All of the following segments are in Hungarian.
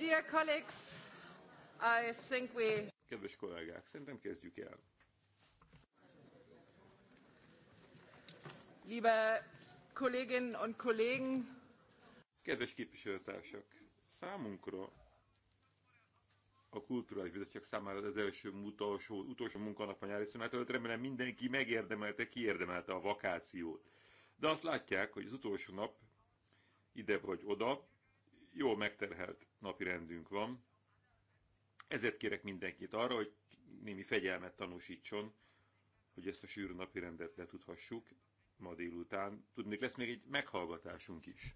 Dear colleagues, I think we... Kedves kollégák, szerintem kezdjük el. Liebe Kolleginnen und Kollegen, Kedves képviselőtársak, számunkra a Kulturális Bizottság számára az első utolsó, utolsó munkanap a nyári szünet előtt, remélem mindenki megérdemelte, kiérdemelte a vakációt. De azt látják, hogy az utolsó nap ide vagy oda, jó megterhelt napi rendünk van, ezért kérek mindenkit arra, hogy némi fegyelmet tanúsítson, hogy ezt a sűrű napi rendet letudhassuk ma délután. Tudnék, lesz még egy meghallgatásunk is.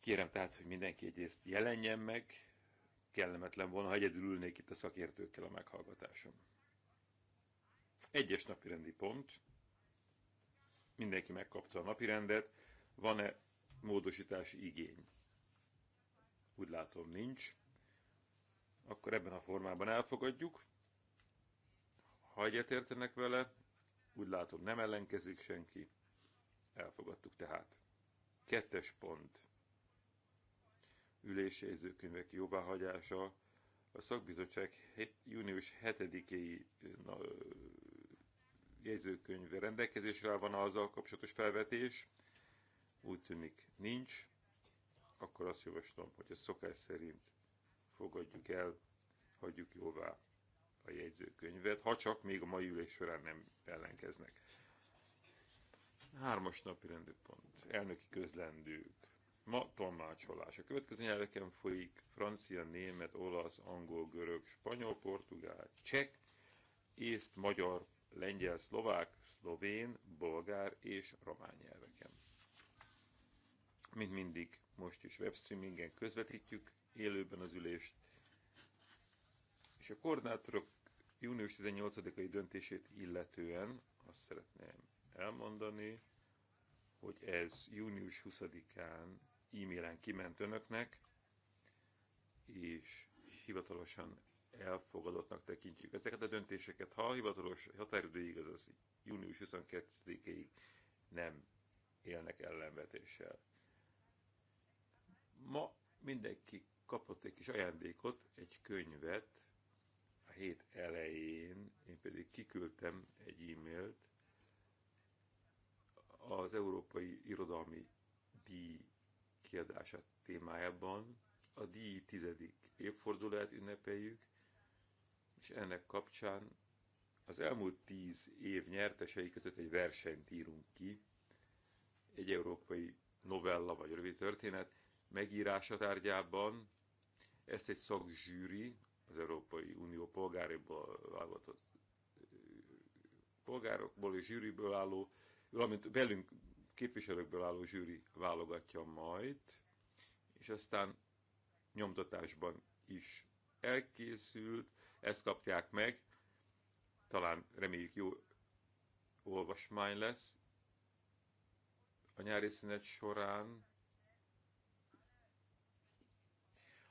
Kérem tehát, hogy mindenki egyrészt jelenjen meg, kellemetlen volna, ha egyedül ülnék itt a szakértőkkel a meghallgatáson. Egyes napi rendi pont. Mindenki megkapta a napi rendet. Van-e módosítási igény? Úgy látom, nincs. Akkor ebben a formában elfogadjuk. Ha egyetértenek vele, úgy látom, nem ellenkezik senki. Elfogadtuk tehát. Kettes pont. Ülésjegyzőkönyvek jóváhagyása. A szakbizottság 7, június 7-i jegyzőkönyv rendelkezésre van azzal kapcsolatos felvetés, úgy tűnik nincs, akkor azt javaslom, hogy a szokás szerint fogadjuk el, hagyjuk jóvá a jegyzőkönyvet, ha csak még a mai ülés során nem ellenkeznek. Hármas napi rendőpont, elnöki közlendők, ma tolmácsolás. A következő nyelveken folyik francia, német, olasz, angol, görög, spanyol, portugál, cseh, észt, magyar, lengyel, szlovák, szlovén, bolgár és román nyelveken mint mindig, most is webstreamingen közvetítjük élőben az ülést, és a koordinátorok június 18-ai döntését illetően azt szeretném elmondani, hogy ez június 20-án e-mailen kiment önöknek, és hivatalosan elfogadottnak tekintjük ezeket a döntéseket, ha a hivatalos határidőig, az, június 22-ig nem élnek ellenvetéssel. Ma mindenki kapott egy kis ajándékot, egy könyvet, a hét elején én pedig kiküldtem egy e-mailt az Európai Irodalmi Díj kiadása témájában. A díj tizedik évfordulát ünnepeljük, és ennek kapcsán az elmúlt tíz év nyertesei között egy versenyt írunk ki, egy európai novella vagy rövid történet, megírása tárgyában. Ezt egy szakzsűri, az Európai Unió polgáriból válogatott polgárokból és zsűriből álló, valamint velünk képviselőkből álló zsűri válogatja majd, és aztán nyomtatásban is elkészült, ezt kapják meg, talán reméljük jó olvasmány lesz. A nyári szünet során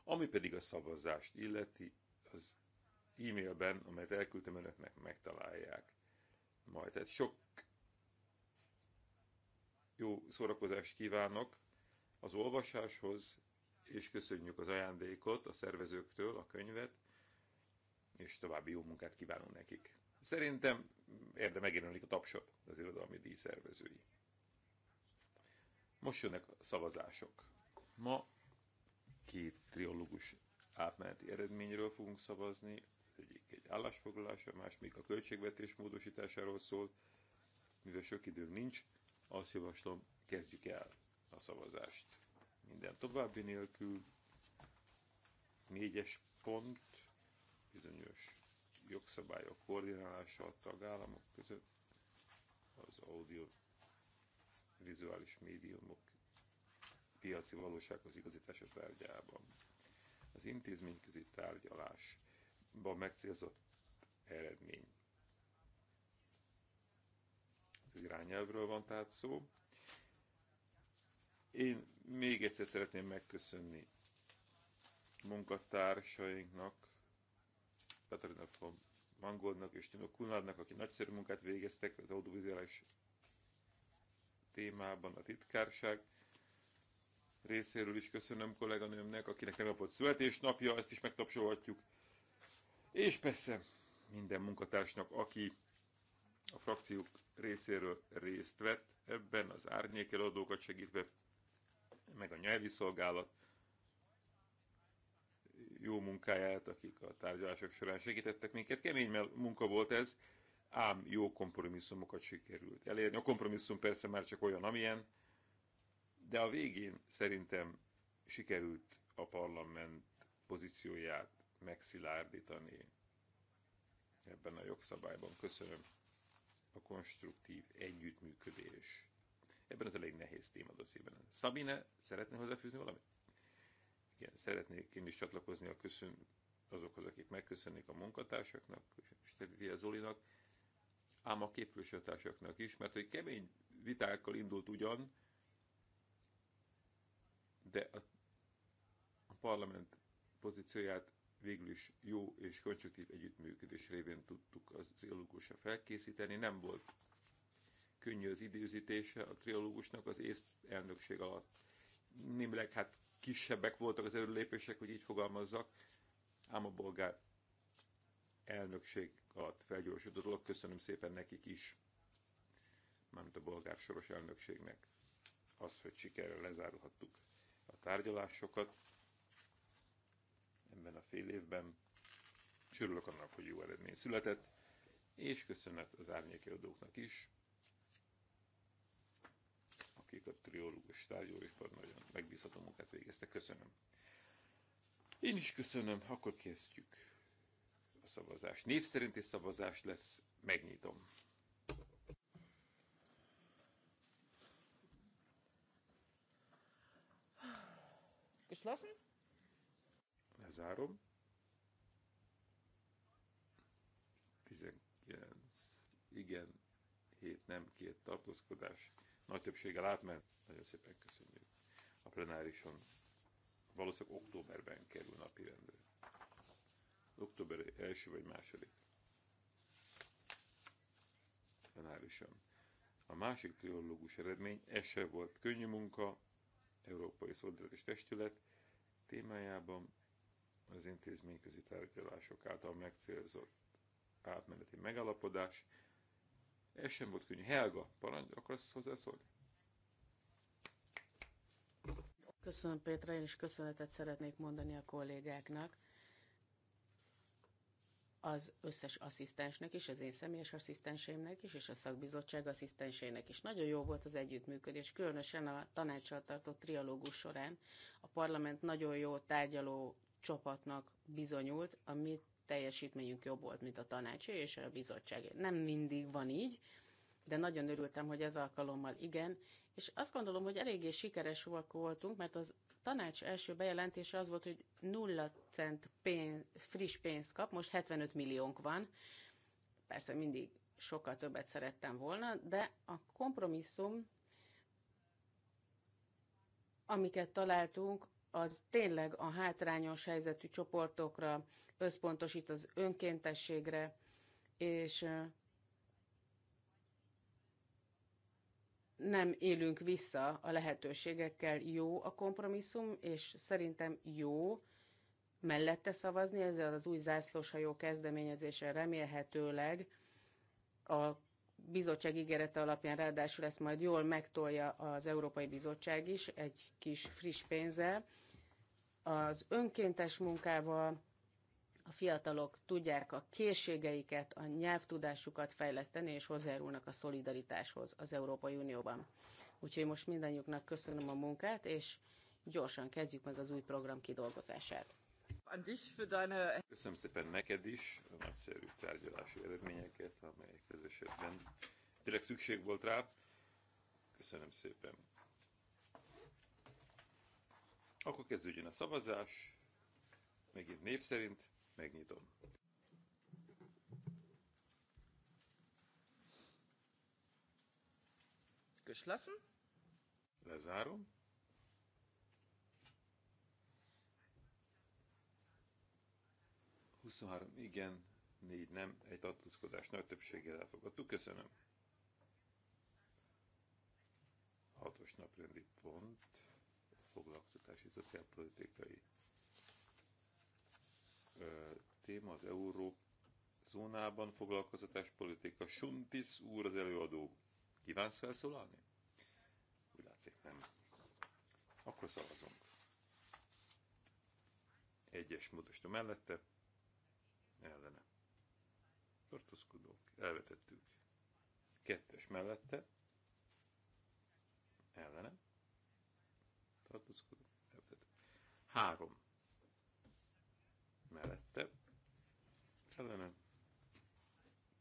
Ami pedig a szavazást illeti, az e-mailben, amelyet elküldtem önöknek, megtalálják majd. Tehát sok jó szórakozást kívánok az olvasáshoz, és köszönjük az ajándékot a szervezőktől, a könyvet, és további jó munkát kívánunk nekik. Szerintem érde megjelenik a tapsot az irodalmi díj szervezői. Most jönnek a szavazások. Ma két triológus átmeneti eredményről fogunk szavazni, az egyik egy állásfoglalás, a másik a költségvetés módosításáról szól. Mivel sok időm nincs, azt javaslom, kezdjük el a szavazást. Minden további nélkül négyes pont, bizonyos jogszabályok koordinálása a tagállamok között, az audio vizuális médiumok piaci valósághoz igazítása tárgyában. Az intézményközi tárgyalásban megcélzott eredmény. Az irányelvről van tehát szó. Én még egyszer szeretném megköszönni munkatársainknak, Katarina von Mangoldnak és Tino Kulnádnak, aki nagyszerű munkát végeztek az audiovizuális témában a titkárság részéről is köszönöm kolléganőmnek, akinek nem volt születésnapja, ezt is megtapsolhatjuk. És persze minden munkatársnak, aki a frakciók részéről részt vett ebben, az árnyékeladókat segítve, meg a nyelvi szolgálat jó munkáját, akik a tárgyalások során segítettek minket. Kemény munka volt ez, ám jó kompromisszumokat sikerült elérni. A kompromisszum persze már csak olyan, amilyen, de a végén szerintem sikerült a parlament pozícióját megszilárdítani ebben a jogszabályban. Köszönöm a konstruktív együttműködés. Ebben az elég nehéz téma dossziében. Szabine, szeretné hozzáfűzni valamit? Igen, szeretnék én is csatlakozni a köszön azokhoz, akik megköszönnék a munkatársaknak, Stevie Zolinak, ám a képviselőtársaknak is, mert hogy kemény vitákkal indult ugyan, de a, a parlament pozícióját végül is jó és konstruktív együttműködés révén tudtuk az triológusra felkészíteni. Nem volt könnyű az időzítése a triológusnak az észt elnökség alatt. Némileg hát kisebbek voltak az előlépések, hogy így fogalmazzak, ám a bolgár elnökség alatt felgyorsult a dolog. Köszönöm szépen nekik is, mármint a bolgár soros elnökségnek, az, hogy sikerrel lezárulhattuk a tárgyalásokat ebben a fél évben. És örülök annak, hogy jó eredmény született, és köszönet az árnyékiadóknak is, akik a triológus tárgyalóisban nagyon megbízható munkát végeztek. Köszönöm. Én is köszönöm, akkor kezdjük a szavazást. Név szerinti szavazás lesz, megnyitom. Geschlossen? Lezárom. 19. Igen, hét, nem, két tartózkodás. Nagy többséggel átment. Nagyon szépen köszönjük. A plenárison valószínűleg októberben kerül napirendre. Október első vagy második. plenárison. A másik triológus eredmény, ez se volt könnyű munka, Európai Szolidaritás Testület, témájában az intézményközi tárgyalások által megcélzott átmeneti megalapodás. Ez sem volt könnyű. Helga, parancs, akarsz hozzászólni? Köszönöm Péter, én is köszönetet szeretnék mondani a kollégáknak az összes asszisztensnek is, az én személyes asszisztenseimnek is, és a szakbizottság asszisztenseinek is. Nagyon jó volt az együttműködés, különösen a tanácsal tartott trialógus során. A parlament nagyon jó tárgyaló csapatnak bizonyult, ami teljesítményünk jobb volt, mint a tanácsé és a bizottságé. Nem mindig van így, de nagyon örültem, hogy ez alkalommal igen, és azt gondolom, hogy eléggé sikeres voltunk, mert az tanács első bejelentése az volt, hogy nulla cent pénz, friss pénzt kap, most 75 milliónk van. Persze mindig sokkal többet szerettem volna, de a kompromisszum, amiket találtunk, az tényleg a hátrányos helyzetű csoportokra összpontosít az önkéntességre, és nem élünk vissza a lehetőségekkel, jó a kompromisszum, és szerintem jó mellette szavazni, ezzel az új zászlóshajó kezdeményezéssel remélhetőleg a bizottság ígérete alapján ráadásul ezt majd jól megtolja az Európai Bizottság is egy kis friss pénzzel. Az önkéntes munkával, a fiatalok tudják a készségeiket, a nyelvtudásukat fejleszteni, és hozzájárulnak a szolidaritáshoz az Európai Unióban. Úgyhogy most mindannyiuknak köszönöm a munkát, és gyorsan kezdjük meg az új program kidolgozását. Köszönöm szépen neked is a nagyszerű tárgyalási eredményeket, amelyek közös esetben tényleg szükség volt rá. Köszönöm szépen. Akkor kezdődjön a szavazás, megint név szerint. Megnyitom. Geschlossen. Lezárom. Huszonhárom igen, négy nem, egy tartózkodás nagy többséggel elfogadtuk. Köszönöm. Hatos naprendi pont, foglalkoztatási szociálpolitikai téma az euró zónában foglalkozatás politika. Suntis úr az előadó. Kívánsz felszólalni? Úgy látszik, nem. Akkor szavazunk. Egyes módosító mellette, ellene. Tartózkodók, elvetettük. Kettes mellette, ellene. Tartózkodók, elvetettük. Három mellette ellene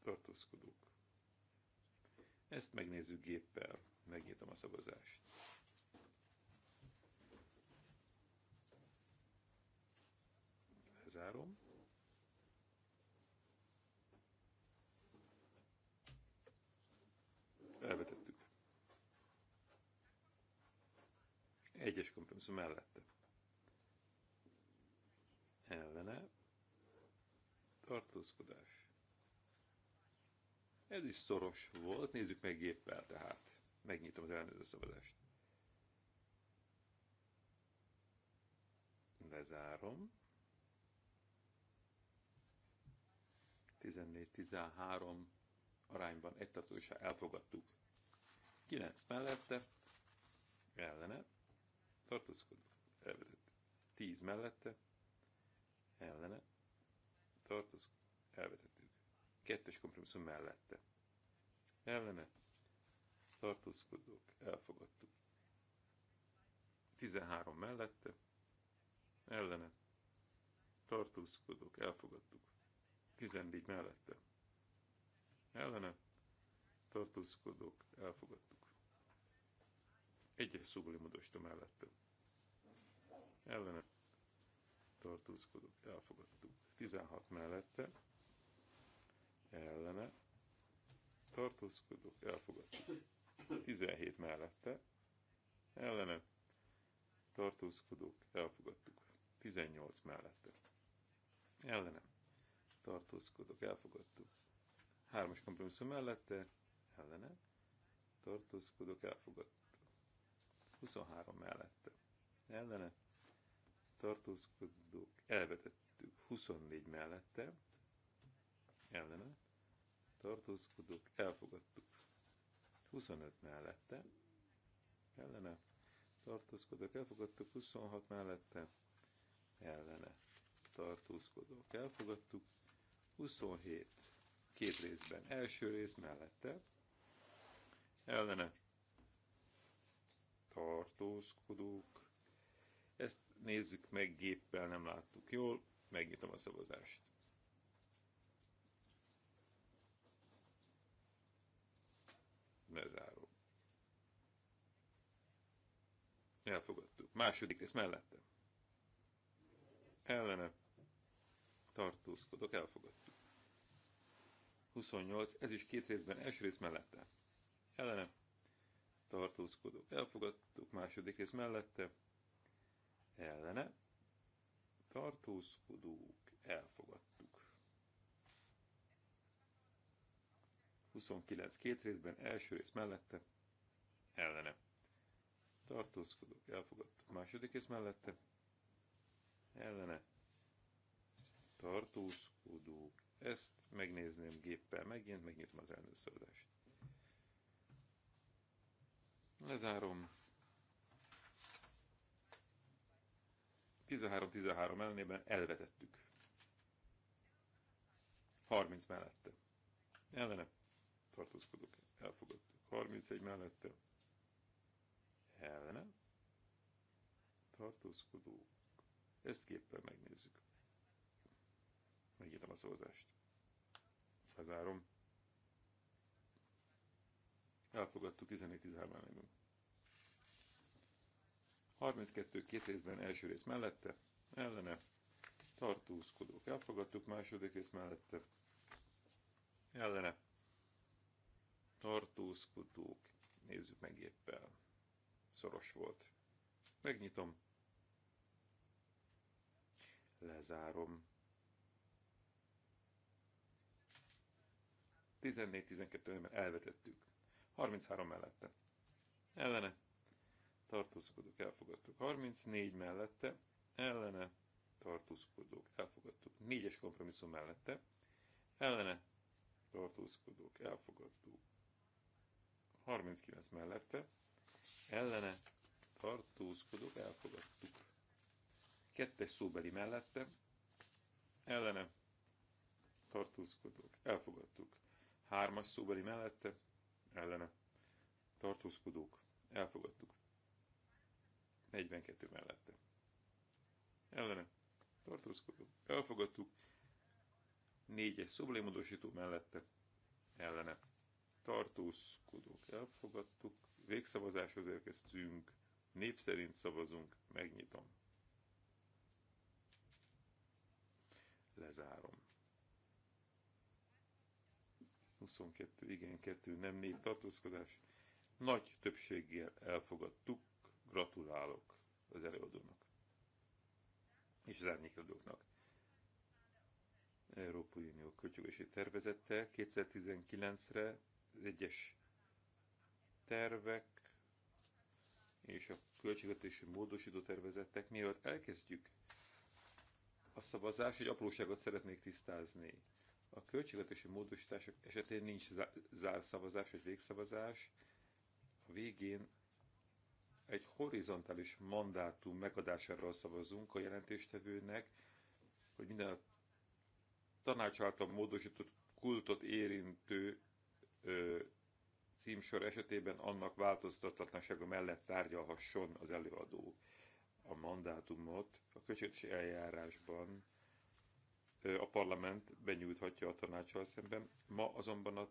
tartózkodók. Ezt megnézzük géppel, megnyitom a szavazást. Lezárom. Elvetettük. Egyes kompromisszum mellette ellene tartózkodás. Ez is szoros volt, nézzük meg géppel tehát. Megnyitom az ellenőrző szavazást. Lezárom. 14-13 arányban egy tartózkodásra elfogadtuk. 9 mellette, ellene, tartózkodó, elvetett. 10 mellette, ellene tartozik, elvetettük. Kettes kompromisszum mellette. Ellene tartózkodók, elfogadtuk. 13 mellette, ellene tartózkodók, elfogadtuk. 14 mellette, ellene tartózkodók, elfogadtuk. Egyes szóbeli mellette, ellene tartózkodók elfogadtuk. 16 mellette ellene tartózkodók elfogadtuk. 17 mellette ellene tartózkodók elfogadtuk. 18 mellette ellene Tartózkodok elfogadtuk. 3-as kompromisszum mellette ellene tartózkodók elfogadtuk. 23 mellette ellene tartózkodók elvetettük 24 mellette, ellene, tartózkodók elfogadtuk 25 mellette, ellene, tartózkodók elfogadtuk 26 mellette, ellene, tartózkodók elfogadtuk 27 két részben, első rész mellette, ellene, tartózkodók. Ezt nézzük meg géppel, nem láttuk jól, megnyitom a szavazást. Lezárom. Elfogadtuk. Második rész mellette. Ellene. Tartózkodok, elfogadtuk. 28, ez is két részben, első rész mellette. Ellene. Tartózkodok, elfogadtuk. Második rész mellette ellene tartózkodók elfogadtuk. 29 két részben, első rész mellette, ellene. Tartózkodók elfogadtuk. Második rész mellette, ellene. Tartózkodók. Ezt megnézném géppel megint, megnyitom az elnőszavazást. Lezárom. 13-13 ellenében elvetettük. 30 mellette. Ellene tartózkodok, elfogadtuk. 31 mellette. Ellene tartózkodók. Ezt képpel megnézzük. Megnyitom a szavazást. Lezárom. Elfogadtuk 14-13 ellenében. 32 két részben első rész mellette, ellene, tartózkodók elfogadtuk, második rész mellette, ellene, tartózkodók, nézzük meg éppen, szoros volt. Megnyitom, lezárom. 14-12 elvetettük. 33 mellette. Ellene tartózkodók elfogadtuk. 34 mellette, ellene tartózkodók elfogadtuk. 4-es kompromisszum mellette, ellene tartózkodók elfogadtuk. 39 mellette, ellene tartózkodók elfogadtuk. 2-es szóbeli mellette, ellene tartózkodók elfogadtuk. Hármas szóbeli mellette, ellene tartózkodók elfogadtuk. 42 mellette. Ellene. Tartózkodó. Elfogadtuk. 4-es szoblémodosító mellette. Ellene. Tartózkodók. Elfogadtuk. Végszavazáshoz érkeztünk. Név szerint szavazunk. Megnyitom. Lezárom. 22, igen, 2, nem, 4 tartózkodás. Nagy többséggel elfogadtuk. Gratulálok az előadónak és az árnyékadóknak. Európai Unió költségvetési tervezette 2019-re az egyes tervek és a költségvetési módosító tervezettek, mielőtt elkezdjük a szavazást, egy apróságot szeretnék tisztázni. A költségvetési módosítások esetén nincs zárszavazás vagy végszavazás. A végén egy horizontális mandátum megadásáról szavazunk a jelentéstevőnek, hogy minden a tanács által módosított kultot érintő ö, címsor esetében annak változtatlansága mellett tárgyalhasson az előadó a mandátumot. A költségvetési eljárásban ö, a parlament benyújthatja a tanácssal szemben. Ma azonban a,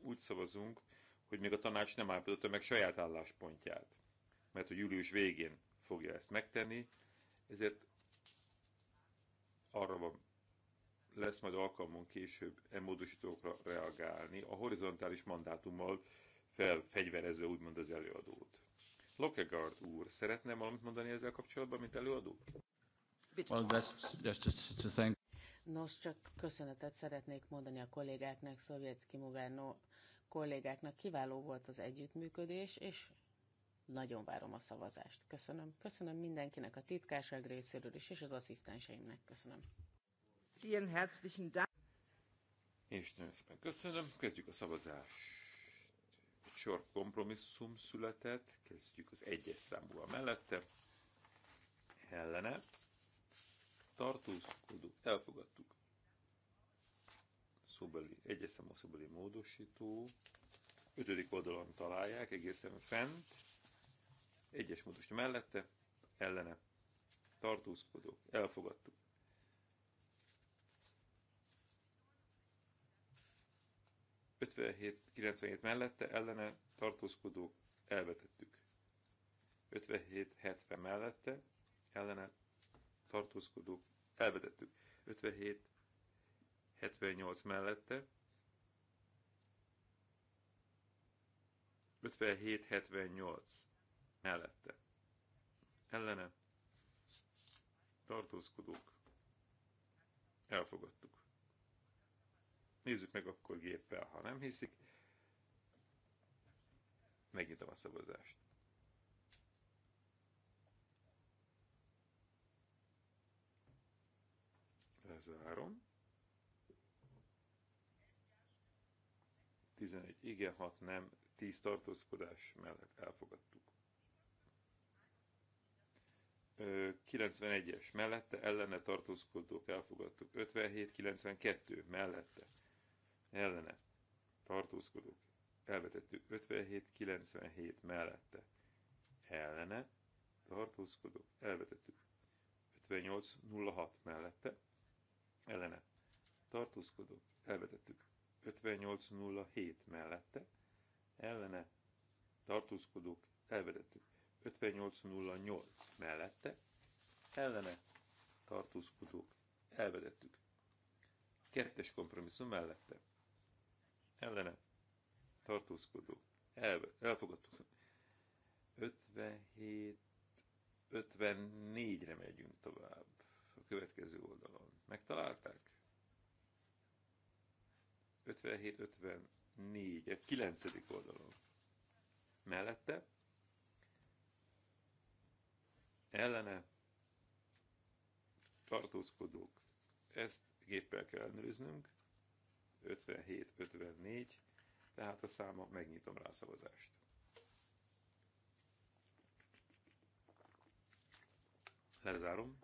úgy szavazunk, hogy még a tanács nem állapította meg saját álláspontját mert a július végén fogja ezt megtenni, ezért arra van, lesz majd alkalmunk később e módosítókra reagálni, a horizontális mandátummal felfegyverezve úgymond az előadót. Lokegard úr, szeretne valamit mondani ezzel kapcsolatban, mint előadó? Nos, csak köszönetet szeretnék mondani a kollégáknak, Szovjetszki Moverno kollégáknak. Kiváló volt az együttműködés, és nagyon várom a szavazást. Köszönöm. Köszönöm mindenkinek a titkárság részéről is, és az asszisztenseimnek. Köszönöm. Vielen herzlichen Dank. És nagyon szépen köszönöm. Kezdjük a szavazást. Egy sor kompromisszum született. Kezdjük az egyes számúval mellette. Ellene. Tartózkodó. Elfogadtuk. Szóbeli, egyes számú szóbeli módosító. Ötödik oldalon találják, egészen fent. Egyes módosítja mellette, ellene. Tartózkodók, elfogadtuk. Ötvenhét, 97 mellette, ellene tartózkodó elvetettük. 57-70 mellette, ellene tartózkodó elvetettük. 57-78 mellette, 57-78 mellette. Ellene tartózkodók elfogadtuk. Nézzük meg akkor géppel, ha nem hiszik. Megnyitom a szavazást. Lezárom. 11 igen, 6 nem, 10 tartózkodás mellett elfogadtuk. 91-es mellette, ellene tartózkodók elfogadtuk. 57-92 mellette, ellene tartózkodók elvetettük. 57-97 mellette, ellene tartózkodók elvetettük. 58-06 mellette, ellene tartózkodók elvetettük. 58-07 mellette, ellene tartózkodók elvetettük. 5808 mellette ellene tartózkodók elvedettük. Kettes kompromisszum mellette ellene tartózkodó elve, elfogadtuk. 57 54-re megyünk tovább a következő oldalon. Megtalálták? 57-54, a 9. oldalon. Mellette ellene tartózkodók. Ezt géppel kell ellenőriznünk, 57-54, tehát a száma, megnyitom rá a szavazást. Lezárom.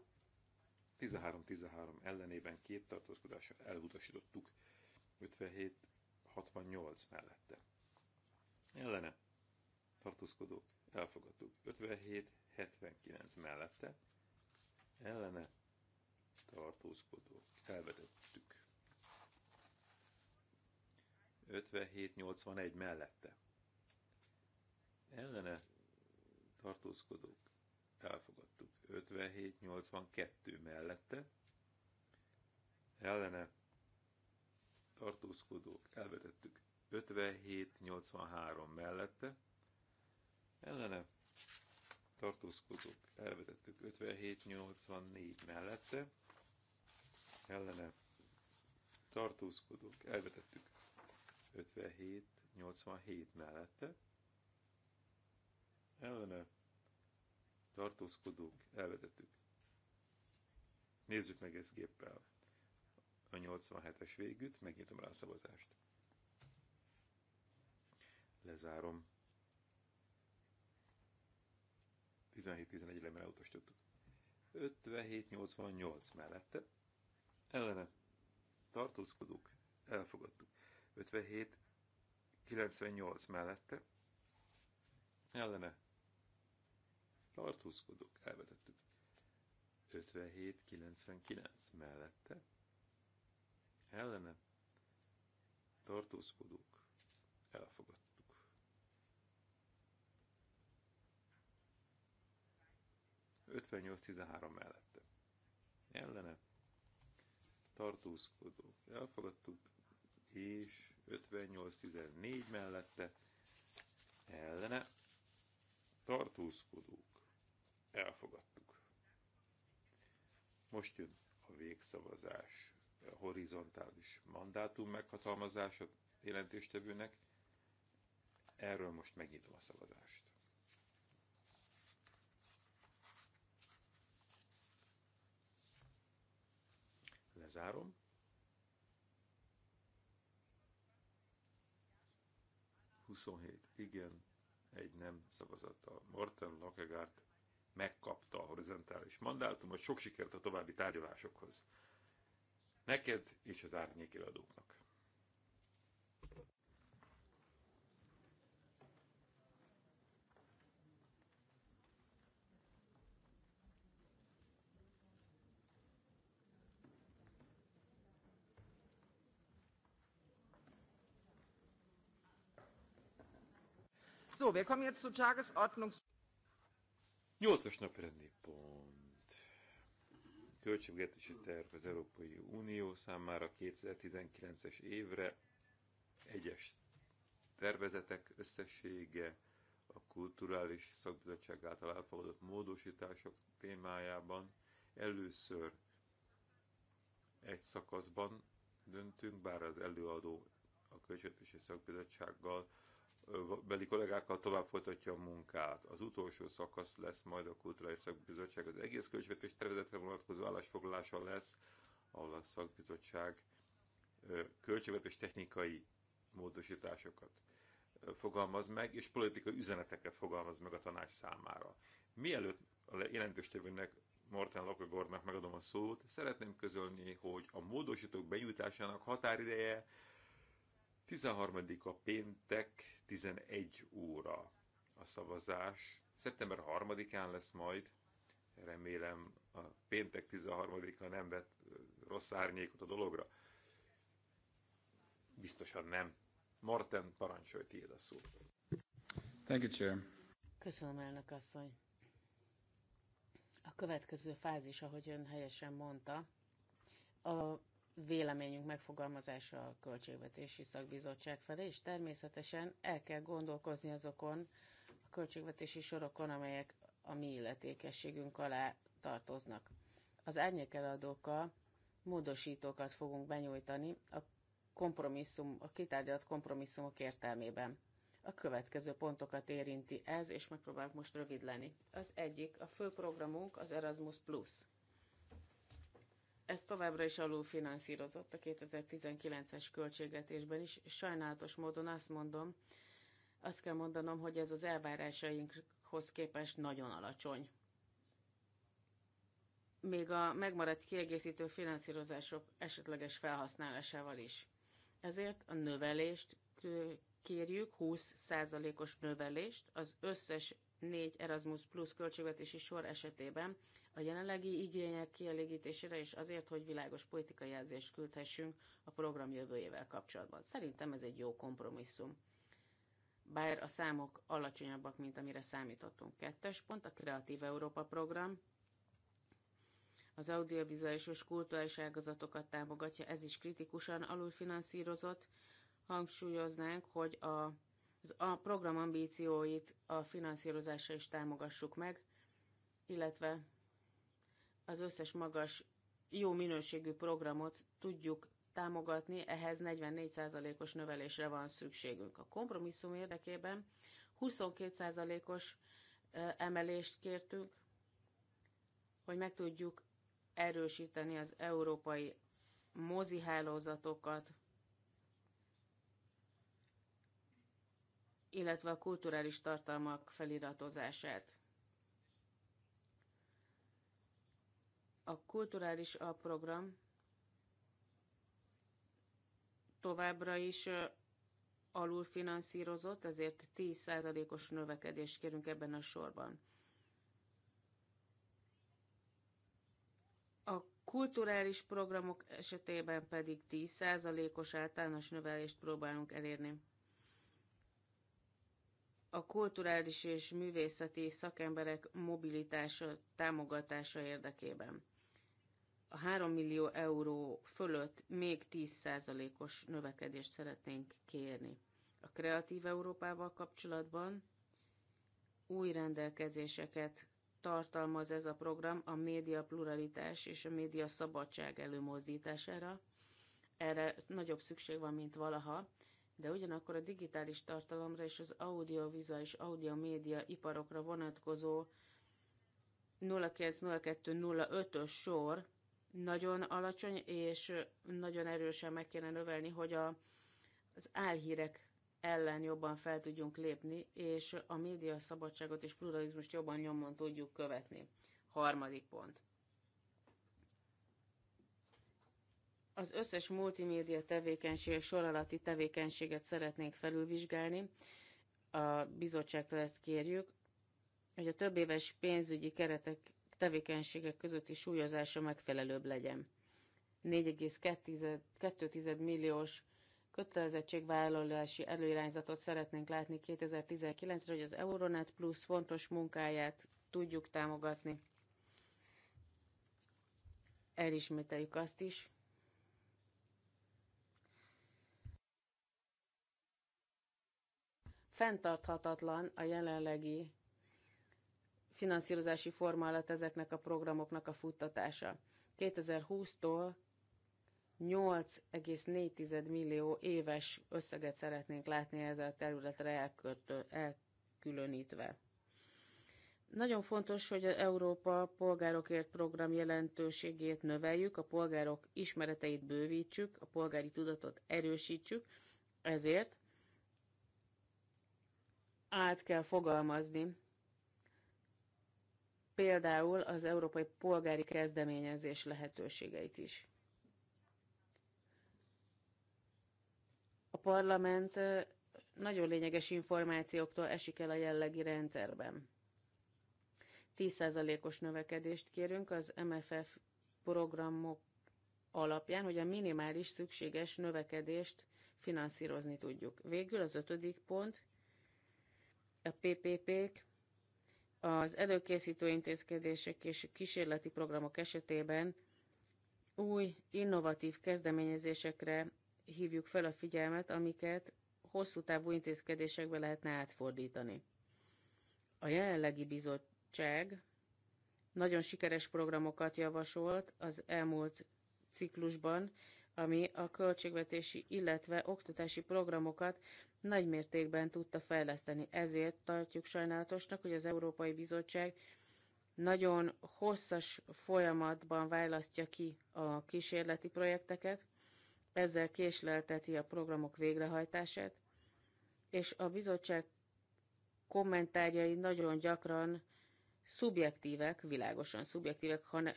13-13 ellenében két tartózkodással elutasítottuk 57-68 mellette. Ellene tartózkodók elfogadtuk 57 79 mellette ellene tartózkodó. Elvetettük. 57-81 mellette. Ellene tartózkodók. Elfogadtuk. 57-82 mellette. Ellene tartózkodók. Elvetettük. 57-83 mellette. Ellene tartózkodók elvetettük 57-84 mellette, ellene tartózkodók elvetettük 57-87 mellette, ellene tartózkodók elvetettük. Nézzük meg ezt géppel. A 87-es végüt, megnyitom rá a szavazást. Lezárom. 17-11-re már elutasítottuk. 57-88 mellette ellene tartózkodók elfogadtuk. 57-98 mellette ellene tartózkodók elvetettük. 57-99 mellette ellene tartózkodók elfogadtuk. 58-13 mellette. Ellene tartózkodó. elfogadtuk, és 58-14 mellette ellene tartózkodók elfogadtuk. Most jön a végszavazás, a horizontális mandátum meghatalmazása jelentéstevőnek. Erről most megnyitom a szavazást. Lezárom. Huszonhét igen, egy nem szavazattal. Morten Lakegárt megkapta a horizontális mandátumot, sok sikert a további tárgyalásokhoz. Neked és az árnyékiladóknak. So, wir kommen jetzt zu Tagesordnungs... 8-as napirendi pont. Költségvetési terv az Európai Unió számára 2019-es évre. Egyes tervezetek összessége a Kulturális Szakbizottság által elfogadott módosítások témájában először egy szakaszban döntünk, bár az előadó a Költségvetési Szakbizottsággal beli kollégákkal tovább folytatja a munkát. Az utolsó szakasz lesz majd a Kulturális Szakbizottság. Az egész költségvetés tervezetre vonatkozó állásfoglalása lesz, ahol a szakbizottság költségvetés technikai módosításokat fogalmaz meg, és politikai üzeneteket fogalmaz meg a tanács számára. Mielőtt a jelentőstevőnek Morten Lokogornak megadom a szót, szeretném közölni, hogy a módosítók benyújtásának határideje 13. a péntek 11 óra a szavazás. Szeptember 3-án lesz majd, remélem a péntek 13-a nem vett rossz árnyékot a dologra. Biztosan nem. Marten, parancsolj, tiéd a szó. Thank you, Chair. Köszönöm, elnök asszony. A következő fázis, ahogy ön helyesen mondta, a véleményünk megfogalmazása a Költségvetési Szakbizottság felé, és természetesen el kell gondolkozni azokon a költségvetési sorokon, amelyek a mi illetékességünk alá tartoznak. Az árnyékeladókkal módosítókat fogunk benyújtani a kompromisszum, a kitárgyalt kompromisszumok értelmében. A következő pontokat érinti ez, és megpróbálok most rövid lenni. Az egyik, a fő programunk az Erasmus Plus. Ez továbbra is alulfinanszírozott a 2019-es költségvetésben is. Sajnálatos módon azt mondom, azt kell mondanom, hogy ez az elvárásainkhoz képest nagyon alacsony. Még a megmaradt kiegészítő finanszírozások esetleges felhasználásával is. Ezért a növelést kérjük 20%-os növelést az összes négy Erasmus Plus költségvetési sor esetében a jelenlegi igények kielégítésére és azért, hogy világos politikai jelzést küldhessünk a program jövőjével kapcsolatban. Szerintem ez egy jó kompromisszum. Bár a számok alacsonyabbak, mint amire számítottunk. Kettes pont, a Kreatív Európa program. Az audiovizuális és kulturális ágazatokat támogatja, ez is kritikusan alulfinanszírozott, hangsúlyoznánk, hogy a, a program ambícióit a finanszírozásra is támogassuk meg, illetve az összes magas, jó minőségű programot tudjuk támogatni, ehhez 44%-os növelésre van szükségünk. A kompromisszum érdekében 22%-os emelést kértünk, hogy meg tudjuk erősíteni az európai mozihálózatokat. illetve a kulturális tartalmak feliratozását. A kulturális alprogram továbbra is alulfinanszírozott, ezért 10%-os növekedést kérünk ebben a sorban. A kulturális programok esetében pedig 10%-os általános növelést próbálunk elérni a kulturális és művészeti szakemberek mobilitása, támogatása érdekében. A 3 millió euró fölött még 10%-os növekedést szeretnénk kérni. A Kreatív Európával kapcsolatban új rendelkezéseket tartalmaz ez a program a média pluralitás és a média szabadság előmozdítására. Erre nagyobb szükség van, mint valaha, de ugyanakkor a digitális tartalomra és az audiovizuális audiomédia iparokra vonatkozó 090205-ös sor nagyon alacsony, és nagyon erősen meg kéne növelni, hogy a, az álhírek ellen jobban fel tudjunk lépni, és a média szabadságot és pluralizmust jobban nyomon tudjuk követni. Harmadik pont. Az összes multimédia tevékenység sor alatti tevékenységet szeretnénk felülvizsgálni. A bizottságtól ezt kérjük, hogy a több éves pénzügyi keretek tevékenységek közötti súlyozása megfelelőbb legyen. 4,2 milliós kötelezettségvállalási előirányzatot szeretnénk látni 2019-re, hogy az Euronet Plus fontos munkáját tudjuk támogatni. Elismételjük azt is, Fenntarthatatlan a jelenlegi finanszírozási forma alatt ezeknek a programoknak a futtatása. 2020-tól 8,4 millió éves összeget szeretnénk látni ezzel a területre elkülönítve. Nagyon fontos, hogy az Európa Polgárokért Program jelentőségét növeljük, a polgárok ismereteit bővítsük, a polgári tudatot erősítsük, ezért át kell fogalmazni. Például az európai polgári kezdeményezés lehetőségeit is. A parlament nagyon lényeges információktól esik el a jellegi rendszerben. 10%-os növekedést kérünk az MFF programok alapján, hogy a minimális szükséges növekedést finanszírozni tudjuk. Végül az ötödik pont, a PPP-k az előkészítő intézkedések és kísérleti programok esetében új, innovatív kezdeményezésekre hívjuk fel a figyelmet, amiket hosszú távú intézkedésekbe lehetne átfordítani. A jelenlegi bizottság nagyon sikeres programokat javasolt az elmúlt ciklusban, ami a költségvetési, illetve oktatási programokat nagymértékben tudta fejleszteni. Ezért tartjuk sajnálatosnak, hogy az Európai Bizottság nagyon hosszas folyamatban választja ki a kísérleti projekteket, ezzel késlelteti a programok végrehajtását, és a bizottság kommentárjai nagyon gyakran szubjektívek, világosan szubjektívek, hanem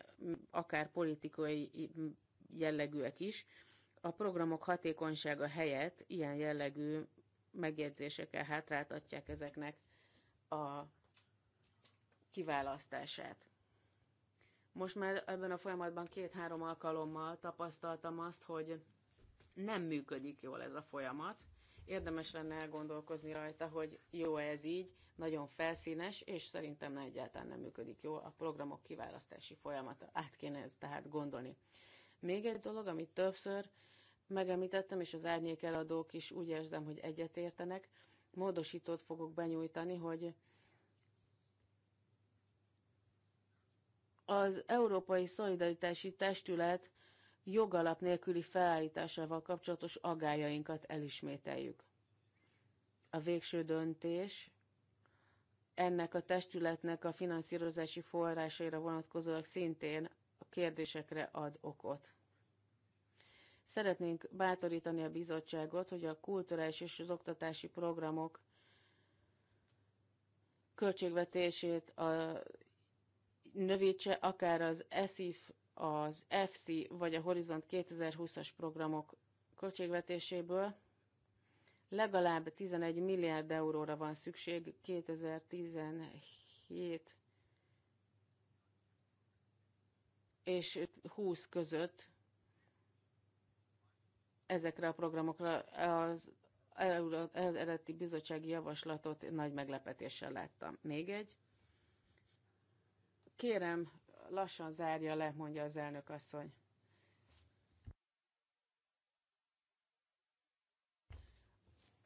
akár politikai jellegűek is, a programok hatékonysága helyett ilyen jellegű megjegyzésekkel hátráltatják ezeknek a kiválasztását. Most már ebben a folyamatban két-három alkalommal tapasztaltam azt, hogy nem működik jól ez a folyamat. Érdemes lenne elgondolkozni rajta, hogy jó -e ez így, nagyon felszínes, és szerintem egyáltalán nem működik jól. A programok kiválasztási folyamata át kéne ezt tehát gondolni. Még egy dolog, amit többször megemlítettem, és az árnyék eladók is úgy érzem, hogy egyetértenek, módosítót fogok benyújtani, hogy az Európai Szolidaritási Testület jogalap nélküli felállításával kapcsolatos agályainkat elismételjük. A végső döntés ennek a testületnek a finanszírozási forrásaira vonatkozóak szintén kérdésekre ad okot. Szeretnénk bátorítani a bizottságot, hogy a kulturális és az oktatási programok költségvetését a, növítse, akár az ESIF, az EFSI vagy a Horizont 2020-as programok költségvetéséből legalább 11 milliárd euróra van szükség 2017 és 20 között ezekre a programokra az eredeti bizottsági javaslatot nagy meglepetéssel láttam. Még egy. Kérem, lassan zárja le, mondja az elnök asszony.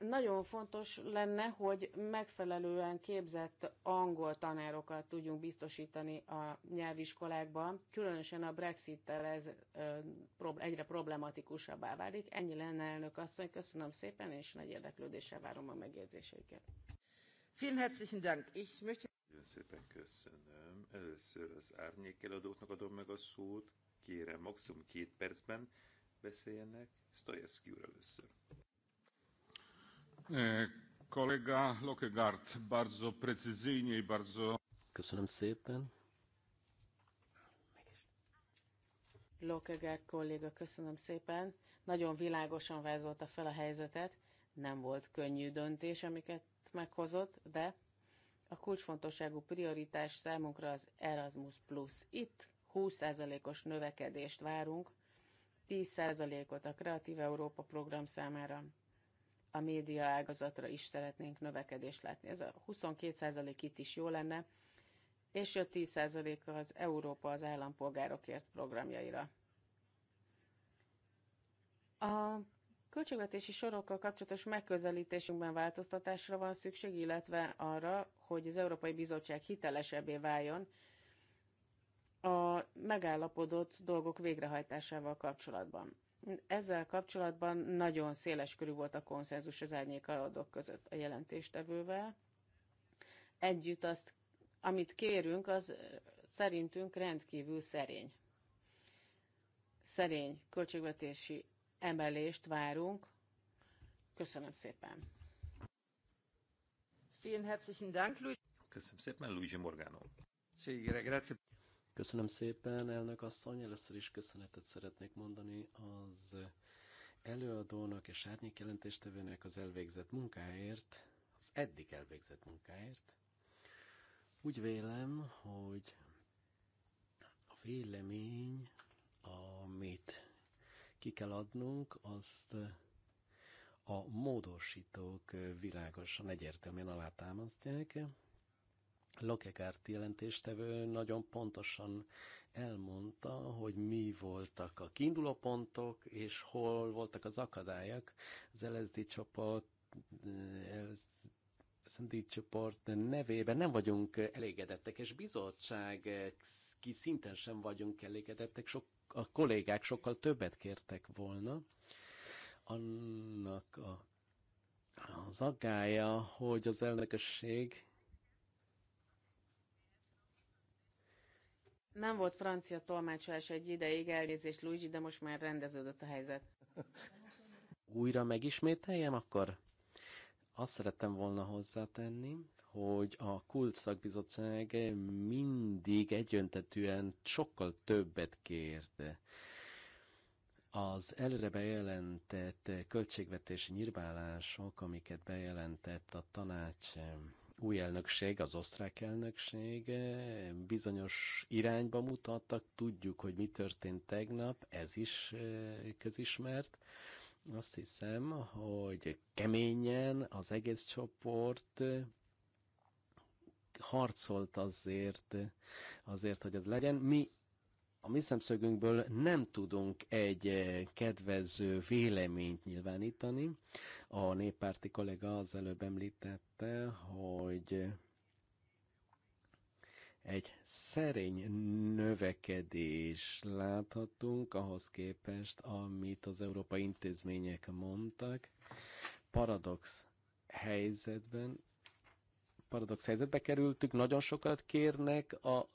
Nagyon fontos lenne, hogy megfelelően képzett angol tanárokat tudjunk biztosítani a nyelviskolákban, különösen a Brexit-tel ez egyre problematikusabbá válik. Ennyi lenne, elnök asszony, köszönöm szépen, és nagy érdeklődéssel várom a megjegyzéseiket. Vielen herzlichen Dank. Ich möchte... Nagyon szépen köszönöm. Először az árnyékeladóknak adom meg a szót. Kérem, maximum két percben beszéljenek. Stojewski úr először. E, Kollega Lokegaard bardzo precyzyjnie i bardzo... Köszönöm szépen. Lokegár kolléga, köszönöm szépen. Nagyon világosan vázolta fel a helyzetet. Nem volt könnyű döntés, amiket meghozott, de a kulcsfontosságú prioritás számunkra az Erasmus Plus. Itt 20%-os növekedést várunk, 10%-ot a Kreatív Európa program számára a média ágazatra is szeretnénk növekedést látni. Ez a 22% itt is jó lenne, és a 10% az Európa az állampolgárokért programjaira. A költségvetési sorokkal kapcsolatos megközelítésünkben változtatásra van szükség, illetve arra, hogy az Európai Bizottság hitelesebbé váljon a megállapodott dolgok végrehajtásával kapcsolatban. Ezzel kapcsolatban nagyon széles körű volt a konszenzus az árnyék aladók között a jelentéstevővel. Együtt azt, amit kérünk, az szerintünk rendkívül szerény. Szerény költségvetési emelést várunk. Köszönöm szépen. Vielen herzlichen Dank, Luigi. Köszönöm szépen, Luigi Morgano. Sí, grazie. Köszönöm szépen, elnök asszony. Először is köszönetet szeretnék mondani az előadónak és árnyék jelentéstevőnek az elvégzett munkáért, az eddig elvégzett munkáért. Úgy vélem, hogy a vélemény, amit ki kell adnunk, azt a módosítók világosan egyértelműen alátámasztják. Lokegárt jelentéstevő nagyon pontosan elmondta, hogy mi voltak a kiinduló pontok, és hol voltak az akadályok. Az LSD csoport, LSD eh, csoport nevében nem vagyunk elégedettek, és bizottság ki szinten sem vagyunk elégedettek, sok, a kollégák sokkal többet kértek volna annak a, az aggája, hogy az elnökösség Nem volt francia tolmácsolás egy ideig, elnézést Luigi, de most már rendeződött a helyzet. Újra megismételjem akkor? Azt szerettem volna hozzátenni, hogy a Kult Szakbizottság mindig egyöntetűen sokkal többet kérte. Az előre bejelentett költségvetési nyírbálások, amiket bejelentett a tanács új elnökség, az osztrák elnökség eh, bizonyos irányba mutattak, tudjuk, hogy mi történt tegnap, ez is eh, közismert. Azt hiszem, hogy keményen az egész csoport eh, harcolt azért, azért, hogy ez legyen. Mi a mi szemszögünkből nem tudunk egy eh, kedvező véleményt nyilvánítani. A néppárti kollega az előbb említette, hogy egy szerény növekedés láthatunk ahhoz képest, amit az európai intézmények mondtak. Paradox helyzetben paradox helyzetbe kerültük, nagyon sokat kérnek a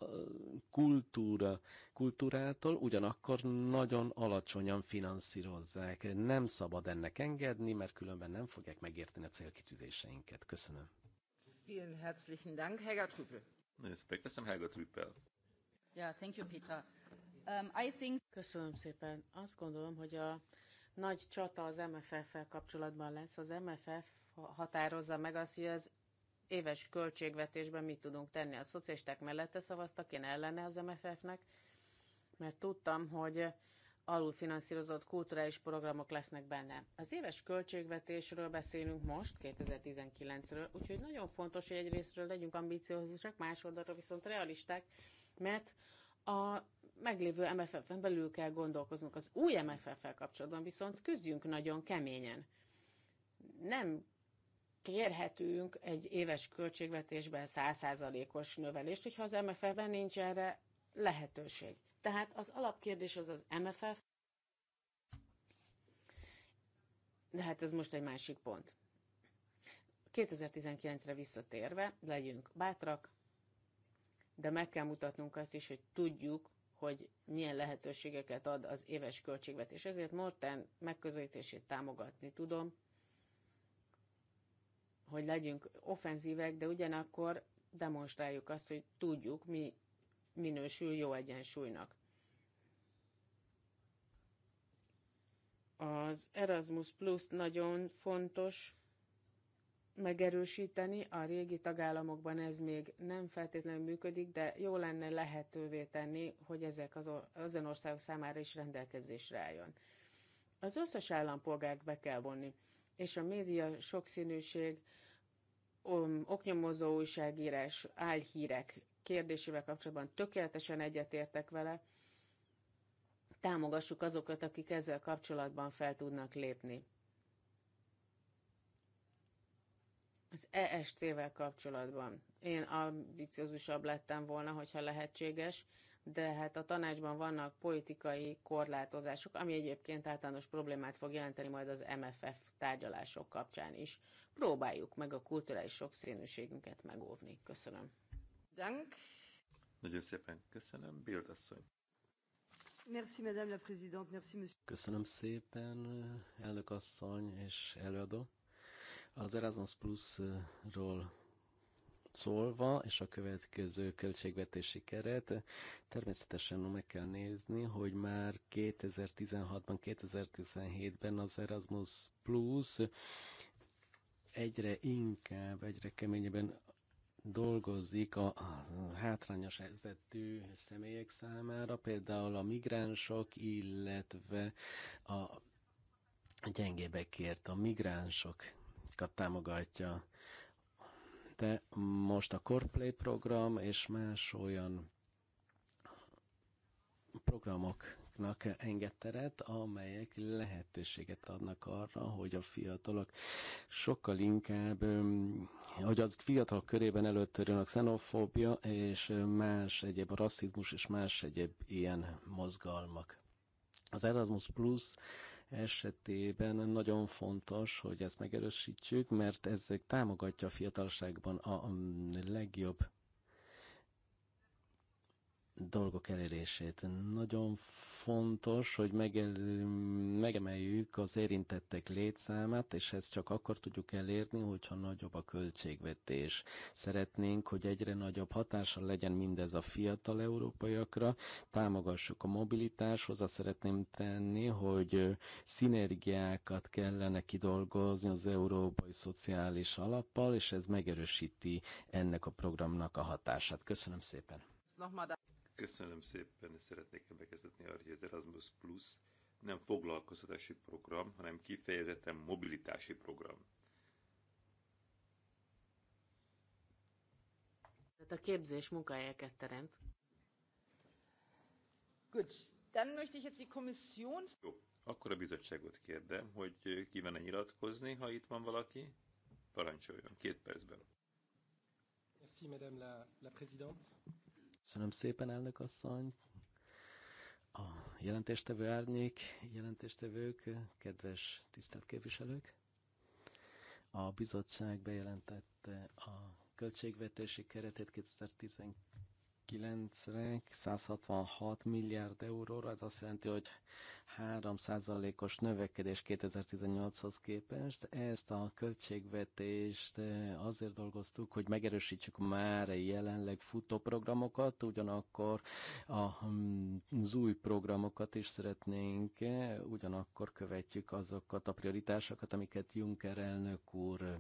kultúra, kultúrától, ugyanakkor nagyon alacsonyan finanszírozzák. Nem szabad ennek engedni, mert különben nem fogják megérteni a célkitűzéseinket. Köszönöm. Vielen herzlichen Dank, Helga Trüppel. Köszönöm, Helga Trüppel. Yeah, thank you, Peter. Um, I think... Köszönöm szépen. Azt gondolom, hogy a nagy csata az MFF-fel kapcsolatban lesz. Az MFF határozza meg azt, hogy az éves költségvetésben mit tudunk tenni. A szocialisták mellette szavaztak, én ellene az MFF-nek, mert tudtam, hogy alulfinanszírozott kulturális programok lesznek benne. Az éves költségvetésről beszélünk most, 2019-ről, úgyhogy nagyon fontos, hogy egyrésztről legyünk ambiciózusak, másoldalról viszont realisták, mert a meglévő MFF-en belül kell gondolkoznunk. Az új MFF-fel kapcsolatban viszont küzdjünk nagyon keményen. Nem kérhetünk egy éves költségvetésben 100%-os növelést, hogyha az MFF-ben nincs erre lehetőség. Tehát az alapkérdés az az MFF, de hát ez most egy másik pont. 2019-re visszatérve, legyünk bátrak, de meg kell mutatnunk azt is, hogy tudjuk, hogy milyen lehetőségeket ad az éves költségvetés. Ezért Morten megközelítését támogatni tudom, hogy legyünk offenzívek, de ugyanakkor demonstráljuk azt, hogy tudjuk, mi minősül jó egyensúlynak. Az Erasmus Plus nagyon fontos megerősíteni, a régi tagállamokban ez még nem feltétlenül működik, de jó lenne lehetővé tenni, hogy ezek az or- országok számára is rendelkezésre álljon. Az összes állampolgárt be kell vonni és a média sokszínűség, um, oknyomozó újságírás, álhírek kérdésével kapcsolatban tökéletesen egyetértek vele. Támogassuk azokat, akik ezzel kapcsolatban fel tudnak lépni. Az ESC-vel kapcsolatban én ambiciózusabb lettem volna, hogyha lehetséges, de hát a tanácsban vannak politikai korlátozások, ami egyébként általános problémát fog jelenteni majd az MFF tárgyalások kapcsán is. Próbáljuk meg a kulturális sokszínűségünket megóvni. Köszönöm. Dank. Nagyon szépen köszönöm, Bild asszony. Merci, Madame la Présidente. Merci, Monsieur. Köszönöm szépen, elnök asszony és előadó. Az Erasmus Plus-ról szólva, és a következő költségvetési keret, természetesen meg kell nézni, hogy már 2016-ban, 2017-ben az Erasmus Plus egyre inkább, egyre keményebben dolgozik a, a hátrányos helyzetű személyek számára, például a migránsok, illetve a gyengébekért a migránsokat támogatja de most a CorePlay program és más olyan programoknak enged teret, amelyek lehetőséget adnak arra, hogy a fiatalok sokkal inkább, hogy az fiatalok körében előttörjön a xenofóbia és más egyéb a rasszizmus és más egyéb ilyen mozgalmak. Az Erasmus Plus esetében nagyon fontos, hogy ezt megerősítsük, mert ez támogatja a fiatalságban a legjobb dolgok elérését. Nagyon fontos, hogy megel, megemeljük az érintettek létszámát, és ezt csak akkor tudjuk elérni, hogyha nagyobb a költségvetés. Szeretnénk, hogy egyre nagyobb hatása legyen mindez a fiatal európaiakra, támogassuk a mobilitáshoz, azt szeretném tenni, hogy szinergiákat kellene kidolgozni az európai szociális alappal, és ez megerősíti ennek a programnak a hatását. Köszönöm szépen! Köszönöm szépen, és szeretnék emlékeztetni arra, hogy az Erasmus Plus nem foglalkoztatási program, hanem kifejezetten mobilitási program. Tehát a képzés munkahelyeket teremt. Gut, dann möchte ich jetzt die Kommission... Jó, akkor a bizottságot kérdem, hogy kívánne nyilatkozni, ha itt van valaki. Parancsoljon, két percben. Merci, madame la, la présidente. Köszönöm szépen, elnök asszony. A jelentéstevő árnyék, jelentéstevők, kedves tisztelt képviselők. A bizottság bejelentette a költségvetési keretét 9-re 166 milliárd euróra, ez azt jelenti, hogy 3%-os növekedés 2018-hoz képest. Ezt a költségvetést eh, azért dolgoztuk, hogy megerősítsük már jelenleg futó programokat, ugyanakkor hm, az új programokat is szeretnénk, eh, ugyanakkor követjük azokat a prioritásokat, amiket Juncker elnök úr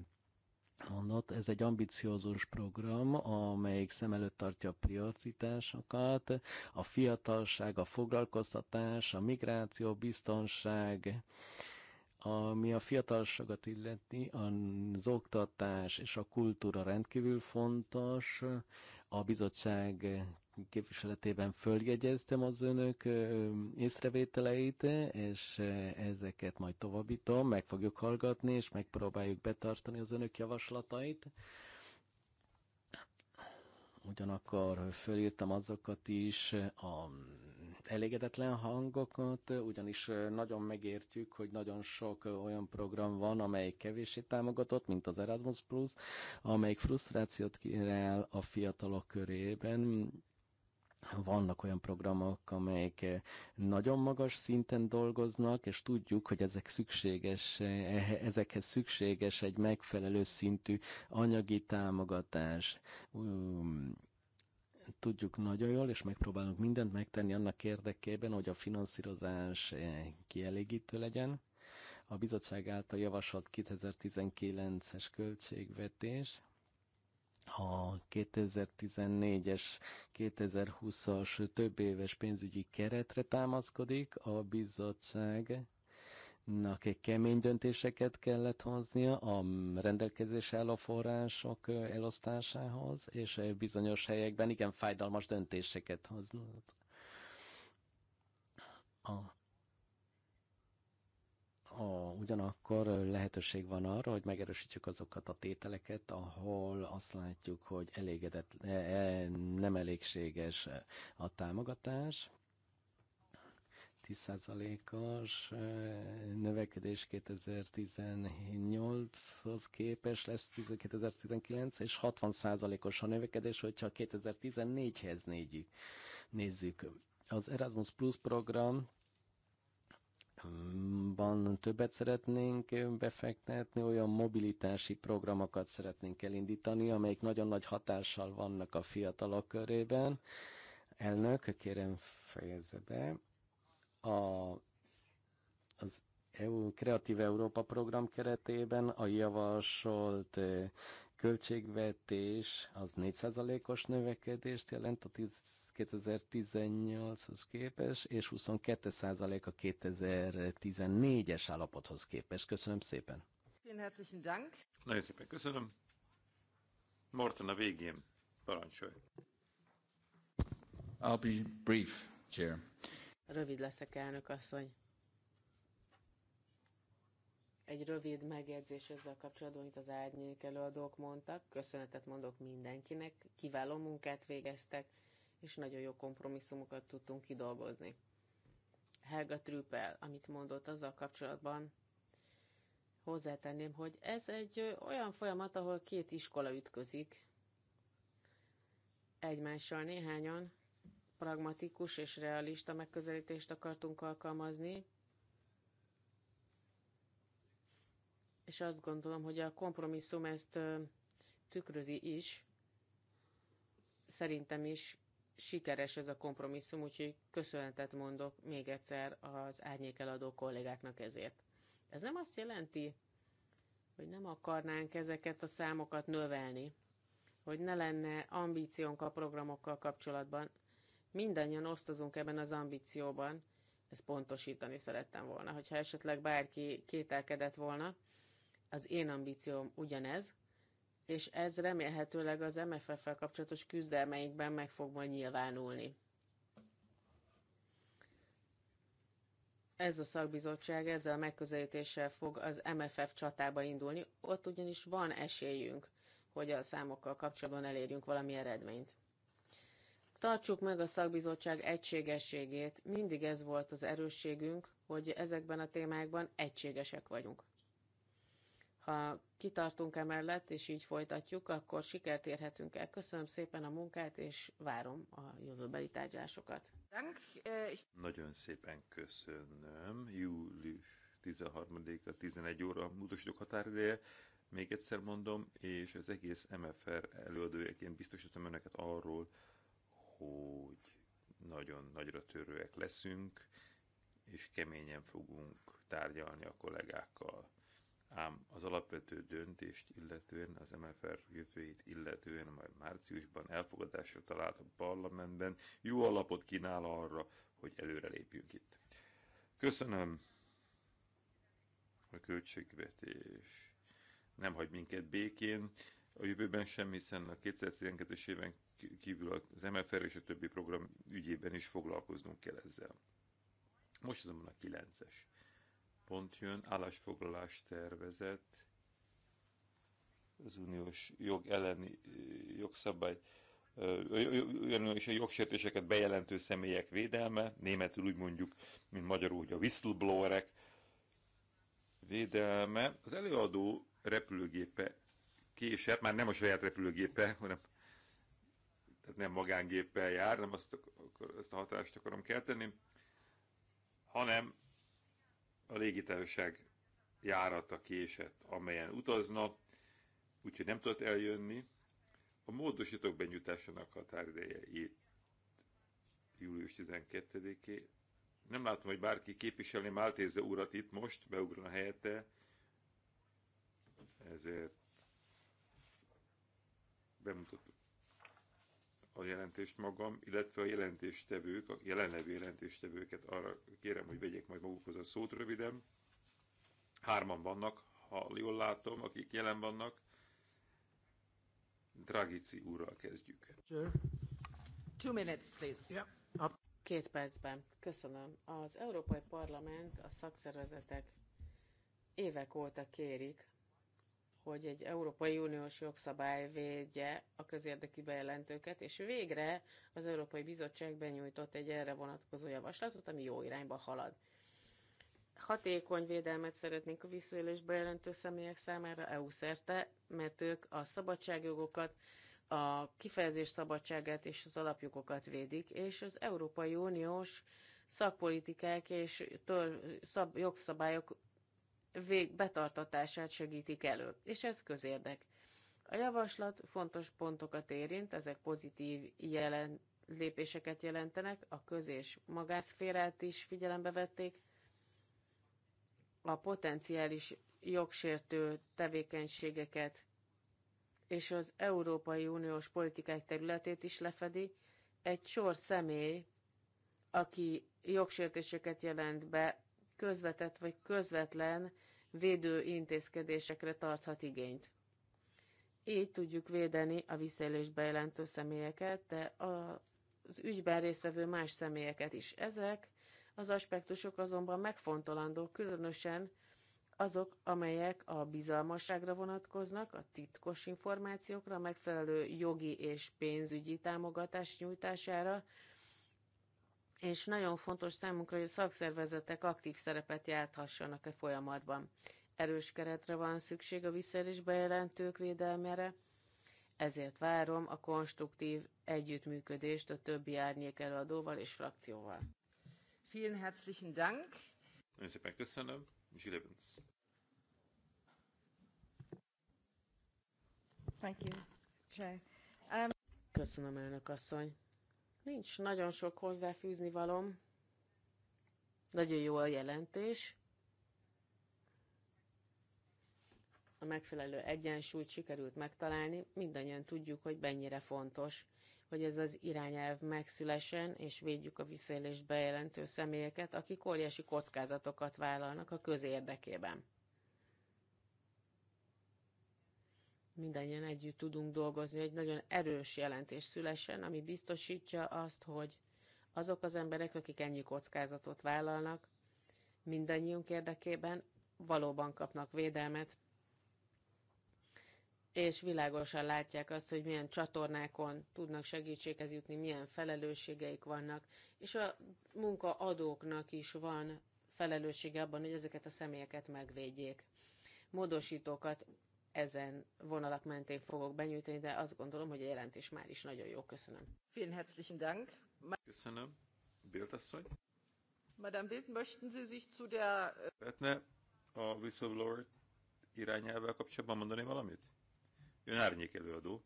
Mondott, ez egy ambiciózus program, amelyik szem előtt tartja a prioritásokat, a fiatalság, a foglalkoztatás, a migráció, biztonság, ami a fiatalságot illeti, az oktatás és a kultúra rendkívül fontos. A bizottság képviseletében följegyeztem az önök észrevételeit, és ezeket majd továbbítom, meg fogjuk hallgatni, és megpróbáljuk betartani az önök javaslatait. Ugyanakkor fölírtam azokat is a elégedetlen hangokat, ugyanis nagyon megértjük, hogy nagyon sok olyan program van, amely kevéssé támogatott, mint az Erasmus Plus, amelyik frusztrációt kirel a fiatalok körében, vannak olyan programok, amelyek eh, nagyon magas szinten dolgoznak, és tudjuk, hogy ezek szükséges, eh, eh, ezekhez szükséges egy megfelelő szintű anyagi támogatás. Tudjuk nagyon jól, és megpróbálunk mindent megtenni annak érdekében, hogy a finanszírozás kielégítő legyen. A bizottság által javasolt 2019-es költségvetés a 2014-es, 2020-as több éves pénzügyi keretre támaszkodik, a bizottság egy kemény döntéseket kellett hoznia a rendelkezés álló források elosztásához, és bizonyos helyekben igen fájdalmas döntéseket hoznod. A a, ugyanakkor lehetőség van arra, hogy megerősítsük azokat a tételeket, ahol azt látjuk, hogy elégedett, e, e, nem elégséges a támogatás. 10%-os e, növekedés 2018-hoz képes lesz 2019, és 60%-os a növekedés, hogyha 2014-hez nézzük. Az Erasmus Plus program ban többet szeretnénk befektetni, olyan mobilitási programokat szeretnénk elindítani, amelyek nagyon nagy hatással vannak a fiatalok körében. Elnök, kérem fejezze be. A, az EU, Kreatív Európa program keretében a javasolt költségvetés az 4%-os növekedést jelent a 2018-hoz képes, és 22% a 2014-es állapothoz képes. Köszönöm szépen! Nagyon szépen köszönöm! Morton a végén, parancsolj! I'll be brief, Chair. Rövid leszek, elnök asszony egy rövid megjegyzés ezzel kapcsolatban, amit az árnyék előadók mondtak. Köszönetet mondok mindenkinek, kiváló munkát végeztek, és nagyon jó kompromisszumokat tudtunk kidolgozni. Helga Trüppel, amit mondott azzal kapcsolatban, hozzátenném, hogy ez egy olyan folyamat, ahol két iskola ütközik egymással néhányan, pragmatikus és realista megközelítést akartunk alkalmazni, és azt gondolom, hogy a kompromisszum ezt tükrözi is. Szerintem is sikeres ez a kompromisszum, úgyhogy köszönetet mondok még egyszer az árnyékeladó kollégáknak ezért. Ez nem azt jelenti, hogy nem akarnánk ezeket a számokat növelni, hogy ne lenne ambíciónk a programokkal kapcsolatban. Mindannyian osztozunk ebben az ambícióban, ezt pontosítani szerettem volna, hogyha esetleg bárki kételkedett volna, az én ambícióm ugyanez, és ez remélhetőleg az MFF-fel kapcsolatos küzdelmeinkben meg fog majd nyilvánulni. Ez a szakbizottság ezzel a megközelítéssel fog az MFF csatába indulni, ott ugyanis van esélyünk, hogy a számokkal kapcsolatban elérjünk valami eredményt. Tartsuk meg a szakbizottság egységességét, mindig ez volt az erősségünk, hogy ezekben a témákban egységesek vagyunk. Ha kitartunk emellett, és így folytatjuk, akkor sikert érhetünk el. Köszönöm szépen a munkát, és várom a jövőbeli tárgyalásokat. Nagyon szépen köszönöm. Július 13-a 11 óra módosítok határideje. Még egyszer mondom, és az egész MFR előadójaként biztosítom önöket arról, hogy nagyon nagyra törőek leszünk, és keményen fogunk tárgyalni a kollégákkal ám az alapvető döntést illetően, az MFR jövőjét illetően majd márciusban elfogadásra talált a parlamentben jó alapot kínál arra, hogy előrelépjünk itt. Köszönöm a költségvetés. Nem hagy minket békén. A jövőben sem, hiszen a 2012-es éven kívül az MFR és a többi program ügyében is foglalkoznunk kell ezzel. Most azonban a 9-es pont jön, állásfoglalás tervezett, az uniós jog elleni jogszabály, és a jogsértéseket bejelentő személyek védelme, németül úgy mondjuk, mint magyarul, hogy a whistleblowerek védelme. Az előadó repülőgépe később, már nem a saját repülőgépe, hanem tehát nem magángéppel jár, nem azt, ezt a hatást akarom kelteni, hanem a légitársaság járata késett, amelyen utazna, úgyhogy nem tudott eljönni. A módosítók benyújtásának határideje itt július 12-é. Nem látom, hogy bárki képviselni Máltéze urat itt most, beugrana helyette, ezért bemutattuk a jelentést magam, illetve a jelentéstevők, a jelenlevő jelentéstevőket arra kérem, hogy vegyék majd magukhoz a szót röviden. Hárman vannak, ha jól látom, akik jelen vannak. Dragici úrral kezdjük. Two minutes, please. Yeah. Up. Két percben. Köszönöm. Az Európai Parlament, a szakszervezetek évek óta kérik, hogy egy Európai Uniós jogszabály védje a közérdekű bejelentőket, és végre az Európai Bizottság benyújtott egy erre vonatkozó javaslatot, ami jó irányba halad. Hatékony védelmet szeretnénk a visszaélés bejelentő személyek számára EU szerte, mert ők a szabadságjogokat, a kifejezés szabadságát és az alapjogokat védik, és az Európai Uniós szakpolitikák és szab, jogszabályok vég betartatását segítik elő, és ez közérdek. A javaslat fontos pontokat érint, ezek pozitív jelen, lépéseket jelentenek, a köz- és magánszférát is figyelembe vették, a potenciális jogsértő tevékenységeket és az Európai Uniós politikák területét is lefedi, egy sor személy, aki jogsértéseket jelent be, közvetett vagy közvetlen védő intézkedésekre tarthat igényt. Így tudjuk védeni a visszaélés bejelentő személyeket, de az ügyben résztvevő más személyeket is. Ezek az aspektusok azonban megfontolandók, különösen azok, amelyek a bizalmasságra vonatkoznak, a titkos információkra, a megfelelő jogi és pénzügyi támogatás nyújtására, és nagyon fontos számunkra, hogy a szakszervezetek aktív szerepet játhassanak e folyamatban. Erős keretre van szükség a visszaélés bejelentők védelmére, ezért várom a konstruktív együttműködést a többi árnyék eladóval és frakcióval. Vielen herzlichen Dank. Nagyon szépen köszönöm. Zsilevins. Thank you, Um... Köszönöm, elnök asszony. Nincs nagyon sok hozzáfűzni valom. Nagyon jó a jelentés. A megfelelő egyensúlyt sikerült megtalálni. Mindannyian tudjuk, hogy mennyire fontos, hogy ez az irányelv megszülesen, és védjük a visszaélést bejelentő személyeket, akik óriási kockázatokat vállalnak a közérdekében. mindannyian együtt tudunk dolgozni, egy nagyon erős jelentés szülessen, ami biztosítja azt, hogy azok az emberek, akik ennyi kockázatot vállalnak, mindannyiunk érdekében valóban kapnak védelmet, és világosan látják azt, hogy milyen csatornákon tudnak segítséghez jutni, milyen felelősségeik vannak, és a munkaadóknak is van felelőssége abban, hogy ezeket a személyeket megvédjék. Módosítókat ezen vonalak mentén fogok benyújtani, de azt gondolom, hogy a jelentés már is nagyon jó. Köszönöm. Vielen herzlichen Dank. Köszönöm. Bildasszony. Madame Bild, möchten Sie sich zu der... Äh, Szeretne a whistleblower irányelvvel kapcsolatban mondani valamit? Ön árnyék előadó.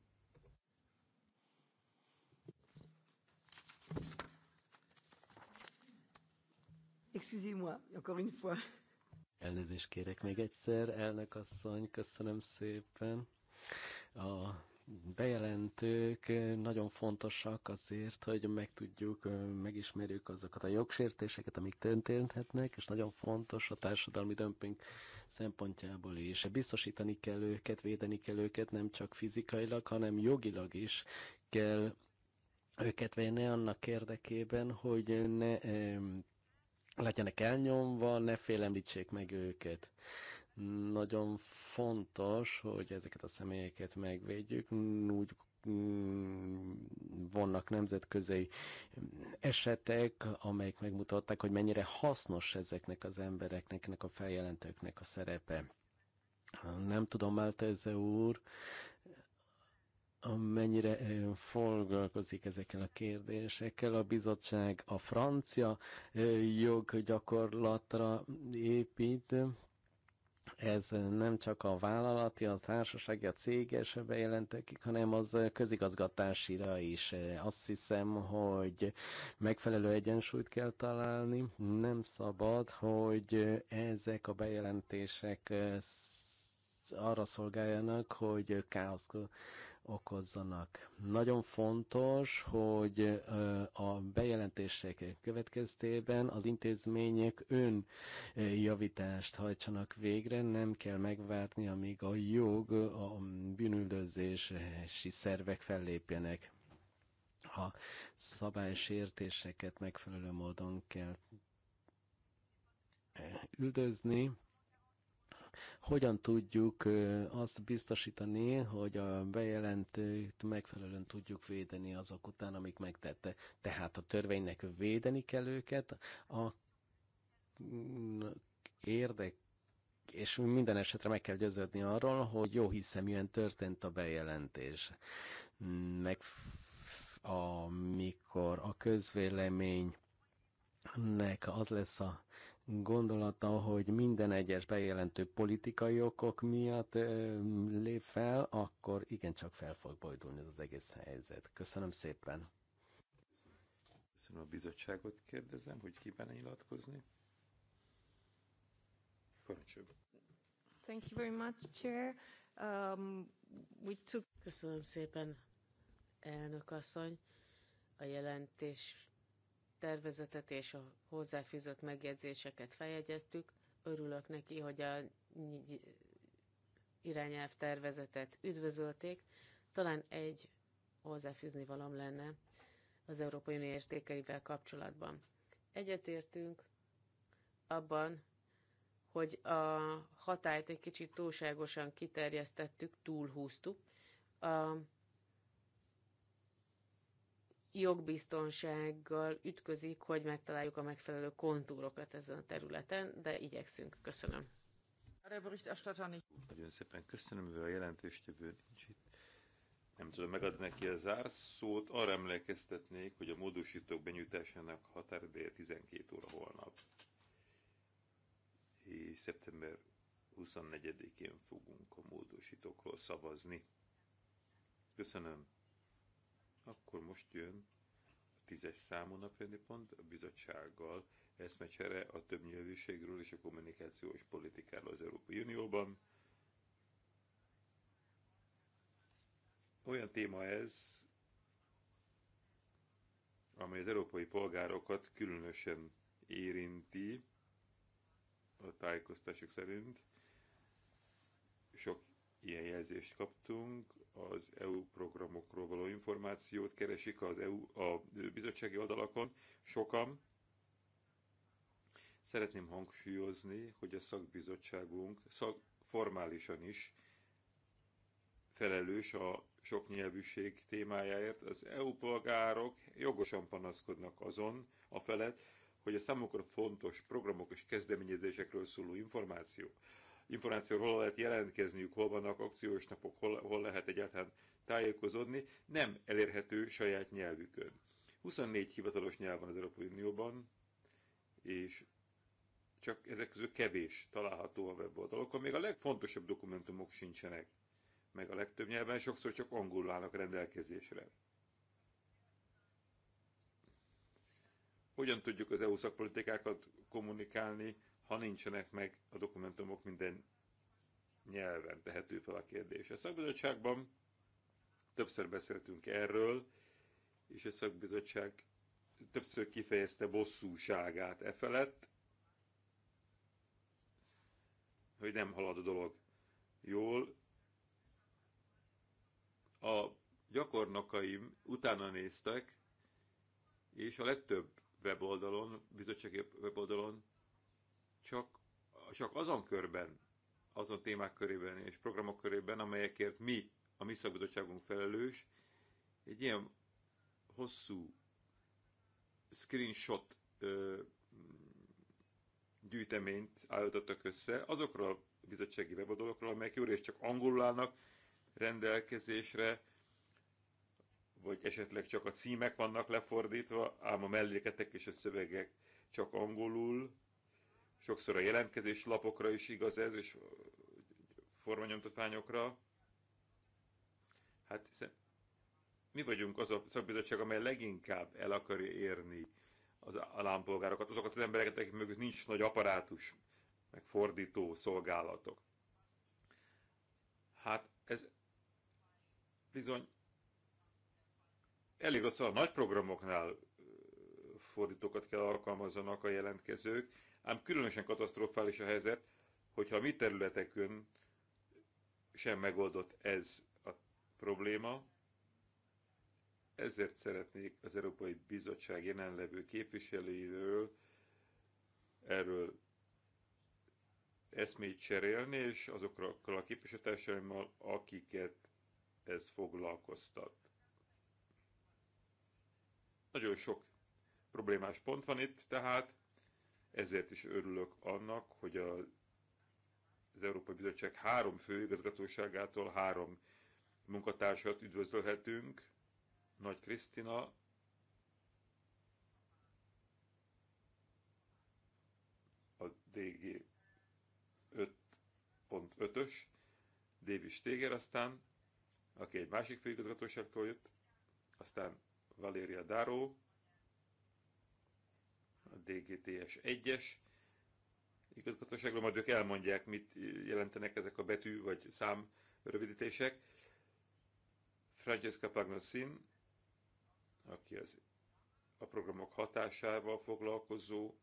Excusez-moi, encore une fois. Elnézést kérek még egyszer, elnök asszony, köszönöm szépen. A bejelentők nagyon fontosak azért, hogy meg tudjuk, megismerjük azokat a jogsértéseket, amik történhetnek, és nagyon fontos a társadalmi dömping szempontjából is. Biztosítani kell őket, védeni kell őket nem csak fizikailag, hanem jogilag is kell őket venni annak érdekében, hogy ne legyenek elnyomva, ne félemlítsék meg őket. Nagyon fontos, hogy ezeket a személyeket megvédjük, úgy mm, vannak nemzetközi esetek, amelyek megmutatták, hogy mennyire hasznos ezeknek az embereknek, ennek a feljelentőknek a szerepe. Nem tudom, Málteze úr, amennyire eh, foglalkozik ezekkel a kérdésekkel. A bizottság a francia eh, joggyakorlatra épít, ez nem csak a vállalati, a társasági, a céges bejelentőkig, hanem az közigazgatásira is. Eh, azt hiszem, hogy megfelelő egyensúlyt kell találni. Nem szabad, hogy ezek a bejelentések arra szolgáljanak, hogy káosz okozzanak. Nagyon fontos, hogy a bejelentések következtében az intézmények ön javítást hajtsanak végre, nem kell megvárni, amíg a jog, a bűnüldözési szervek fellépjenek. Ha szabálysértéseket megfelelő módon kell üldözni, hogyan tudjuk azt biztosítani, hogy a bejelentőt megfelelően tudjuk védeni azok után, amik megtette. Tehát a törvénynek védeni kell őket, a mm, érdek és minden esetre meg kell győződni arról, hogy jó hiszeműen történt a bejelentés. Meg amikor a közvéleménynek az lesz a gondolata, hogy minden egyes bejelentő politikai okok miatt lép fel, akkor igencsak fel fog bojdulni ez az egész helyzet. Köszönöm szépen. Köszönöm a bizottságot, kérdezem, hogy kívánna nyilatkozni. Parancsoljon. Thank you very much, Chair. Um, we took... Köszönöm szépen, elnök asszony. A jelentés tervezetet és a hozzáfűzött megjegyzéseket feljegyeztük. Örülök neki, hogy a irányelv tervezetet üdvözölték. Talán egy hozzáfűzni valam lenne az Európai Unió értékeivel kapcsolatban. Egyetértünk abban, hogy a hatályt egy kicsit túlságosan kiterjesztettük, túlhúztuk. A jogbiztonsággal ütközik, hogy megtaláljuk a megfelelő kontúrokat ezen a területen, de igyekszünk. Köszönöm. Nagyon szépen köszönöm, hogy a jelentéstevő nincs itt. Nem tudom megadni neki a zárszót, arra emlékeztetnék, hogy a módosítók benyújtásának határideje 12 óra holnap. És szeptember 24-én fogunk a módosítókról szavazni. Köszönöm. Akkor most jön a tízes számú naprendi pont, a bizottsággal eszmecsere a többnyelvűségről és a kommunikációs politikáról az Európai Unióban. Olyan téma ez, amely az európai polgárokat különösen érinti, a tájékoztatások szerint sok Ilyen jelzést kaptunk, az EU programokról való információt keresik az EU, a bizottsági oldalakon sokan. Szeretném hangsúlyozni, hogy a szakbizottságunk szak, formálisan is felelős a soknyelvűség témájáért, az EU polgárok jogosan panaszkodnak azon a felett, hogy a számukra fontos programok és kezdeményezésekről szóló információ, információról hol lehet jelentkezniük, hol vannak akciós napok, hol, hol lehet egyáltalán tájékozódni, nem elérhető saját nyelvükön. 24 hivatalos nyelv van az Európai Unióban, és csak ezek közül kevés található a weboldalokon, még a legfontosabb dokumentumok sincsenek, meg a legtöbb nyelven sokszor csak angolul állnak rendelkezésre. Hogyan tudjuk az EU szakpolitikákat kommunikálni ha nincsenek meg a dokumentumok minden nyelven tehető fel a kérdés. A szakbizottságban többször beszéltünk erről, és a szakbizottság többször kifejezte bosszúságát e felett, hogy nem halad a dolog jól. A gyakornokaim utána néztek, és a legtöbb weboldalon, bizottsági weboldalon csak, csak azon körben, azon témák körében és programok körében, amelyekért mi, a mi szakbizottságunk felelős, egy ilyen hosszú screenshot ö, gyűjteményt állítottak össze azokról a bizottsági weboldalakról, amelyek jó csak angolul állnak rendelkezésre, vagy esetleg csak a címek vannak lefordítva, ám a melléketek és a szövegek csak angolul Sokszor a jelentkezés lapokra is igaz ez, és formanyomtatványokra. Hát mi vagyunk az a szakbizottság, amely leginkább el akarja érni az állampolgárokat, azokat az embereket, akik mögött nincs nagy aparátus, meg fordító szolgálatok. Hát ez bizony elég az, a nagy programoknál fordítókat kell alkalmazzanak a jelentkezők, Ám különösen katasztrofális a helyzet, hogyha a mi területekön sem megoldott ez a probléma, ezért szeretnék az Európai Bizottság jelenlevő képviselőiről erről eszmét cserélni, és azokkal a képviselőtársaimmal, akiket ez foglalkoztat. Nagyon sok problémás pont van itt, tehát ezért is örülök annak, hogy a, az Európai Bizottság három főigazgatóságától három munkatársat üdvözölhetünk. Nagy Krisztina, a DG 5.5-ös, Davis Téger aztán, aki egy másik főigazgatóságtól jött, aztán Valéria Daró, a DGTS 1-es igazgatóságról, majd ők elmondják, mit jelentenek ezek a betű vagy szám rövidítések. Francesca Pagnosin, aki az a programok hatásával foglalkozó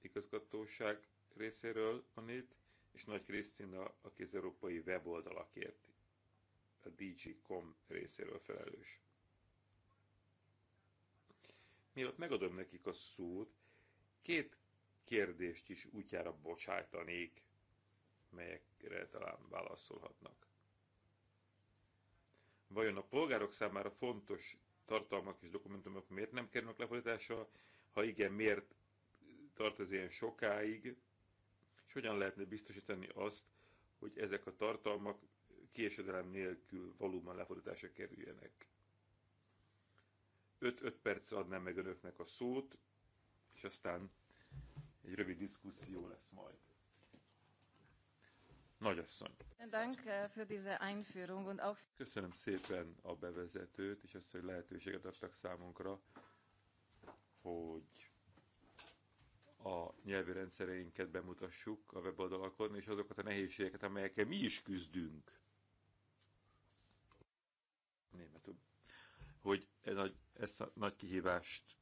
igazgatóság részéről van itt, és Nagy Krisztina, aki az európai weboldalakért, a DG.com részéről felelős. Mielőtt megadom nekik a szót, két kérdést is útjára bocsájtanék, melyekre talán válaszolhatnak. Vajon a polgárok számára fontos tartalmak és dokumentumok miért nem kerülnek lefordításra? Ha igen, miért tart ez ilyen sokáig? És hogyan lehetne biztosítani azt, hogy ezek a tartalmak késedelem nélkül valóban lefordításra kerüljenek? 5-5 percre adnám meg önöknek a szót, és aztán egy rövid diskusszió lesz majd. Nagyasszony. Eh, Köszönöm szépen a bevezetőt, és azt, hogy lehetőséget adtak számunkra, hogy a nyelvi rendszereinket bemutassuk a weboldalakon, és azokat a nehézségeket, amelyekkel mi is küzdünk. Németül. Hogy ez a ezt a nagy kihívást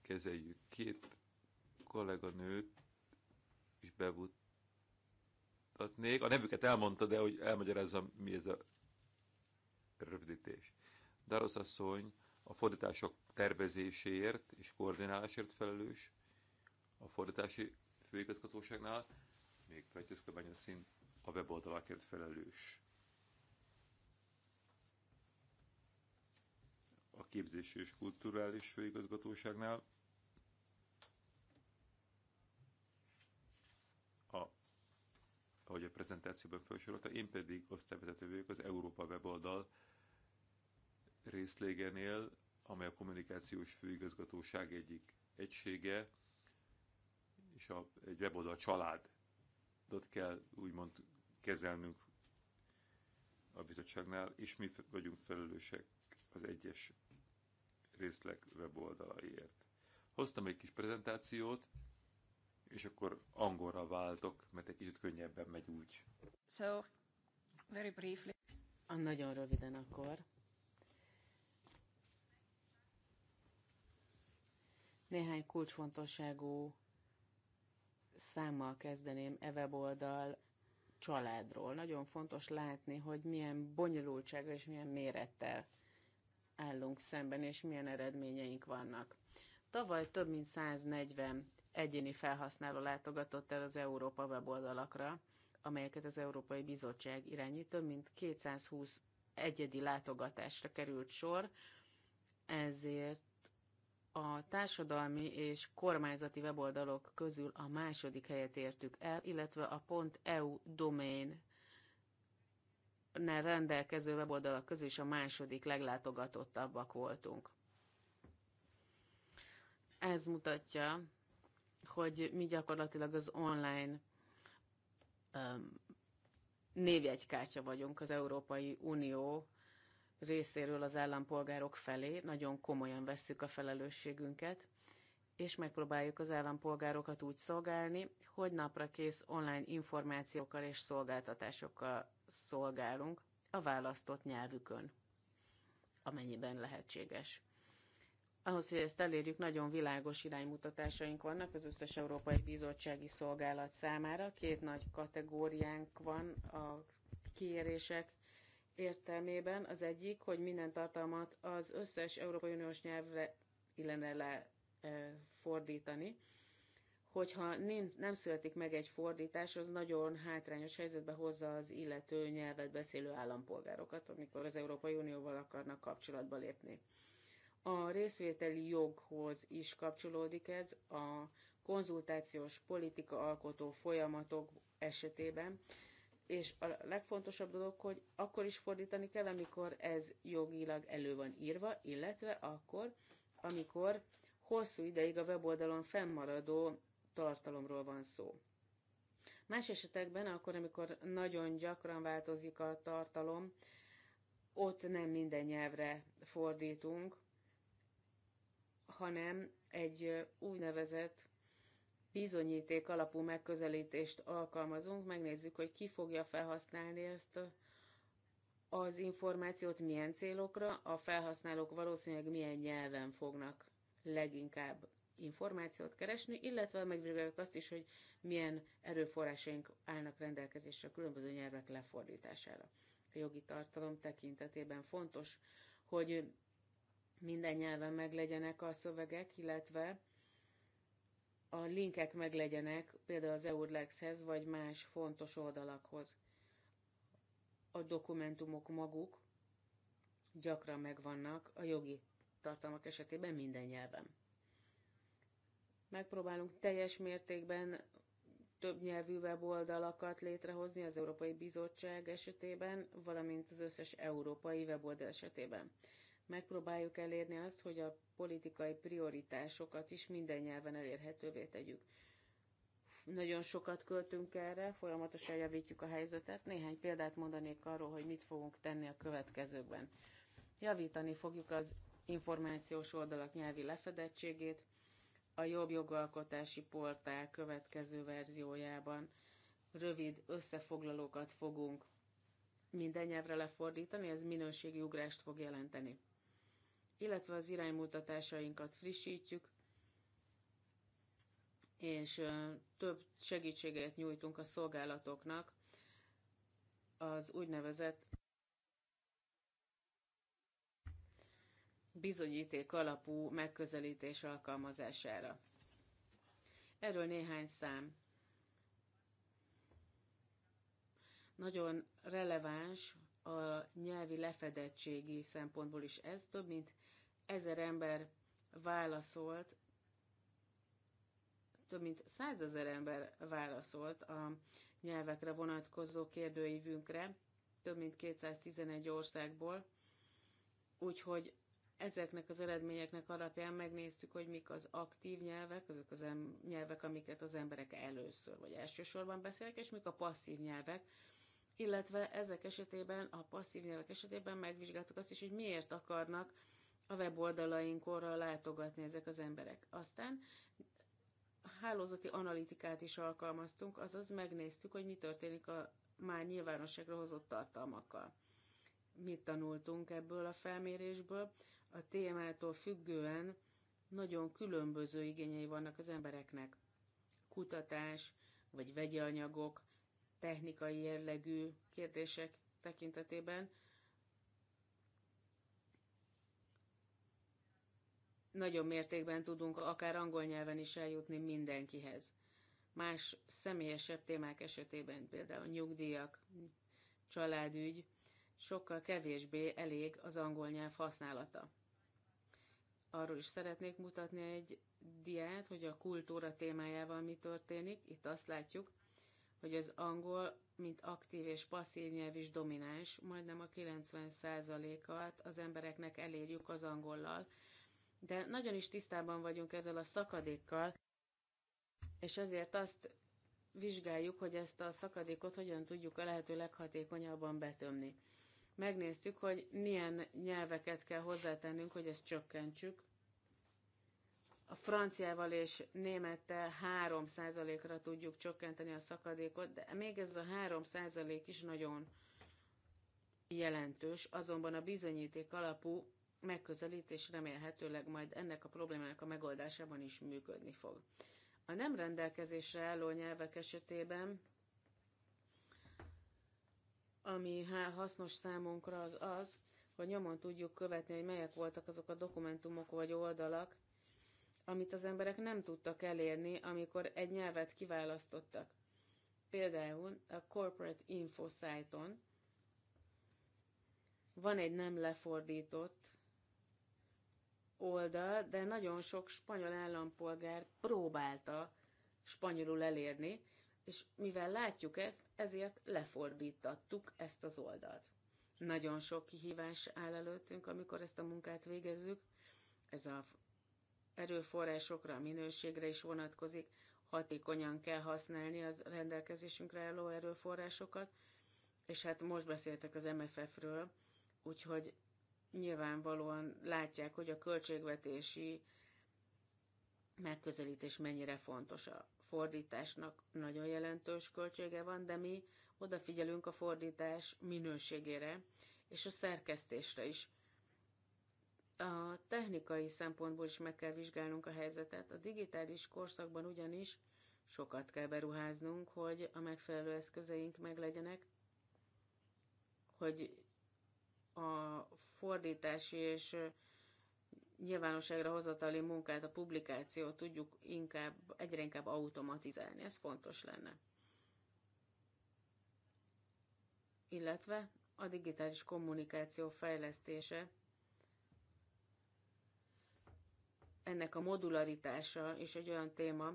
kezeljük. Két kolléganőt is bevutatnék. A nevüket elmondta, de hogy elmagyarázzam, mi ez a rövidítés. Darosz asszony a fordítások tervezéséért és koordinálásért felelős a fordítási főigazgatóságnál, még Petya Szkabány a szint a weboldalakért felelős. képzési és kulturális főigazgatóságnál a, ahogy a prezentációban felsorolta, én pedig osztályvezető vagyok az Európa weboldal részlégenél, amely a kommunikációs főigazgatóság egyik egysége, és a, egy weboldal Ott kell úgymond kezelnünk a bizottságnál, és mi vagyunk felelősek az egyes részleg weboldalaiért. Hoztam egy kis prezentációt, és akkor angolra váltok, mert egy kicsit könnyebben megy úgy. So, very briefly. A ah, nagyon röviden akkor. Néhány kulcsfontosságú számmal kezdeném e weboldal családról. Nagyon fontos látni, hogy milyen bonyolultsággal és milyen mérettel állunk szemben, és milyen eredményeink vannak. Tavaly több mint 140 egyéni felhasználó látogatott el az Európa weboldalakra, amelyeket az Európai Bizottság irányít. Több mint 220 egyedi látogatásra került sor, ezért a társadalmi és kormányzati weboldalok közül a második helyet értük el, illetve a .eu domain rendelkező weboldalak közül is a második leglátogatottabbak voltunk. Ez mutatja, hogy mi gyakorlatilag az online um, névjegykártya vagyunk az Európai Unió részéről az állampolgárok felé, nagyon komolyan vesszük a felelősségünket, és megpróbáljuk az állampolgárokat úgy szolgálni, hogy napra kész online információkkal és szolgáltatásokkal szolgálunk a választott nyelvükön, amennyiben lehetséges. Ahhoz, hogy ezt elérjük, nagyon világos iránymutatásaink vannak az összes Európai Bizottsági Szolgálat számára. Két nagy kategóriánk van a kérések értelmében. Az egyik, hogy minden tartalmat az összes Európai Uniós nyelvre illene le eh, fordítani hogyha nem, nem születik meg egy fordítás, az nagyon hátrányos helyzetbe hozza az illető nyelvet beszélő állampolgárokat, amikor az Európai Unióval akarnak kapcsolatba lépni. A részvételi joghoz is kapcsolódik ez a konzultációs politika alkotó folyamatok esetében, és a legfontosabb dolog, hogy akkor is fordítani kell, amikor ez jogilag elő van írva, illetve akkor, amikor hosszú ideig a weboldalon fennmaradó tartalomról van szó. Más esetekben, akkor, amikor nagyon gyakran változik a tartalom, ott nem minden nyelvre fordítunk, hanem egy úgynevezett bizonyíték alapú megközelítést alkalmazunk, megnézzük, hogy ki fogja felhasználni ezt az információt milyen célokra, a felhasználók valószínűleg milyen nyelven fognak leginkább információt keresni, illetve megvizsgáljuk azt is, hogy milyen erőforrásaink állnak rendelkezésre a különböző nyelvek lefordítására. A jogi tartalom tekintetében fontos, hogy minden nyelven meglegyenek a szövegek, illetve a linkek meglegyenek például az Eurlexhez vagy más fontos oldalakhoz. A dokumentumok maguk gyakran megvannak a jogi tartalmak esetében minden nyelven. Megpróbálunk teljes mértékben több nyelvű weboldalakat létrehozni az Európai Bizottság esetében, valamint az összes európai weboldal esetében. Megpróbáljuk elérni azt, hogy a politikai prioritásokat is minden nyelven elérhetővé tegyük. Nagyon sokat költünk erre, folyamatosan javítjuk a helyzetet. Néhány példát mondanék arról, hogy mit fogunk tenni a következőkben. Javítani fogjuk az információs oldalak nyelvi lefedettségét, a jobb jogalkotási portál következő verziójában rövid összefoglalókat fogunk minden nyelvre lefordítani, ez minőségi ugrást fog jelenteni. Illetve az iránymutatásainkat frissítjük, és több segítséget nyújtunk a szolgálatoknak az úgynevezett bizonyíték alapú megközelítés alkalmazására. Erről néhány szám. Nagyon releváns a nyelvi lefedettségi szempontból is ez. Több mint ezer ember válaszolt, több mint százezer ember válaszolt a nyelvekre vonatkozó kérdőívünkre, több mint 211 országból, úgyhogy Ezeknek az eredményeknek alapján megnéztük, hogy mik az aktív nyelvek, azok az em- nyelvek, amiket az emberek először vagy elsősorban beszélnek, és mik a passzív nyelvek, illetve ezek esetében, a passzív nyelvek esetében megvizsgáltuk azt is, hogy miért akarnak a weboldalainkorra látogatni ezek az emberek. Aztán hálózati analitikát is alkalmaztunk, azaz megnéztük, hogy mi történik a már nyilvánosságra hozott tartalmakkal. Mit tanultunk ebből a felmérésből? a témától függően nagyon különböző igényei vannak az embereknek. Kutatás, vagy vegyi anyagok, technikai jellegű kérdések tekintetében. Nagyobb mértékben tudunk akár angol nyelven is eljutni mindenkihez. Más személyesebb témák esetében, például nyugdíjak, családügy, sokkal kevésbé elég az angol nyelv használata arról is szeretnék mutatni egy diát, hogy a kultúra témájával mi történik. Itt azt látjuk, hogy az angol, mint aktív és passzív nyelv is domináns, majdnem a 90%-at az embereknek elérjük az angollal. De nagyon is tisztában vagyunk ezzel a szakadékkal, és azért azt vizsgáljuk, hogy ezt a szakadékot hogyan tudjuk a lehető leghatékonyabban betömni megnéztük, hogy milyen nyelveket kell hozzátennünk, hogy ezt csökkentsük. A franciával és némettel 3%-ra tudjuk csökkenteni a szakadékot, de még ez a 3% is nagyon jelentős, azonban a bizonyíték alapú megközelítés remélhetőleg majd ennek a problémának a megoldásában is működni fog. A nem rendelkezésre álló nyelvek esetében ami hasznos számunkra az az, hogy nyomon tudjuk követni, hogy melyek voltak azok a dokumentumok vagy oldalak, amit az emberek nem tudtak elérni, amikor egy nyelvet kiválasztottak. Például a Corporate Info szájton van egy nem lefordított oldal, de nagyon sok spanyol állampolgár próbálta spanyolul elérni, és mivel látjuk ezt, ezért lefordítattuk ezt az oldalt. Nagyon sok kihívás áll előttünk, amikor ezt a munkát végezzük. Ez a erőforrásokra, a minőségre is vonatkozik, hatékonyan kell használni az rendelkezésünkre álló erőforrásokat, és hát most beszéltek az MFF-ről, úgyhogy nyilvánvalóan látják, hogy a költségvetési megközelítés mennyire fontos. A fordításnak nagyon jelentős költsége van, de mi odafigyelünk a fordítás minőségére és a szerkesztésre is. A technikai szempontból is meg kell vizsgálnunk a helyzetet. A digitális korszakban ugyanis sokat kell beruháznunk, hogy a megfelelő eszközeink meglegyenek, hogy a fordítási és nyilvánosságra hozatali munkát, a publikációt tudjuk inkább, egyre inkább automatizálni. Ez fontos lenne. Illetve a digitális kommunikáció fejlesztése, ennek a modularitása is egy olyan téma,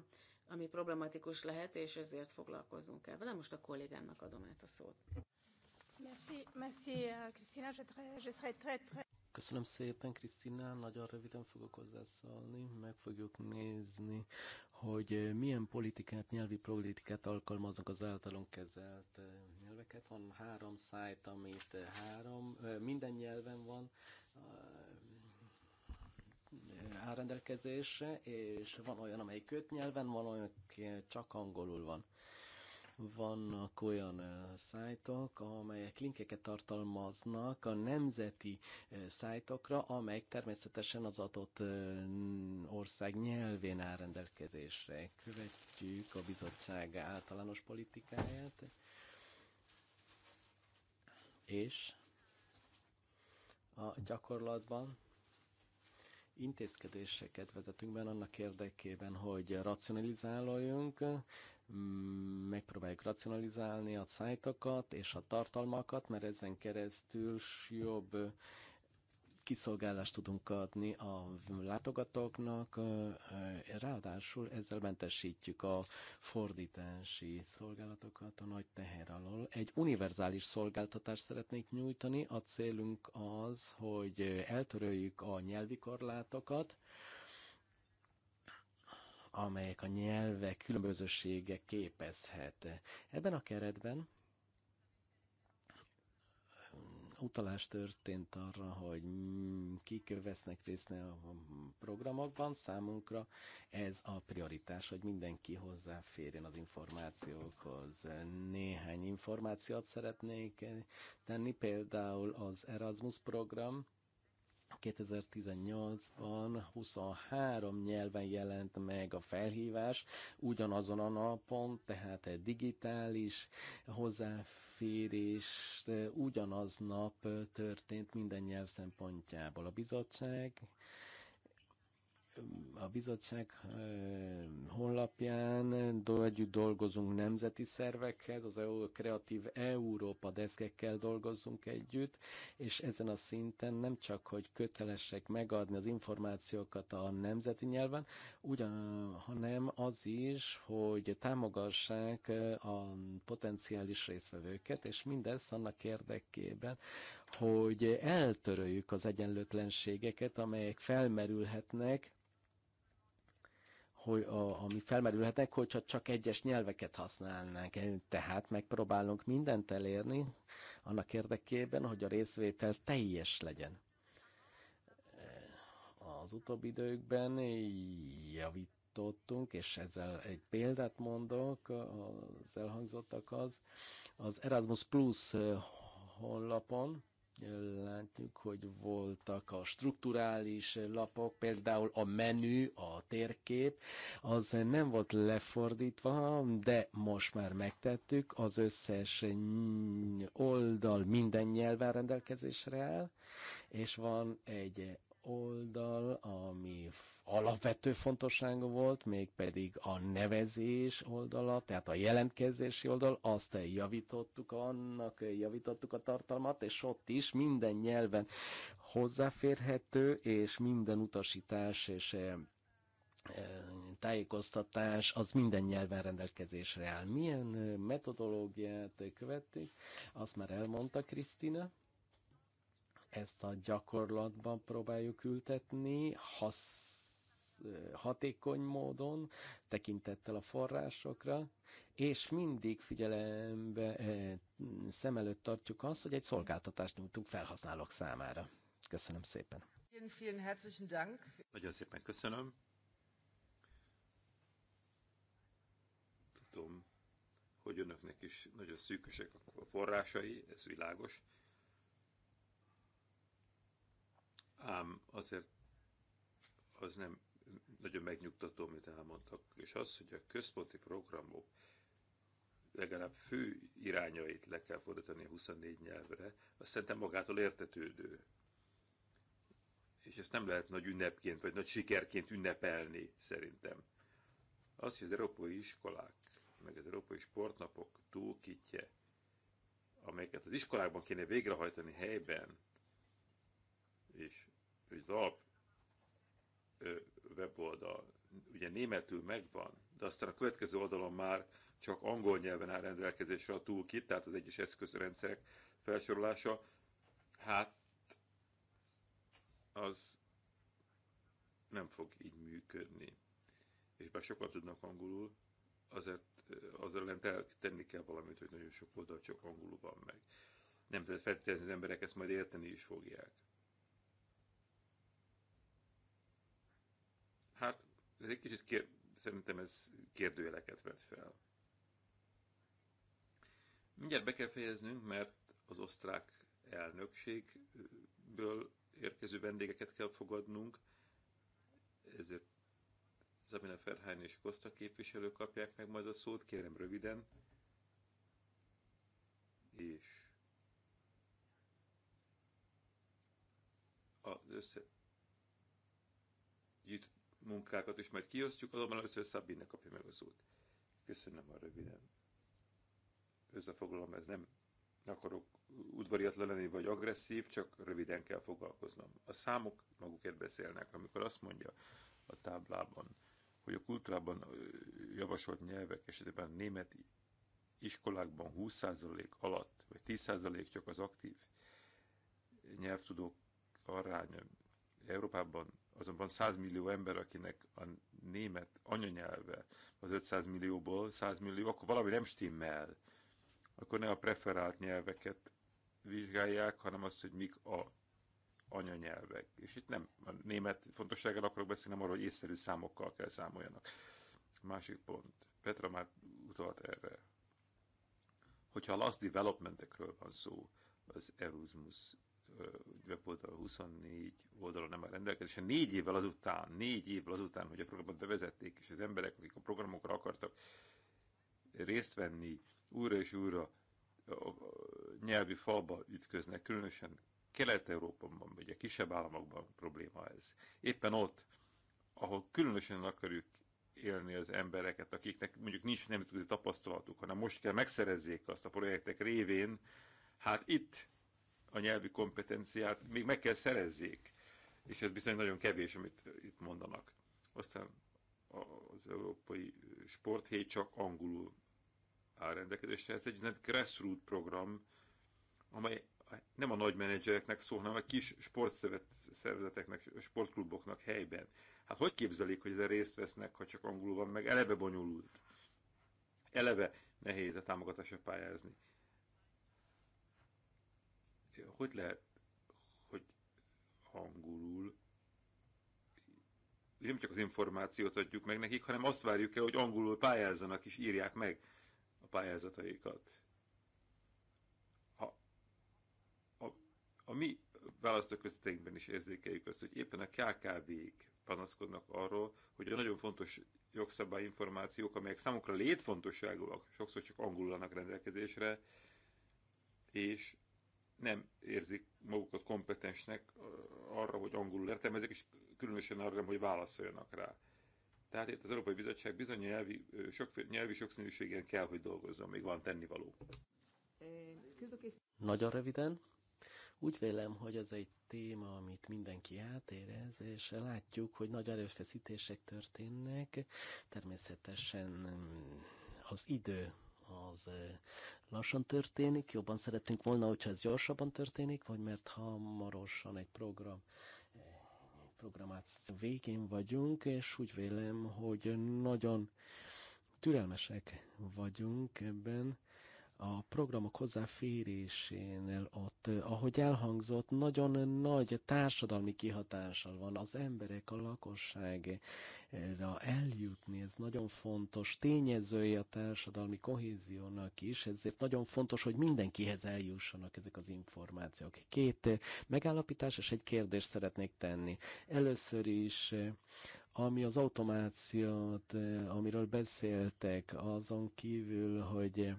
ami problematikus lehet, és ezért foglalkozunk el vele. Most a kollégámnak adom át a szót. Merci, merci, Krisztina. Je, je serai très, très... Köszönöm szépen, Krisztina. Nagyon röviden fogok hozzászólni. Meg fogjuk nézni, hogy milyen politikát, nyelvi politikát alkalmaznak az általunk kezelt eh, nyelveket. Van három szájt, amit eh, három, eh, minden nyelven van áll rendelkezésre, és van olyan, amelyik öt nyelven, van olyan, csak angolul van. Vannak olyan szájtok, amelyek linkeket tartalmaznak a nemzeti szájtokra, amelyek természetesen az adott ország nyelvén áll rendelkezésre. Követjük a bizottság általános politikáját, és a gyakorlatban intézkedéseket vezetünk be annak érdekében, hogy racionalizáljunk, megpróbáljuk racionalizálni a szájtokat és a tartalmakat, mert ezen keresztül jobb kiszolgálást tudunk adni a látogatóknak, ráadásul ezzel mentesítjük a fordítási szolgálatokat a nagy teher alól. Egy univerzális szolgáltatást szeretnék nyújtani, a célunk az, hogy eltöröljük a nyelvi korlátokat, amelyek a nyelvek különbözősége képezhet. Ebben a keretben utalás történt arra, hogy kik vesznek részt a programokban. Számunkra ez a prioritás, hogy mindenki hozzáférjen az információkhoz. Néhány információt szeretnék tenni, például az Erasmus program, 2018-ban 23 nyelven jelent meg a felhívás, ugyanazon a napon, tehát egy digitális hozzáférés ugyanaz nap történt minden nyelv szempontjából. A bizottság a bizottság eh, honlapján együtt dolgozunk nemzeti szervekhez, az EU Kreatív Európa deszkekkel dolgozunk együtt, és ezen a szinten nem csak, hogy kötelesek megadni az információkat a nemzeti nyelven, ugyan, hanem az is, hogy támogassák eh, a potenciális részvevőket, és mindezt annak érdekében, hogy eltöröljük az egyenlőtlenségeket, amelyek felmerülhetnek hogy, a, ami felmerülhetnek, hogyha csak egyes nyelveket használnánk. Tehát megpróbálunk mindent elérni annak érdekében, hogy a részvétel teljes legyen. Az utóbbi időkben javítottunk, és ezzel egy példát mondok, az elhangzottak az, az Erasmus Plus honlapon, látjuk, hogy voltak a strukturális lapok, például a menü, a térkép, az nem volt lefordítva, de most már megtettük, az összes oldal minden nyelven rendelkezésre áll, és van egy oldal, ami alapvető fontosságú volt, mégpedig a nevezés oldala, tehát a jelentkezési oldal, azt javítottuk annak, javítottuk a tartalmat, és ott is minden nyelven hozzáférhető, és minden utasítás és eh, eh, tájékoztatás az minden nyelven rendelkezésre áll. Milyen eh, metodológiát követik, azt már elmondta Krisztina. Ezt a gyakorlatban próbáljuk ültetni, hasz, hatékony módon, tekintettel a forrásokra, és mindig figyelembe, szem előtt tartjuk azt, hogy egy szolgáltatást nyújtunk felhasználók számára. Köszönöm szépen. Nagyon szépen köszönöm. Tudom, hogy önöknek is nagyon szűkösek a forrásai, ez világos, ám azért az nem nagyon megnyugtató, amit elmondtak, és az, hogy a központi programok legalább fő irányait le kell fordítani a 24 nyelvre, azt szerintem magától értetődő. És ezt nem lehet nagy ünnepként, vagy nagy sikerként ünnepelni, szerintem. Az, hogy az európai iskolák, meg az európai sportnapok túlkitje, amelyeket az iskolákban kéne végrehajtani helyben, és hogy az alap weboldal ugye németül megvan, de aztán a következő oldalon már csak angol nyelven áll rendelkezésre a toolkit, tehát az egyes eszközrendszerek felsorolása, hát az nem fog így működni. És bár sokan tudnak angolul, azért az ellen tenni kell valamit, hogy nagyon sok oldal csak angolul van meg. Nem, tehát feltétlenül az emberek ezt majd érteni is fogják. Ez egy kicsit kér, szerintem ez kérdőjeleket vet fel. Mindjárt be kell fejeznünk, mert az osztrák elnökségből érkező vendégeket kell fogadnunk, ezért Zabina Ferhány és Kosta képviselők kapják meg majd a szót, kérem röviden. És az össze munkákat is majd kiosztjuk, azonban először Szabine kapja meg a szót. Köszönöm a röviden. Összefoglalom, ez nem akarok udvariatlan lenni, vagy agresszív, csak röviden kell foglalkoznom. A számok magukért beszélnek, amikor azt mondja a táblában, hogy a kultúrában javasolt nyelvek esetében a német iskolákban 20% alatt, vagy 10% csak az aktív nyelvtudók aránya, Európában azonban 100 millió ember, akinek a német anyanyelve az 500 millióból 100 millió, akkor valami nem stimmel. Akkor ne a preferált nyelveket vizsgálják, hanem azt, hogy mik a anyanyelvek. És itt nem a német fontossággal akarok beszélni, nem arról, hogy észszerű számokkal kell számoljanak. A másik pont. Petra már utalt erre. Hogyha a last developmentekről van szó, az Erasmus weboldal 24 oldalon nem áll rendelkezésre. Négy évvel azután, négy évvel azután, hogy a programot bevezették, és az emberek, akik a programokra akartak részt venni, újra és újra a nyelvi falba ütköznek, különösen Kelet-Európában, vagy a kisebb államokban probléma ez. Éppen ott, ahol különösen akarjuk élni az embereket, akiknek mondjuk nincs nemzetközi tapasztalatuk, hanem most kell megszerezzék azt a projektek révén, hát itt a nyelvi kompetenciát még meg kell szerezzék, és ez bizony nagyon kevés, amit itt mondanak. Aztán az Európai Sporthét csak angolul áll rendelkezésre. Ez egy grassroot program, amely nem a nagy menedzsereknek szól, hanem a kis sportszervezeteknek, sportkluboknak helyben. Hát hogy képzelik, hogy ezen részt vesznek, ha csak angolul van, meg eleve bonyolult? Eleve nehéz a támogatásra pályázni hogy lehet, hogy angolul nem csak az információt adjuk meg nekik, hanem azt várjuk el, hogy angolul pályázzanak és írják meg a pályázataikat. Ha a, a mi választóközteinkben is érzékeljük azt, hogy éppen a KKV-k panaszkodnak arról, hogy a nagyon fontos információk, amelyek számukra létfontosságúak, sokszor csak angolulnak rendelkezésre, és nem érzik magukat kompetensnek arra, hogy angolul értelmezik, és különösen arra, hogy válaszoljanak rá. Tehát itt az Európai Bizottság bizony nyelvi, sok, nyelvi sokszínűségen kell, hogy dolgozzon, még van tennivaló. Nagyon röviden. Úgy vélem, hogy ez egy téma, amit mindenki átérez, és látjuk, hogy nagy erőfeszítések történnek. Természetesen mm, az idő az lassan történik, jobban szeretünk volna, hogyha ez gyorsabban történik, vagy mert hamarosan egy program egy programáció végén vagyunk, és úgy vélem, hogy nagyon türelmesek vagyunk ebben, a programok hozzáférésénél ott, eh, ahogy elhangzott, nagyon nagy társadalmi kihatással van az emberek, a lakosságra eljutni. Ez nagyon fontos tényezője a társadalmi kohéziónak is, ezért nagyon fontos, hogy mindenkihez eljussanak ezek az információk. Két eh, megállapítás és egy kérdést szeretnék tenni. Először is eh, ami az automációt, amiről beszéltek, azon kívül, hogy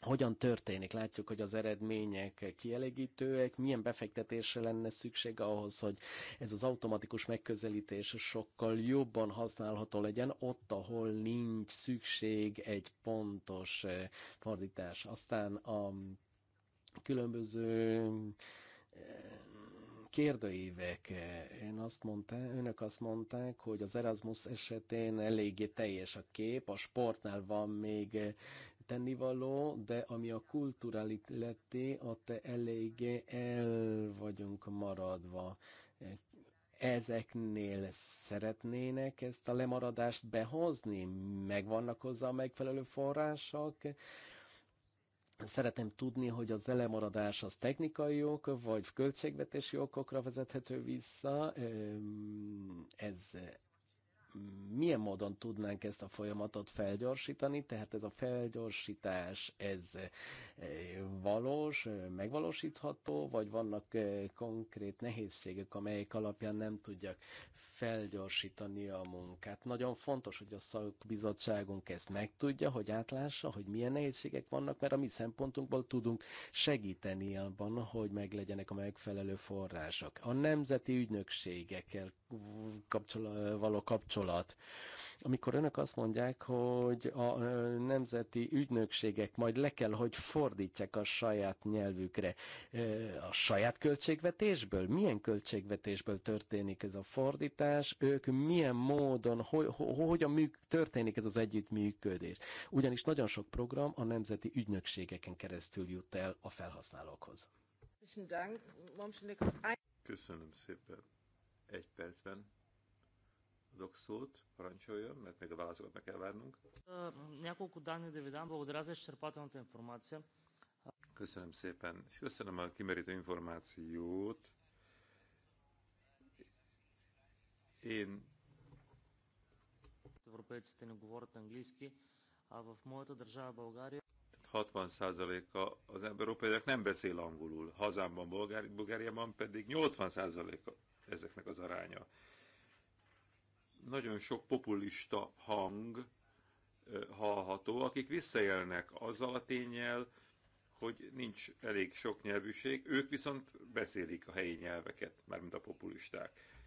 hogyan történik. Látjuk, hogy az eredmények kielégítőek, milyen befektetésre lenne szükség ahhoz, hogy ez az automatikus megközelítés sokkal jobban használható legyen ott, ahol nincs szükség egy pontos eh, fordítás. Aztán a különböző eh, kérdőívek. Én eh, azt mondta, önök azt mondták, hogy az Erasmus esetén eléggé teljes a kép, a sportnál van még tennivaló, de ami a kulturálit illeti, ott eléggé el vagyunk maradva. Ezeknél szeretnének ezt a lemaradást behozni? Megvannak hozzá a megfelelő források? Szeretem tudni, hogy az elemaradás az technikai ok, vagy költségvetési okokra vezethető vissza. Ez milyen módon tudnánk ezt a folyamatot felgyorsítani, tehát ez a felgyorsítás, ez eh, valós, eh, megvalósítható, vagy vannak eh, konkrét nehézségek, amelyek alapján nem tudjak felgyorsítani a munkát. Nagyon fontos, hogy a szakbizottságunk ezt megtudja, hogy átlássa, hogy milyen nehézségek vannak, mert a mi szempontunkból tudunk segíteni abban, hogy meglegyenek a megfelelő források. A nemzeti ügynökségekkel kapcsol- való kapcsolatban kapcsolat. Amikor önök azt mondják, hogy a nemzeti ügynökségek majd le kell, hogy fordítsák a saját nyelvükre, a saját költségvetésből, milyen költségvetésből történik ez a fordítás, ők milyen módon, hogy, hogyan műk, történik ez az együttműködés. Ugyanis nagyon sok program a nemzeti ügynökségeken keresztül jut el a felhasználókhoz. Köszönöm szépen. Egy percben adok parancsoljon, mert még a válaszokat meg kell várnunk. данни да ви дам. Благодаря за изчерпателната Köszönöm szépen, és köszönöm a kimerítő információt. Én... Европейците не говорят английски, а в моята държава България 60%-a az európaiak nem beszél angolul, hazámban, Bulgáriában pedig 80%-a ezeknek az aránya nagyon sok populista hang hallható, akik visszaélnek azzal a tényel, hogy nincs elég sok nyelvűség, ők viszont beszélik a helyi nyelveket, mármint a populisták.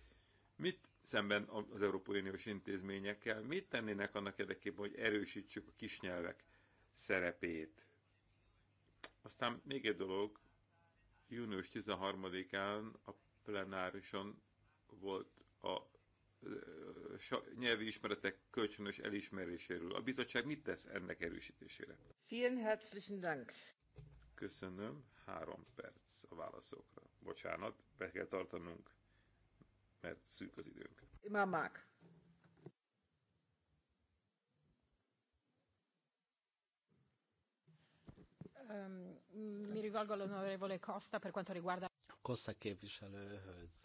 Mit szemben az Európai Uniós intézményekkel, mit tennének annak érdekében, hogy erősítsük a kisnyelvek szerepét? Aztán még egy dolog, június 13-án a plenárison volt a nyelvi ismeretek kölcsönös elismeréséről. A bizottság mit tesz ennek erősítésére? Vielen herzlichen Dank. Köszönöm. Három perc a válaszokra. Bocsánat, be kell tartanunk, mert szűk az időnk. Mamák. Mag. mi rivolgo all'onorevole Costa per quanto riguarda... Costa képviselőhöz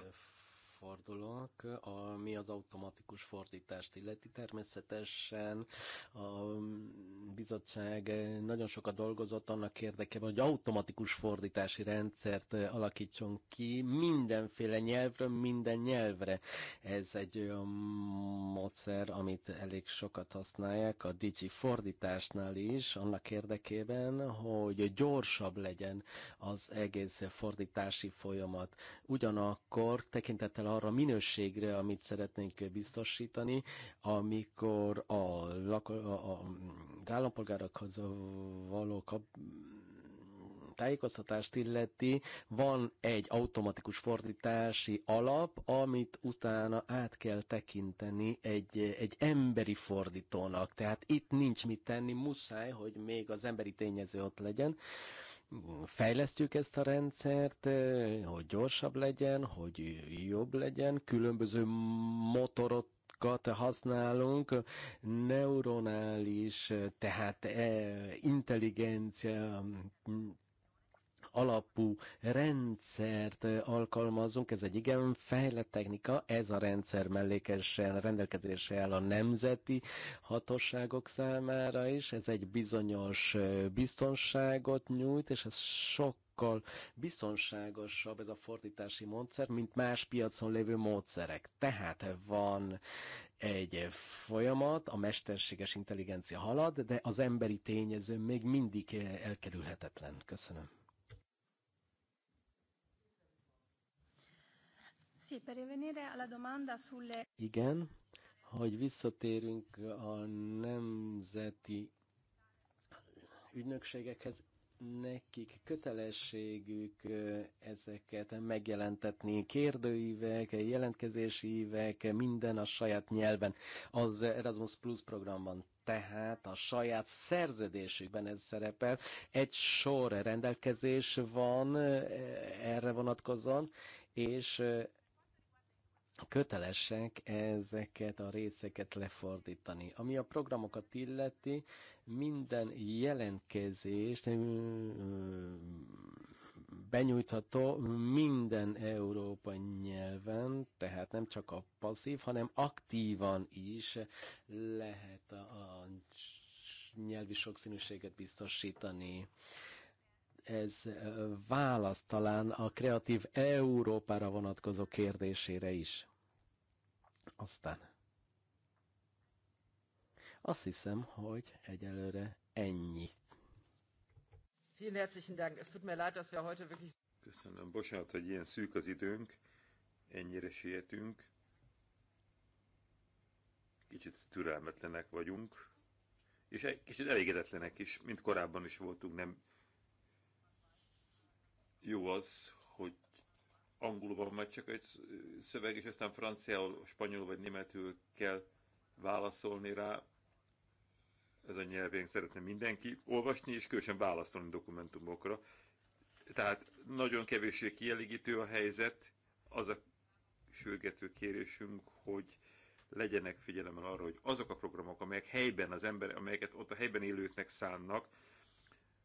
fordulok, ami az automatikus fordítást illeti. Természetesen a bizottság nagyon sokat dolgozott annak érdekében, hogy automatikus fordítási rendszert alakítson ki mindenféle nyelvről, minden nyelvre. Ez egy olyan módszer, amit elég sokat használják a Digi fordításnál is, annak érdekében, hogy gyorsabb legyen az egész fordítási folyamat. Ugyanakkor tekintettel tekintettel arra minőségre, amit szeretnénk biztosítani, amikor a, lako- a, a állampolgárokhoz való kap tájékoztatást illeti, van egy automatikus fordítási alap, amit utána át kell tekinteni egy, egy emberi fordítónak. Tehát itt nincs mit tenni, muszáj, hogy még az emberi tényező ott legyen. Uh, fejlesztjük ezt a rendszert, hogy gyorsabb legyen, hogy jobb legyen, különböző motorot használunk, neuronális, tehát intelligencia alapú rendszert alkalmazunk, ez egy igen fejlett technika, ez a rendszer mellékesen rendelkezésre áll a nemzeti hatóságok számára is, ez egy bizonyos biztonságot nyújt, és ez sok sokkal biztonságosabb ez a fordítási módszer, mint más piacon lévő módszerek. Tehát van egy folyamat, a mesterséges intelligencia halad, de az emberi tényező még mindig elkerülhetetlen. Köszönöm. Igen, hogy visszatérünk a nemzeti ügynökségekhez, nekik kötelességük ezeket megjelentetni, kérdőívek, jelentkezési évek, minden a saját nyelven az Erasmus Plus programban. Tehát a saját szerződésükben ez szerepel. Egy sor rendelkezés van erre vonatkozóan, és kötelesek ezeket a részeket lefordítani. Ami a programokat illeti, minden jelentkezést benyújtható minden európai nyelven, tehát nem csak a passzív, hanem aktívan is lehet a, a nyelvi sokszínűséget biztosítani ez válasz talán a kreatív Európára vonatkozó kérdésére is. Aztán. Azt hiszem, hogy egyelőre ennyi. Vielen herzlichen Dank. Es tut mir leid, dass wir heute wirklich... Köszönöm. Bocsánat, hogy ilyen szűk az időnk, ennyire sietünk. Kicsit türelmetlenek vagyunk, és egy kicsit elégedetlenek is, mint korábban is voltunk, nem jó az, hogy angolul van majd csak egy szöveg, és aztán franciául, spanyolul vagy németül kell válaszolni rá. Ez a nyelvén szeretne mindenki olvasni, és különösen válaszolni dokumentumokra. Tehát nagyon kevéssé kielégítő a helyzet. Az a sürgető kérésünk, hogy legyenek figyelemmel arra, hogy azok a programok, amelyek helyben az ember, amelyeket ott a helyben élőknek szánnak,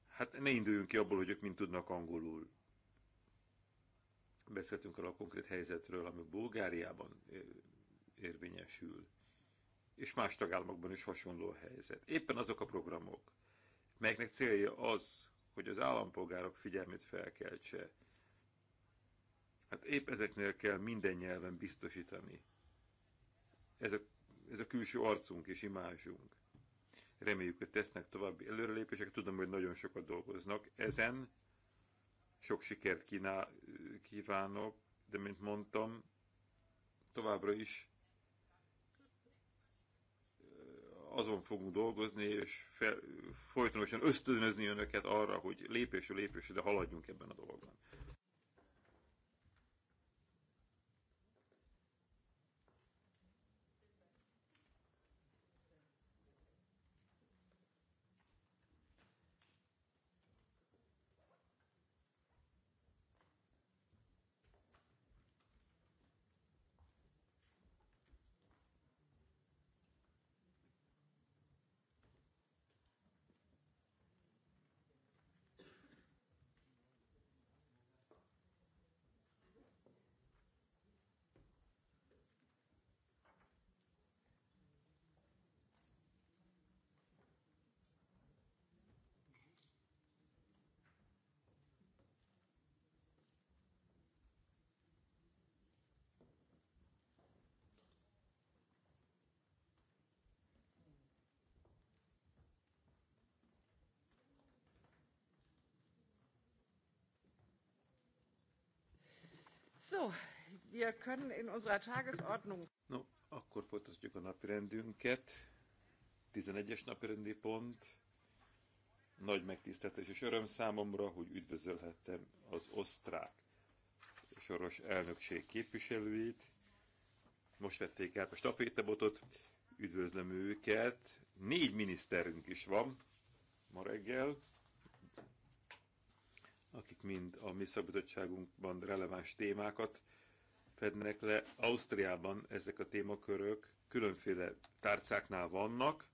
hát ne induljunk ki abból, hogy ők mind tudnak angolul beszéltünk arra a konkrét helyzetről, ami Bulgáriában érvényesül, és más tagállamokban is hasonló a helyzet. Éppen azok a programok, melyeknek célja az, hogy az állampolgárok figyelmét felkeltse, hát épp ezeknél kell minden nyelven biztosítani. Ez a, ez a külső arcunk és imázsunk. Reméljük, hogy tesznek további előrelépéseket. Tudom, hogy nagyon sokat dolgoznak ezen, sok sikert kínál, kívánok, de mint mondtam, továbbra is azon fogunk dolgozni, és fel, folytonosan ösztönözni önöket arra, hogy lépésről lépésre, de haladjunk ebben a dologban. So, wir können in unserer Tagesordnung. No, akkor folytatjuk a napirendünket. 11-es napirendi pont. Nagy megtiszteltetés és öröm számomra, hogy üdvözölhettem az osztrák soros elnökség képviselőit. Most vették át a stafétabotot, üdvözlöm őket. Négy miniszterünk is van ma reggel akik mind a mi szabadságunkban releváns témákat fednek le. Ausztriában ezek a témakörök különféle tárcáknál vannak,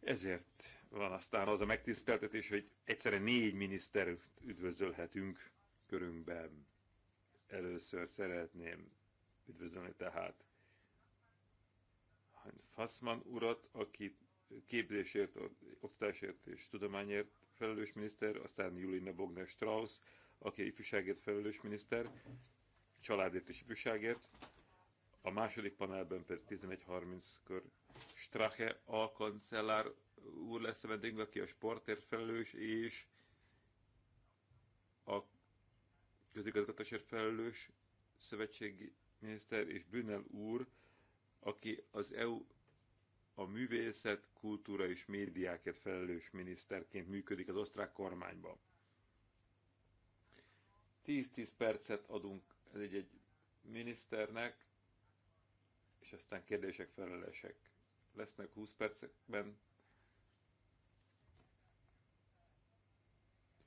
ezért van aztán az a megtiszteltetés, hogy egyszerre négy miniszter üdvözölhetünk körünkben. Először szeretném üdvözölni tehát Heinz Fassmann urat, akit képzésért, oktatásért és tudományért felelős miniszter, aztán Julina Bogner Strauss, aki ifjúságért felelős miniszter, családért és ifjúságért. A második panelben pedig 11.30-kor Strache alkancellár úr lesz a vendégünk, aki a sportért felelős és a közigazgatásért felelős szövetségi miniszter és Bünel úr, aki az EU a művészet, kultúra és médiákért felelős miniszterként működik az osztrák kormányban. 10-10 percet adunk egy-egy miniszternek, és aztán kérdések, felelősek Lesznek 20 percekben.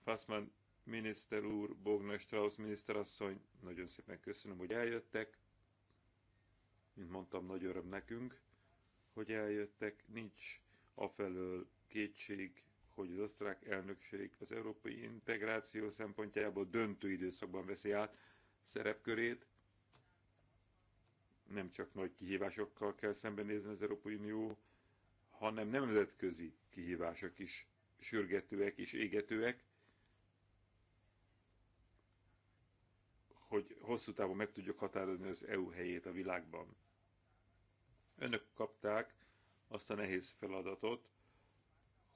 Fassmann miniszter úr, Bogna Strauss miniszterasszony, nagyon szépen köszönöm, hogy eljöttek. Mint mondtam, nagy öröm nekünk hogy eljöttek, nincs afelől kétség, hogy az osztrák elnökség az európai integráció szempontjából döntő időszakban veszi át szerepkörét. Nem csak nagy kihívásokkal kell szembenézni az Európai Unió, hanem nemzetközi kihívások is sürgetőek és égetőek, hogy hosszú távon meg tudjuk határozni az EU helyét a világban. Önök kapták azt a nehéz feladatot,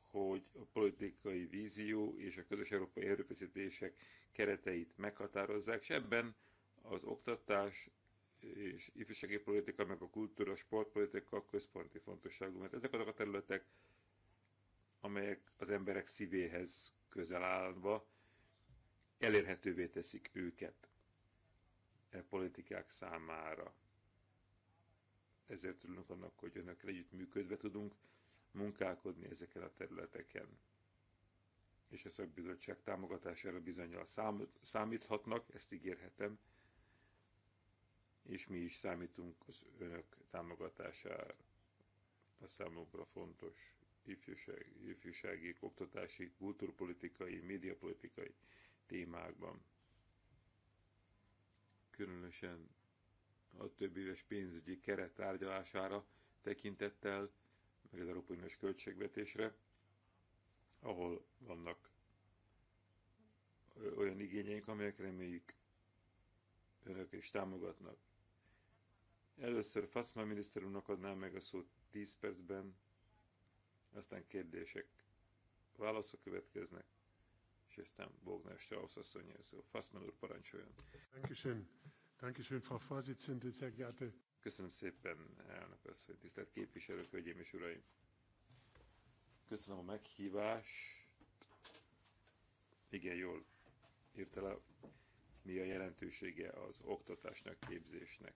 hogy a politikai vízió és a közös európai erőfeszítések kereteit meghatározzák, és ebben az oktatás és ifjúsági politika, meg a kultúra, sportpolitika központi fontosságú, mert ezek azok a területek, amelyek az emberek szívéhez közel állva elérhetővé teszik őket e politikák számára ezért örülünk annak, hogy önökkel működve tudunk munkálkodni ezeken a területeken. És a szakbizottság támogatására bizonyal szám, számíthatnak, ezt ígérhetem, és mi is számítunk az önök támogatására. A számunkra fontos ifjúság, ifjúsági, oktatási, kultúrpolitikai, médiapolitikai témákban. Különösen a több éves pénzügyi keret tárgyalására tekintettel, meg az Európai Uniós költségvetésre, ahol vannak olyan igényeink, amelyek reméljük önök is támogatnak. Először Faszma miniszter úrnak adnám meg a szót 10 percben, aztán kérdések, válaszok következnek, és aztán Bognár Strauss asszony szó. úr parancsoljon. Köszönöm. Dankeschön, Frau Vorsitzende, sehr geehrte. Köszönöm szépen, elnök asszony, tisztelt képviselők, hölgyeim és uraim. Köszönöm a meghívást. Igen, jól írta le, mi a jelentősége az oktatásnak, képzésnek.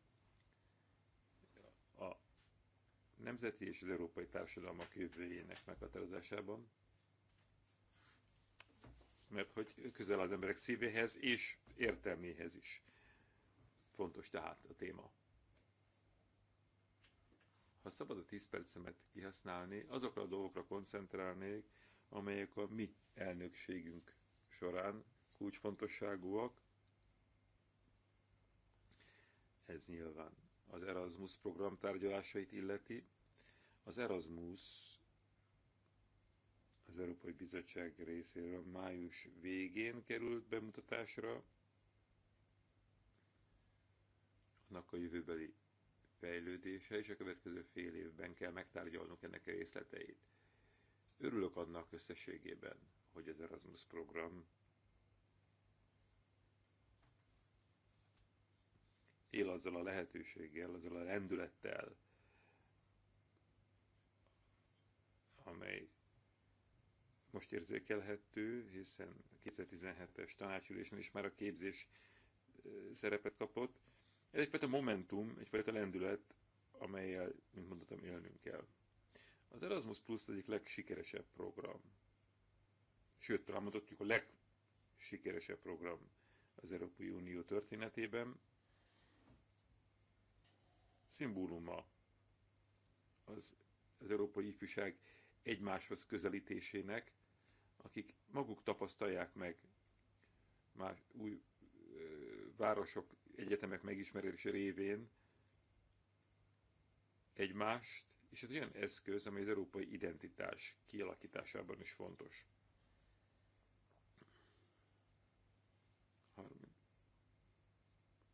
A nemzeti és az európai társadalmak jövőjének meghatározásában, mert hogy közel az emberek szívéhez és értelméhez is. Fontos tehát a téma. Ha szabad a 10 percemet kihasználni, azokra a dolgokra koncentrálnék, amelyek a mi elnökségünk során kulcsfontosságúak. Ez nyilván az Erasmus program tárgyalásait illeti. Az Erasmus az Európai Bizottság részéről május végén került bemutatásra, a jövőbeli fejlődése, és a következő fél évben kell megtárgyalnunk ennek a részleteit. Örülök annak összességében, hogy az Erasmus program él azzal a lehetőséggel, azzal a lendülettel, amely most érzékelhető, hiszen a 2017-es tanácsülésen is már a képzés szerepet kapott, ez egyfajta momentum, egyfajta lendület, amelyel, mint mondottam, élnünk kell. Az Erasmus Plus egyik legsikeresebb program. Sőt, talán mondhatjuk a legsikeresebb program az Európai Unió történetében. Szimbóluma az, az európai ifjúság egymáshoz közelítésének, akik maguk tapasztalják meg más új városok egyetemek megismerése révén egymást, és ez olyan eszköz, amely az európai identitás kialakításában is fontos.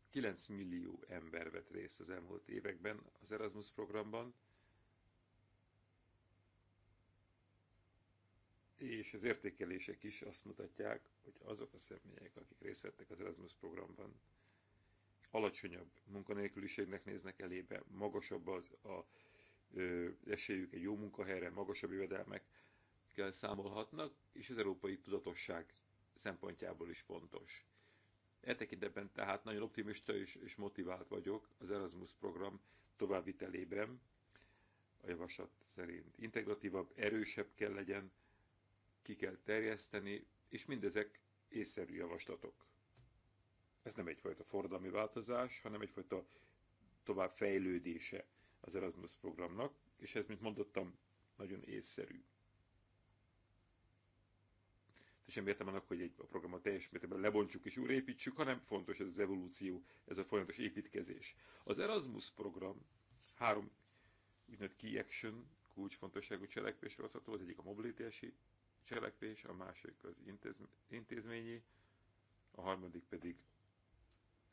9 millió ember vett részt az elmúlt években az Erasmus programban, és az értékelések is azt mutatják, hogy azok a személyek, akik részt vettek az Erasmus programban, alacsonyabb munkanélküliségnek néznek elébe, magasabb az a, ö, esélyük egy jó munkahelyre, magasabb jövedelmekkel számolhatnak, és az európai tudatosság szempontjából is fontos. E tekintetben tehát nagyon optimista és, és motivált vagyok az Erasmus program továbbvitelében, a javaslat szerint. Integratívabb, erősebb kell legyen, ki kell terjeszteni, és mindezek észszerű javaslatok. Ez nem egyfajta forradalmi változás, hanem egyfajta továbbfejlődése az Erasmus programnak, és ez, mint mondottam, nagyon észszerű. És nem értem annak, hogy egy a programot teljes mértékben lebontsuk és újraépítsük, hanem fontos ez az evolúció, ez a folyamatos építkezés. Az Erasmus program három úgynevezett key action, kulcsfontosságú cselekvésre hozható, az egyik a mobilitási cselekvés, a másik az intézményi, a harmadik pedig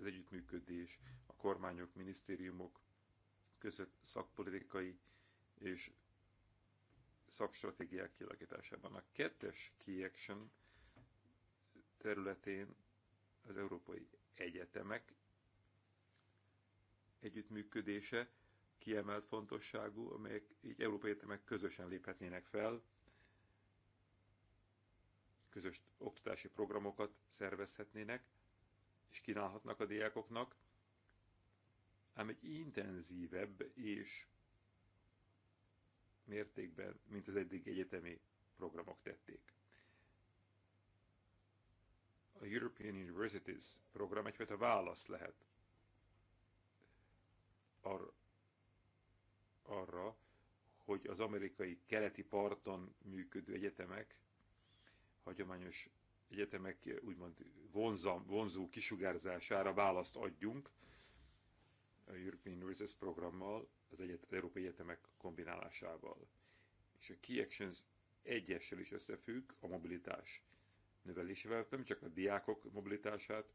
az együttműködés a kormányok, minisztériumok között szakpolitikai és szakstratégiák kialakításában. A kettes Key Action területén az európai egyetemek együttműködése kiemelt fontosságú, amelyek így európai egyetemek közösen léphetnének fel, közös oktatási programokat szervezhetnének, is kínálhatnak a diákoknak, ám egy intenzívebb és mértékben, mint az eddig egyetemi programok tették. A European Universities program egyfajta válasz lehet ar- arra, hogy az amerikai keleti parton működő egyetemek hagyományos egyetemek úgymond vonza, vonzó kisugárzására választ adjunk a European Universities programmal, az, egyet, az Európai Egyetemek kombinálásával. És a Key Actions egyessel is összefügg a mobilitás növelésével, nem csak a diákok mobilitását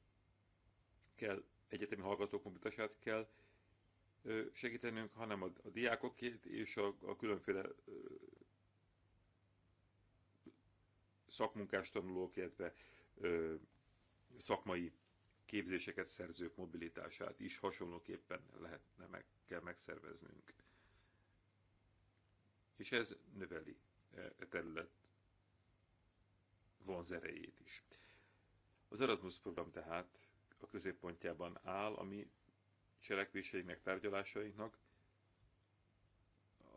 kell, egyetemi hallgatók mobilitását kell segítenünk, hanem a, a diákokét és a, a különféle szakmunkás tanulók, illetve ö, szakmai képzéseket szerzők mobilitását is hasonlóképpen lehetne meg, kell megszerveznünk. És ez növeli e, e terület vonzerejét is. Az Erasmus program tehát a középpontjában áll, ami cselekvéseinknek, tárgyalásainknak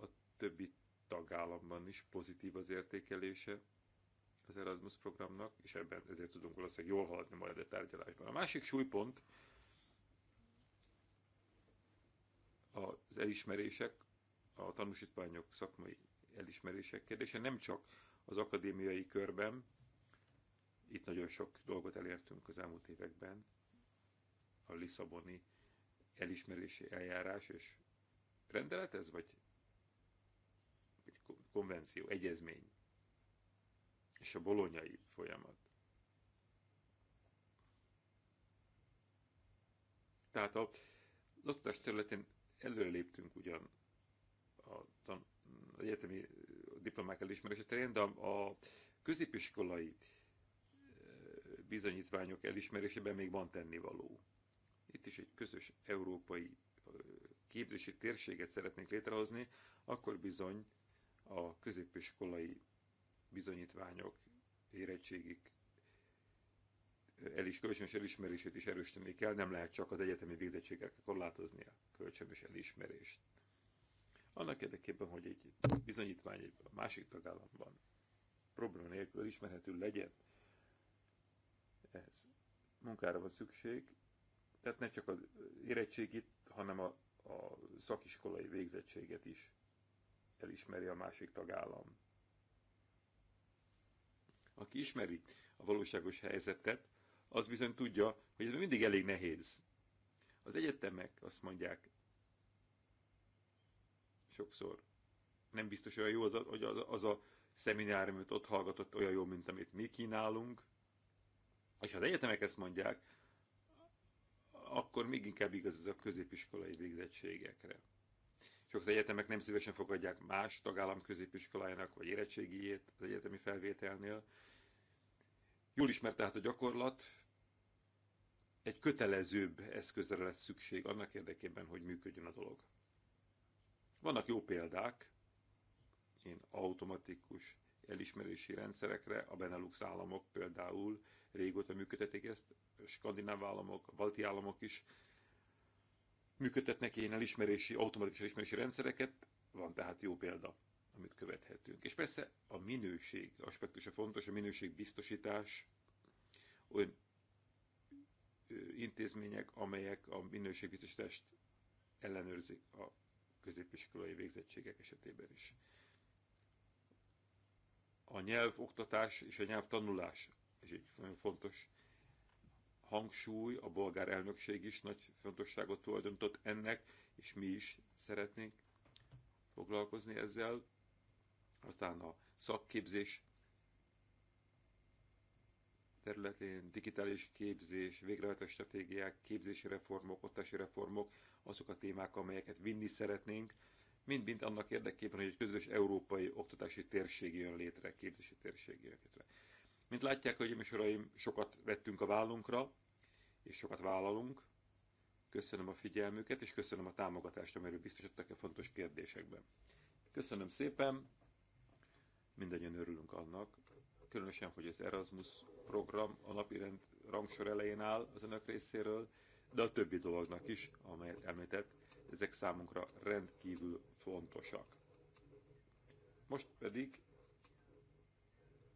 a többi tagállamban is pozitív az értékelése, az Erasmus programnak, és ebben ezért tudunk valószínűleg jól haladni majd a tárgyalásban. A másik súlypont az elismerések, a tanúsítványok szakmai elismerések kérdése nem csak az akadémiai körben, itt nagyon sok dolgot elértünk az elmúlt években, a Lisszaboni elismerési eljárás és rendelet ez, vagy, vagy konvenció, egyezmény és a bolonyai folyamat. Tehát a oktatás területén léptünk ugyan a, a, egyetemi diplomák elismerése terén, de a, a középiskolai bizonyítványok elismerésében még van tennivaló. Itt is egy közös európai képzési térséget szeretnénk létrehozni, akkor bizony a középiskolai bizonyítványok érettségig elis, kölcsönös elismerését is erősíteni kell, nem lehet csak az egyetemi végzettséggel korlátozni a kölcsönös elismerést. Annak érdekében, hogy egy bizonyítvány egy másik tagállamban probléma nélkül ismerhető legyen, ehhez munkára van szükség, tehát ne csak az érettségit, hanem a, a szakiskolai végzettséget is elismeri a másik tagállam. Aki ismeri a valóságos helyzetet, az bizony tudja, hogy ez mindig elég nehéz. Az egyetemek azt mondják sokszor, nem biztos olyan jó, az a, hogy az, a, az a szeminár, amit ott hallgatott, olyan jó, mint amit mi kínálunk. És ha az egyetemek ezt mondják, akkor még inkább igaz ez a középiskolai végzettségekre. Sok az egyetemek nem szívesen fogadják más tagállam középiskolájának vagy érettségijét az egyetemi felvételnél, Jól ismert tehát a gyakorlat, egy kötelezőbb eszközre lesz szükség annak érdekében, hogy működjön a dolog. Vannak jó példák, én automatikus elismerési rendszerekre, a Benelux államok például régóta működtetik ezt, a skandináv államok, a balti államok is működtetnek ilyen elismerési, automatikus elismerési rendszereket, van tehát jó példa amit követhetünk. És persze a minőség aspektusa fontos, a minőség biztosítás, olyan intézmények, amelyek a minőségbiztosítást ellenőrzik a középiskolai végzettségek esetében is. A nyelvoktatás és a nyelvtanulás is egy nagyon fontos hangsúly, a bolgár elnökség is nagy fontosságot tulajdonított ennek, és mi is szeretnénk foglalkozni ezzel aztán a szakképzés területén digitális képzés, végrehajtó stratégiák, képzési reformok, oktatási reformok, azok a témák, amelyeket vinni szeretnénk, mind-mind annak érdekében, hogy egy közös európai oktatási térség jön létre, képzési térség jön létre. Mint látják, hogy és sokat vettünk a vállunkra, és sokat vállalunk. Köszönöm a figyelmüket, és köszönöm a támogatást, amiről biztosítottak a fontos kérdésekben. Köszönöm szépen! Mindannyian örülünk annak, különösen, hogy az Erasmus program a napirend rangsor elején áll az önök részéről, de a többi dolognak is, amelyet említett, ezek számunkra rendkívül fontosak. Most pedig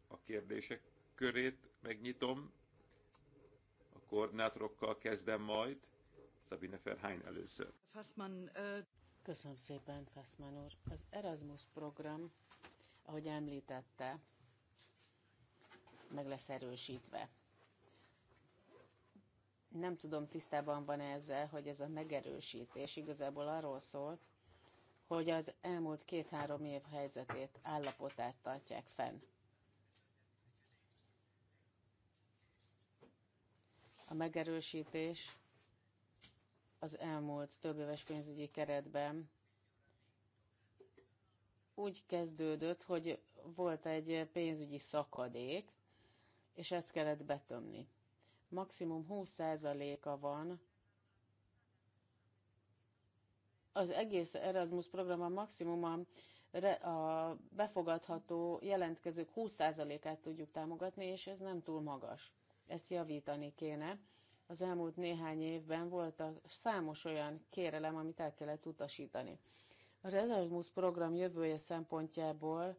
a kérdések körét megnyitom, a koordinátorokkal kezdem majd, Sabine Ferhány először. Köszönöm szépen, Fassmann úr. Az Erasmus program ahogy említette, meg lesz erősítve. Nem tudom, tisztában van ezzel, hogy ez a megerősítés igazából arról szól, hogy az elmúlt két-három év helyzetét, állapotát tartják fenn. A megerősítés az elmúlt több éves pénzügyi keretben úgy kezdődött, hogy volt egy pénzügyi szakadék, és ezt kellett betömni. Maximum 20%-a van az egész Erasmus program a maximum a, befogadható jelentkezők 20%-át tudjuk támogatni, és ez nem túl magas. Ezt javítani kéne. Az elmúlt néhány évben volt a számos olyan kérelem, amit el kellett utasítani. Az Erasmus program jövője szempontjából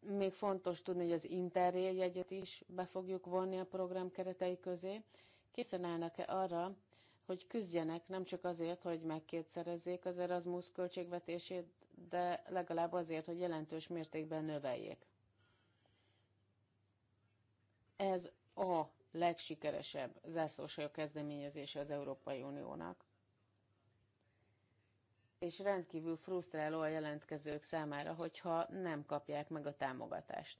még fontos tudni, hogy az Interrail jegyet is be fogjuk vonni a program keretei közé. Készen állnak-e arra, hogy küzdjenek nem csak azért, hogy megkétszerezzék az Erasmus költségvetését, de legalább azért, hogy jelentős mértékben növeljék. Ez a legsikeresebb zászlósajó kezdeményezése az Európai Uniónak és rendkívül frusztráló a jelentkezők számára, hogyha nem kapják meg a támogatást.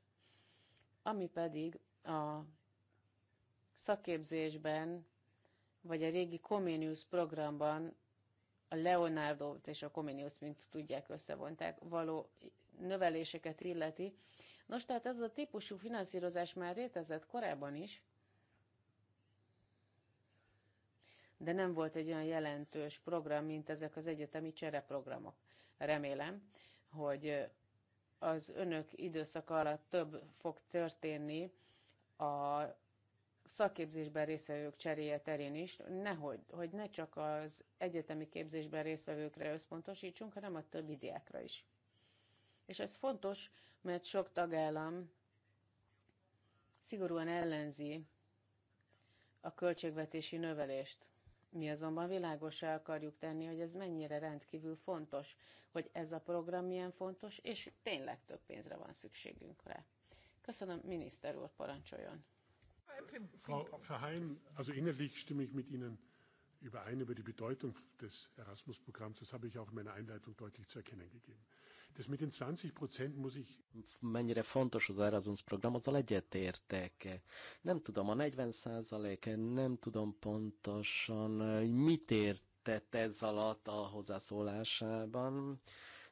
Ami pedig a szakképzésben, vagy a régi Comenius programban a leonardo és a Comenius, mint tudják, összevonták, való növeléseket illeti. Nos, tehát ez a típusú finanszírozás már létezett korábban is, de nem volt egy olyan jelentős program, mint ezek az egyetemi csereprogramok. Remélem, hogy az önök időszaka alatt több fog történni a szakképzésben résztvevők cseréje terén is, nehogy, hogy ne csak az egyetemi képzésben résztvevőkre összpontosítsunk, hanem a többi diákra is. És ez fontos, mert sok tagállam szigorúan ellenzi a költségvetési növelést. Mi azonban világosra akarjuk tenni, hogy ez mennyire rendkívül fontos, hogy ez a program milyen fontos, és tényleg több pénzre van szükségünk rá. Köszönöm, miniszter úr, parancsoljon. Frau Verheyen, also innerlich stimme ich mit Ihnen überein über die Bedeutung des Erasmus-Programms. Das habe ich auch in meiner Einleitung deutlich zu erkennen gegeben. Das mit den 20 Prozent muss ich... Mennyire fontos az Erasmus program, azzal egyetértek. Nem tudom, a 40 százalék, nem tudom pontosan, mit értett ez alatt a hozzászólásában.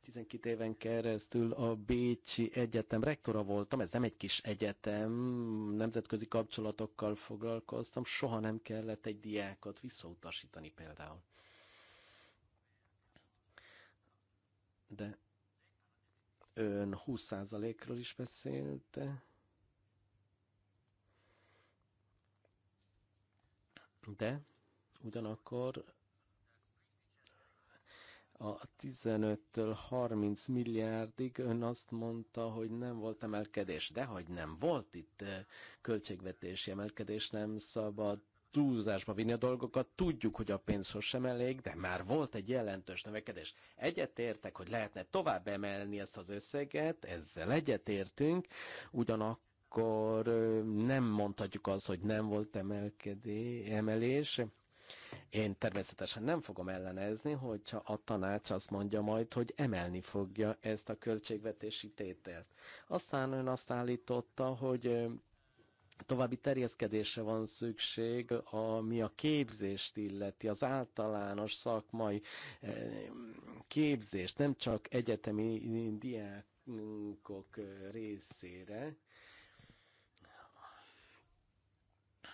12 éven keresztül a Bécsi Egyetem rektora voltam, ez nem egy kis egyetem, nemzetközi kapcsolatokkal foglalkoztam, soha nem kellett egy diákot visszautasítani például. De Ön 20%-ról is beszélt. De ugyanakkor a 15-től 30 milliárdig ön azt mondta, hogy nem volt emelkedés, de hogy nem volt itt eh, költségvetési emelkedés, nem szabad túlzásba vinni a dolgokat. Tudjuk, hogy a pénz sosem elég, de már volt egy jelentős növekedés. Egyetértek, hogy lehetne tovább emelni ezt az összeget, ezzel egyetértünk, ugyanakkor akkor nem mondhatjuk azt, hogy nem volt emelkedé, emelés. Én természetesen nem fogom ellenezni, hogyha a tanács azt mondja majd, hogy emelni fogja ezt a költségvetési tételt. Aztán ön azt állította, hogy további terjeszkedésre van szükség, ami a képzést illeti, az általános szakmai eh, képzést, nem csak egyetemi diákok eh, részére.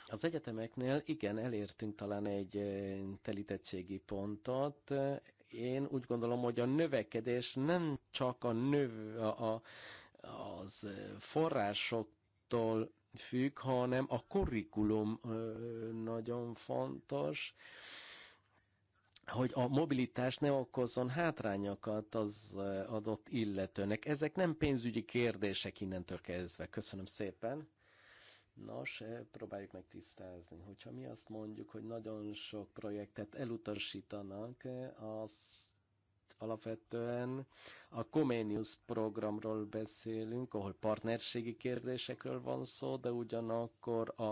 Az egyetemeknél igen, elértünk talán egy eh, telítettségi pontot, én úgy gondolom, hogy a növekedés nem csak a, növ, a, a az forrásoktól függ, hanem a kurrikulum nagyon fontos, hogy a mobilitás ne okozzon hátrányokat az adott illetőnek. Ezek nem pénzügyi kérdések innentől kezdve. Köszönöm szépen. Nos, próbáljuk meg tisztázni. Hogyha mi azt mondjuk, hogy nagyon sok projektet elutasítanak, az alapvetően a Comenius programról beszélünk, ahol partnerségi kérdésekről van szó, de ugyanakkor a,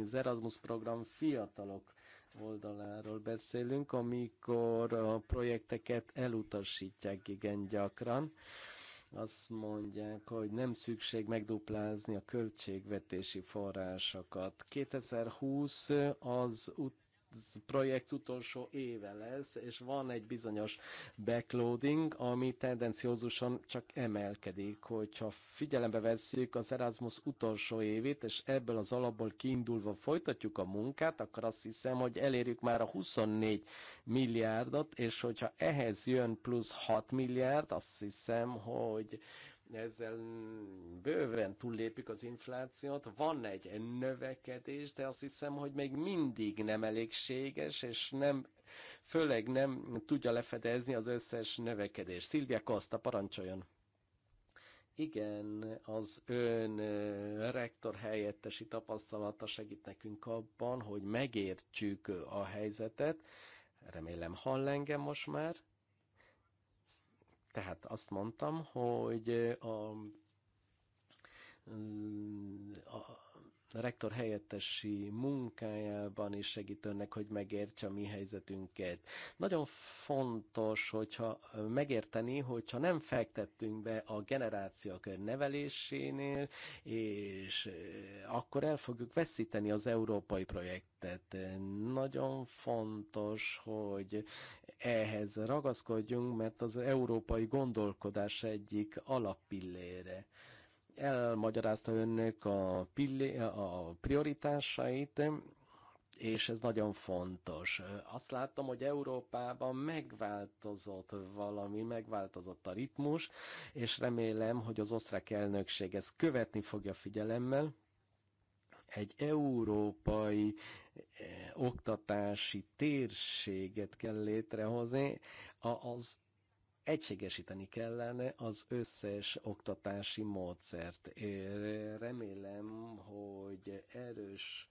az Erasmus program fiatalok oldaláról beszélünk, amikor a projekteket elutasítják igen gyakran. Azt mondják, hogy nem szükség megduplázni a költségvetési forrásokat. 2020 az ut- projekt utolsó éve lesz, és van egy bizonyos backloading, ami tendenciózusan csak emelkedik. Hogyha figyelembe vesszük az Erasmus utolsó évét, és ebből az alapból kiindulva folytatjuk a munkát, akkor azt hiszem, hogy elérjük már a 24 milliárdot, és hogyha ehhez jön plusz 6 milliárd, azt hiszem, hogy ezzel bőven túllépik az inflációt. Van egy növekedés, de azt hiszem, hogy még mindig nem elégséges, és nem, főleg nem tudja lefedezni az összes növekedést. Szilvia Costa, parancsoljon! Igen, az ön rektor helyettesi tapasztalata segít nekünk abban, hogy megértsük a helyzetet. Remélem hall engem most már. Tehát azt mondtam, hogy a, a a rektor helyettesi munkájában is segít önnek, hogy megértse a mi helyzetünket. Nagyon fontos, hogyha megérteni, hogyha nem fektettünk be a generációk nevelésénél, és akkor el fogjuk veszíteni az európai projektet. Nagyon fontos, hogy ehhez ragaszkodjunk, mert az európai gondolkodás egyik alappillére elmagyarázta önnek a, pillé, a prioritásait, és ez nagyon fontos. Azt láttam, hogy Európában megváltozott valami, megváltozott a ritmus, és remélem, hogy az osztrák elnökség ezt követni fogja figyelemmel. Egy európai eh, oktatási térséget kell létrehozni, az egységesíteni kellene az összes oktatási módszert. Én remélem, hogy erős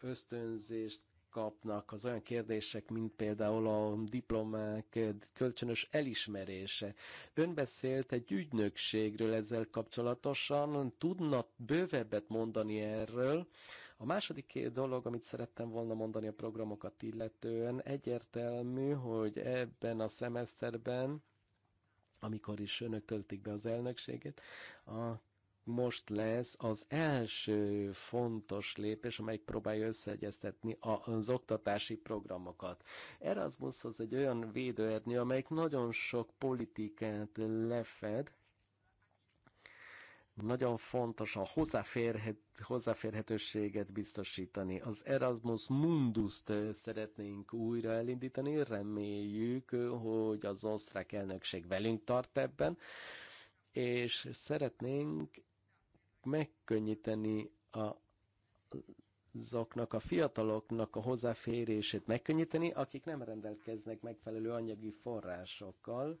ösztönzést kapnak az olyan kérdések, mint például a diplomák kölcsönös elismerése. Ön beszélt egy ügynökségről ezzel kapcsolatosan, tudna bővebbet mondani erről. A második két dolog, amit szerettem volna mondani a programokat illetően, egyértelmű, hogy ebben a szemeszterben amikor is önök töltik be az elnökséget, a most lesz az első fontos lépés, amely próbálja összeegyeztetni az oktatási programokat. Erasmus az egy olyan védőernyő, amelyik nagyon sok politikát lefed, nagyon fontos a hozzáférhet, hozzáférhetőséget biztosítani. Az Erasmus Mundust szeretnénk újra elindítani, reméljük, hogy az osztrák elnökség velünk tart ebben, és szeretnénk megkönnyíteni a azoknak a fiataloknak a hozzáférését megkönnyíteni, akik nem rendelkeznek megfelelő anyagi forrásokkal,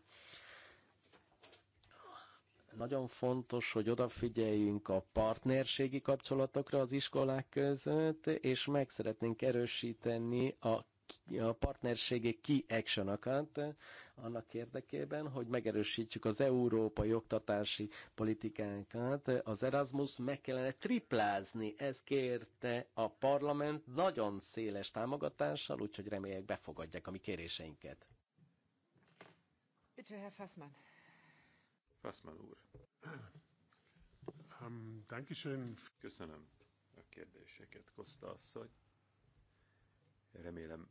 nagyon fontos, hogy odafigyeljünk a partnerségi kapcsolatokra az iskolák között, és meg szeretnénk erősíteni a a partnerségi key actionokat annak érdekében, hogy megerősítsük az európai oktatási politikánkat. Az Erasmus meg kellene triplázni, Ez kérte a parlament nagyon széles támogatással, úgyhogy reméljük befogadják a mi kéréseinket. Bitte, Herr Fassmann. Fassman úr. Um, Köszönöm a kérdéseket, Kosta asszony. Remélem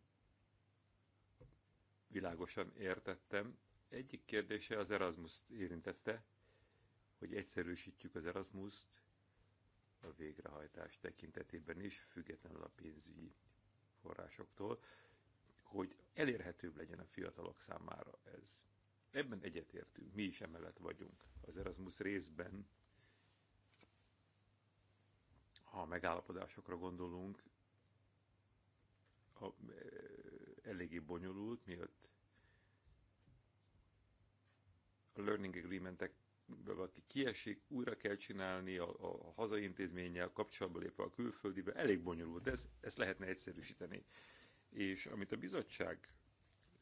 világosan értettem. Egyik kérdése az erasmus érintette, hogy egyszerűsítjük az erasmus a végrehajtás tekintetében is, függetlenül a pénzügyi forrásoktól, hogy elérhetőbb legyen a fiatalok számára ez. Ebben egyetértünk, mi is emellett vagyunk az Erasmus részben. Ha a megállapodásokra gondolunk, a, eh, eléggé bonyolult, miatt a learning agreementek valaki kiesik, újra kell csinálni a, a, a hazai intézménnyel, kapcsolatba lépve a külföldibe, elég bonyolult, de ezt, ezt lehetne egyszerűsíteni. És amit a bizottság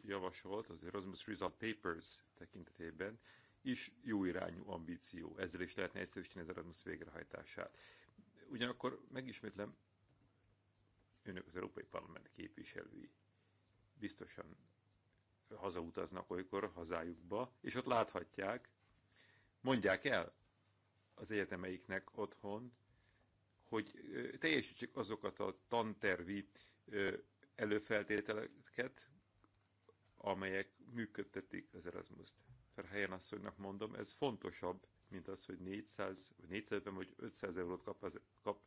javasolt, az Erasmus Result Papers tekintetében is jó irányú ambíció. Ezzel is lehetne egyszerűsíteni az Erasmus végrehajtását. Ugyanakkor megismétlem, önök az Európai Parlament képviselői biztosan hazautaznak olykor hazájukba, és ott láthatják, mondják el az egyetemeiknek otthon, hogy teljesítsék azokat a tantervi előfeltételeket, amelyek működtetik az Erasmus-t. Ferhelyen asszonynak mondom, ez fontosabb, mint az, hogy 400, vagy 450 vagy 500 eurót kap, az, kap.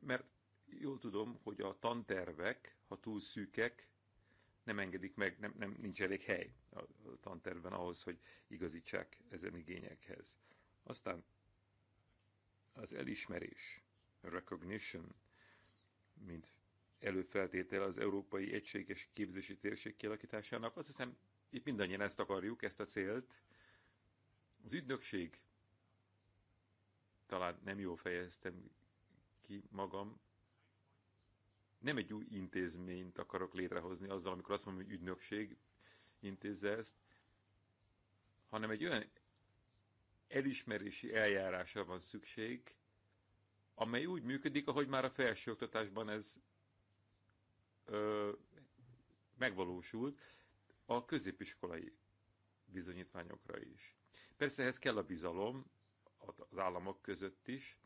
Mert jól tudom, hogy a tantervek, ha túl szűkek, nem engedik meg, nem, nem nincs elég hely a tanterben ahhoz, hogy igazítsák ezen igényekhez. Aztán az elismerés, recognition, mint előfeltétele az Európai Egységes Képzési Térség kialakításának. Azt hiszem, itt mindannyian ezt akarjuk, ezt a célt. Az ügynökség, talán nem jól fejeztem ki magam, nem egy új intézményt akarok létrehozni azzal, amikor azt mondom, hogy ügynökség intézze ezt, hanem egy olyan elismerési eljárásra van szükség, amely úgy működik, ahogy már a felsőoktatásban ez ö, megvalósult a középiskolai bizonyítványokra is. Persze ehhez kell a bizalom az államok között is,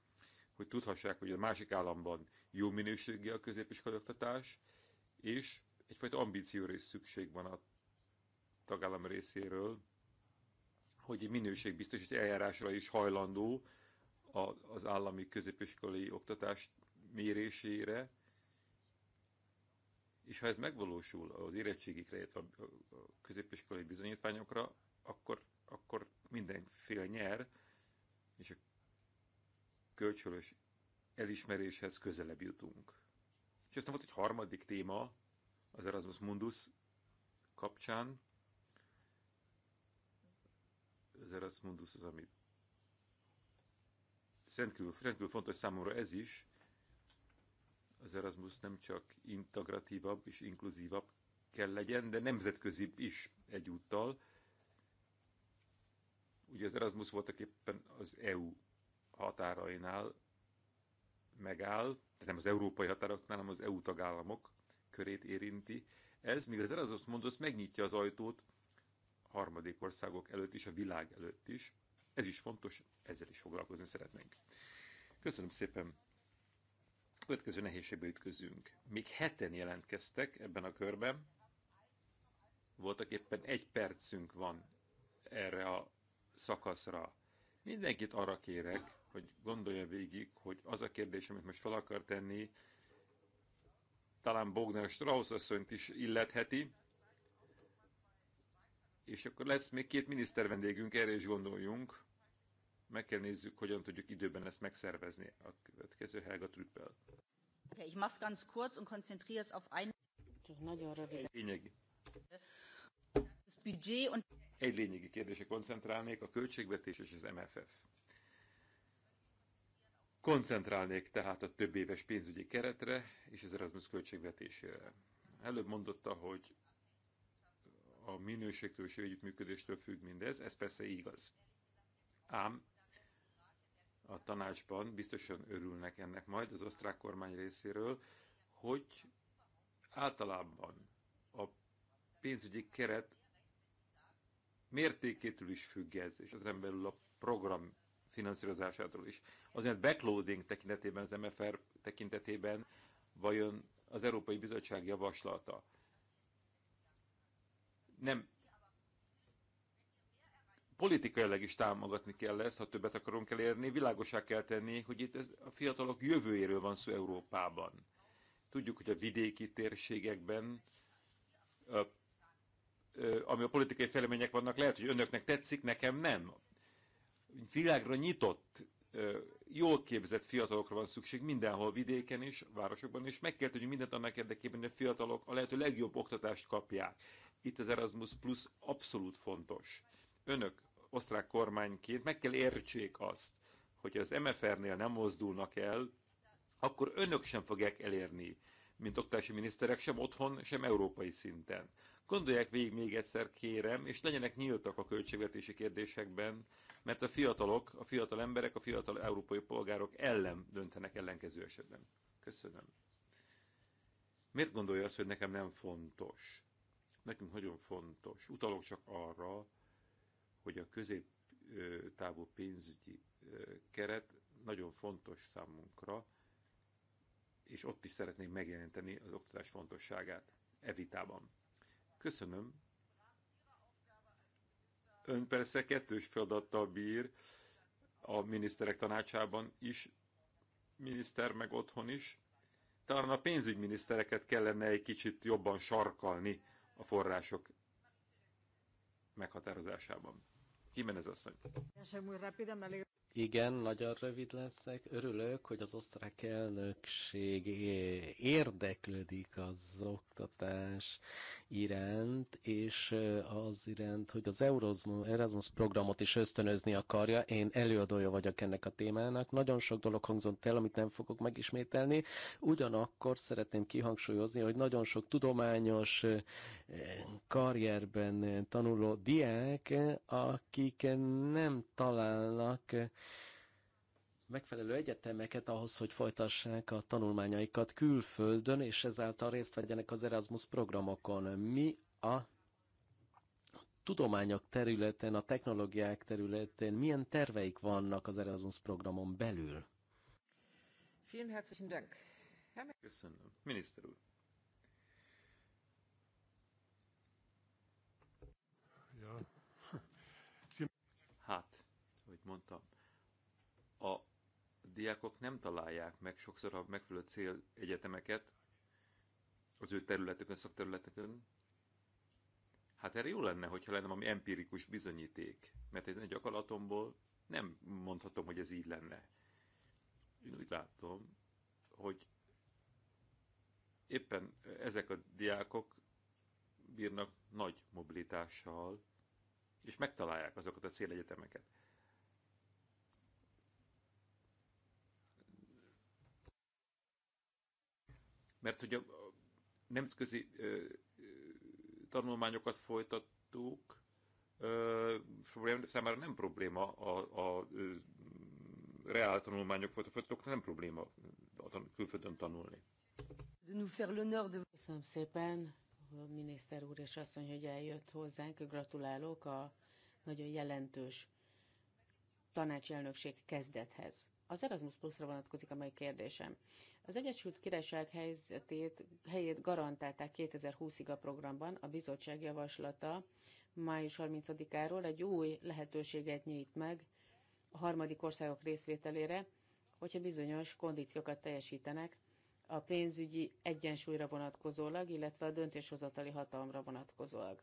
hogy tudhassák, hogy a másik államban jó minőségű a középiskolai oktatás, és egyfajta ambícióra is szükség van a tagállam részéről, hogy egy minőségbiztosító eljárásra is hajlandó az állami középiskolai oktatás mérésére, és ha ez megvalósul az érettségikre, illetve a középiskolai bizonyítványokra, akkor, akkor mindenféle nyer, és a kölcsönös elismeréshez közelebb jutunk. És aztán volt egy harmadik téma az Erasmus Mundus kapcsán. Az Erasmus Mundus az, ami rendkívül fontos számomra ez is, az Erasmus nem csak integratívabb és inkluzívabb kell legyen, de nemzetközi is egyúttal. Ugye az Erasmus voltak éppen az EU határainál megáll, tehát nem az európai határoknál, hanem az EU tagállamok körét érinti. Ez, míg az Erasmus mondasz, megnyitja az ajtót harmadik országok előtt is, a világ előtt is. Ez is fontos, ezzel is foglalkozni szeretnénk. Köszönöm szépen! következő nehézségbe ütközünk. Még heten jelentkeztek ebben a körben, voltak éppen egy percünk van erre a szakaszra. Mindenkit arra kérek, hogy gondolja végig, hogy az a kérdés, amit most fel akar tenni, talán Bogner Strauss asszonyt is illetheti, és akkor lesz még két miniszter vendégünk, erre is gondoljunk, meg kell nézzük, hogyan tudjuk időben ezt megszervezni a következő Helga Trüppel. Okay, ich mach's ganz kurz und konzentriere es auf ein... Csak nagyon röviden. Lényegi. Egy lényegi kérdése koncentrálnék, a költségvetés és az MFF. Koncentrálnék tehát a több éves pénzügyi keretre és az Erasmus költségvetésére. Előbb mondotta, hogy a minőségtől és együttműködéstől függ mindez, ez persze igaz. Ám a tanácsban biztosan örülnek ennek majd az osztrák kormány részéről, hogy általában a pénzügyi keret mértékétől is függ ez, és ezen belül a program finanszírozásától is. Azért backloading tekintetében, az MFR tekintetében vajon az Európai Bizottság javaslata nem politikailag is támogatni kell ezt, ha többet akarunk elérni, világosá kell tenni, hogy itt ez a fiatalok jövőjéről van szó Európában. Tudjuk, hogy a vidéki térségekben, ami a politikai felemények vannak, lehet, hogy önöknek tetszik, nekem nem. Világra nyitott, jól képzett fiatalokra van szükség mindenhol, vidéken is, városokban is. Meg kell tudjuk mindent annak érdekében, hogy a fiatalok a lehető legjobb oktatást kapják. Itt az Erasmus Plus abszolút fontos. Önök osztrák kormányként meg kell értsék azt, hogy az MFR-nél nem mozdulnak el, akkor önök sem fogják elérni, mint oktási miniszterek, sem otthon, sem európai szinten. Gondolják végig még egyszer, kérem, és legyenek nyíltak a költségvetési kérdésekben, mert a fiatalok, a fiatal emberek, a fiatal európai polgárok ellen döntenek ellenkező esetben. Köszönöm. Miért gondolja azt, hogy nekem nem fontos? Nekünk nagyon fontos. Utalok csak arra, hogy a középtávú pénzügyi keret nagyon fontos számunkra, és ott is szeretnénk megjelenteni az oktatás fontosságát e vitában. Köszönöm. Ön persze kettős feladattal bír a miniszterek tanácsában is, miniszter meg otthon is. Talán a pénzügyminisztereket kellene egy kicsit jobban sarkalni a források meghatározásában. Jimenez asszony. Igen, nagyon rövid leszek. Örülök, hogy az osztrák elnökség érdeklődik az oktatás iránt, és az iránt, hogy az Erasmus programot is ösztönözni akarja. Én előadója vagyok ennek a témának. Nagyon sok dolog hangzott el, amit nem fogok megismételni. Ugyanakkor szeretném kihangsúlyozni, hogy nagyon sok tudományos karrierben tanuló diák, akik nem találnak megfelelő egyetemeket ahhoz, hogy folytassák a tanulmányaikat külföldön, és ezáltal részt vegyenek az Erasmus programokon. Mi a tudományok területen, a technológiák területén milyen terveik vannak az Erasmus programon belül? Vielen herzlichen Dank. Köszönöm. Miniszter úr. Ja. Hát, hogy mondtam, diákok nem találják meg sokszor a megfelelő cél egyetemeket az ő területükön, szakterületükön. Hát erre jó lenne, hogyha lenne valami empirikus bizonyíték, mert egy gyakorlatomból nem mondhatom, hogy ez így lenne. Én úgy látom, hogy éppen ezek a diákok bírnak nagy mobilitással, és megtalálják azokat a célegyetemeket. mert hogy a nemzetközi tanulmányokat folytattuk, számára nem probléma a, a reál tanulmányok folytatók, nem probléma a külföldön tanulni. De Köszönöm szépen, a miniszter úr és asszony, hogy eljött hozzánk. Gratulálok a nagyon jelentős tanácselnökség kezdethez. Az Erasmus pluszra vonatkozik a mai kérdésem. Az Egyesült Királyság helyzetét, helyét garantálták 2020-ig a programban. A bizottság javaslata május 30-áról egy új lehetőséget nyit meg a harmadik országok részvételére, hogyha bizonyos kondíciókat teljesítenek a pénzügyi egyensúlyra vonatkozólag, illetve a döntéshozatali hatalomra vonatkozólag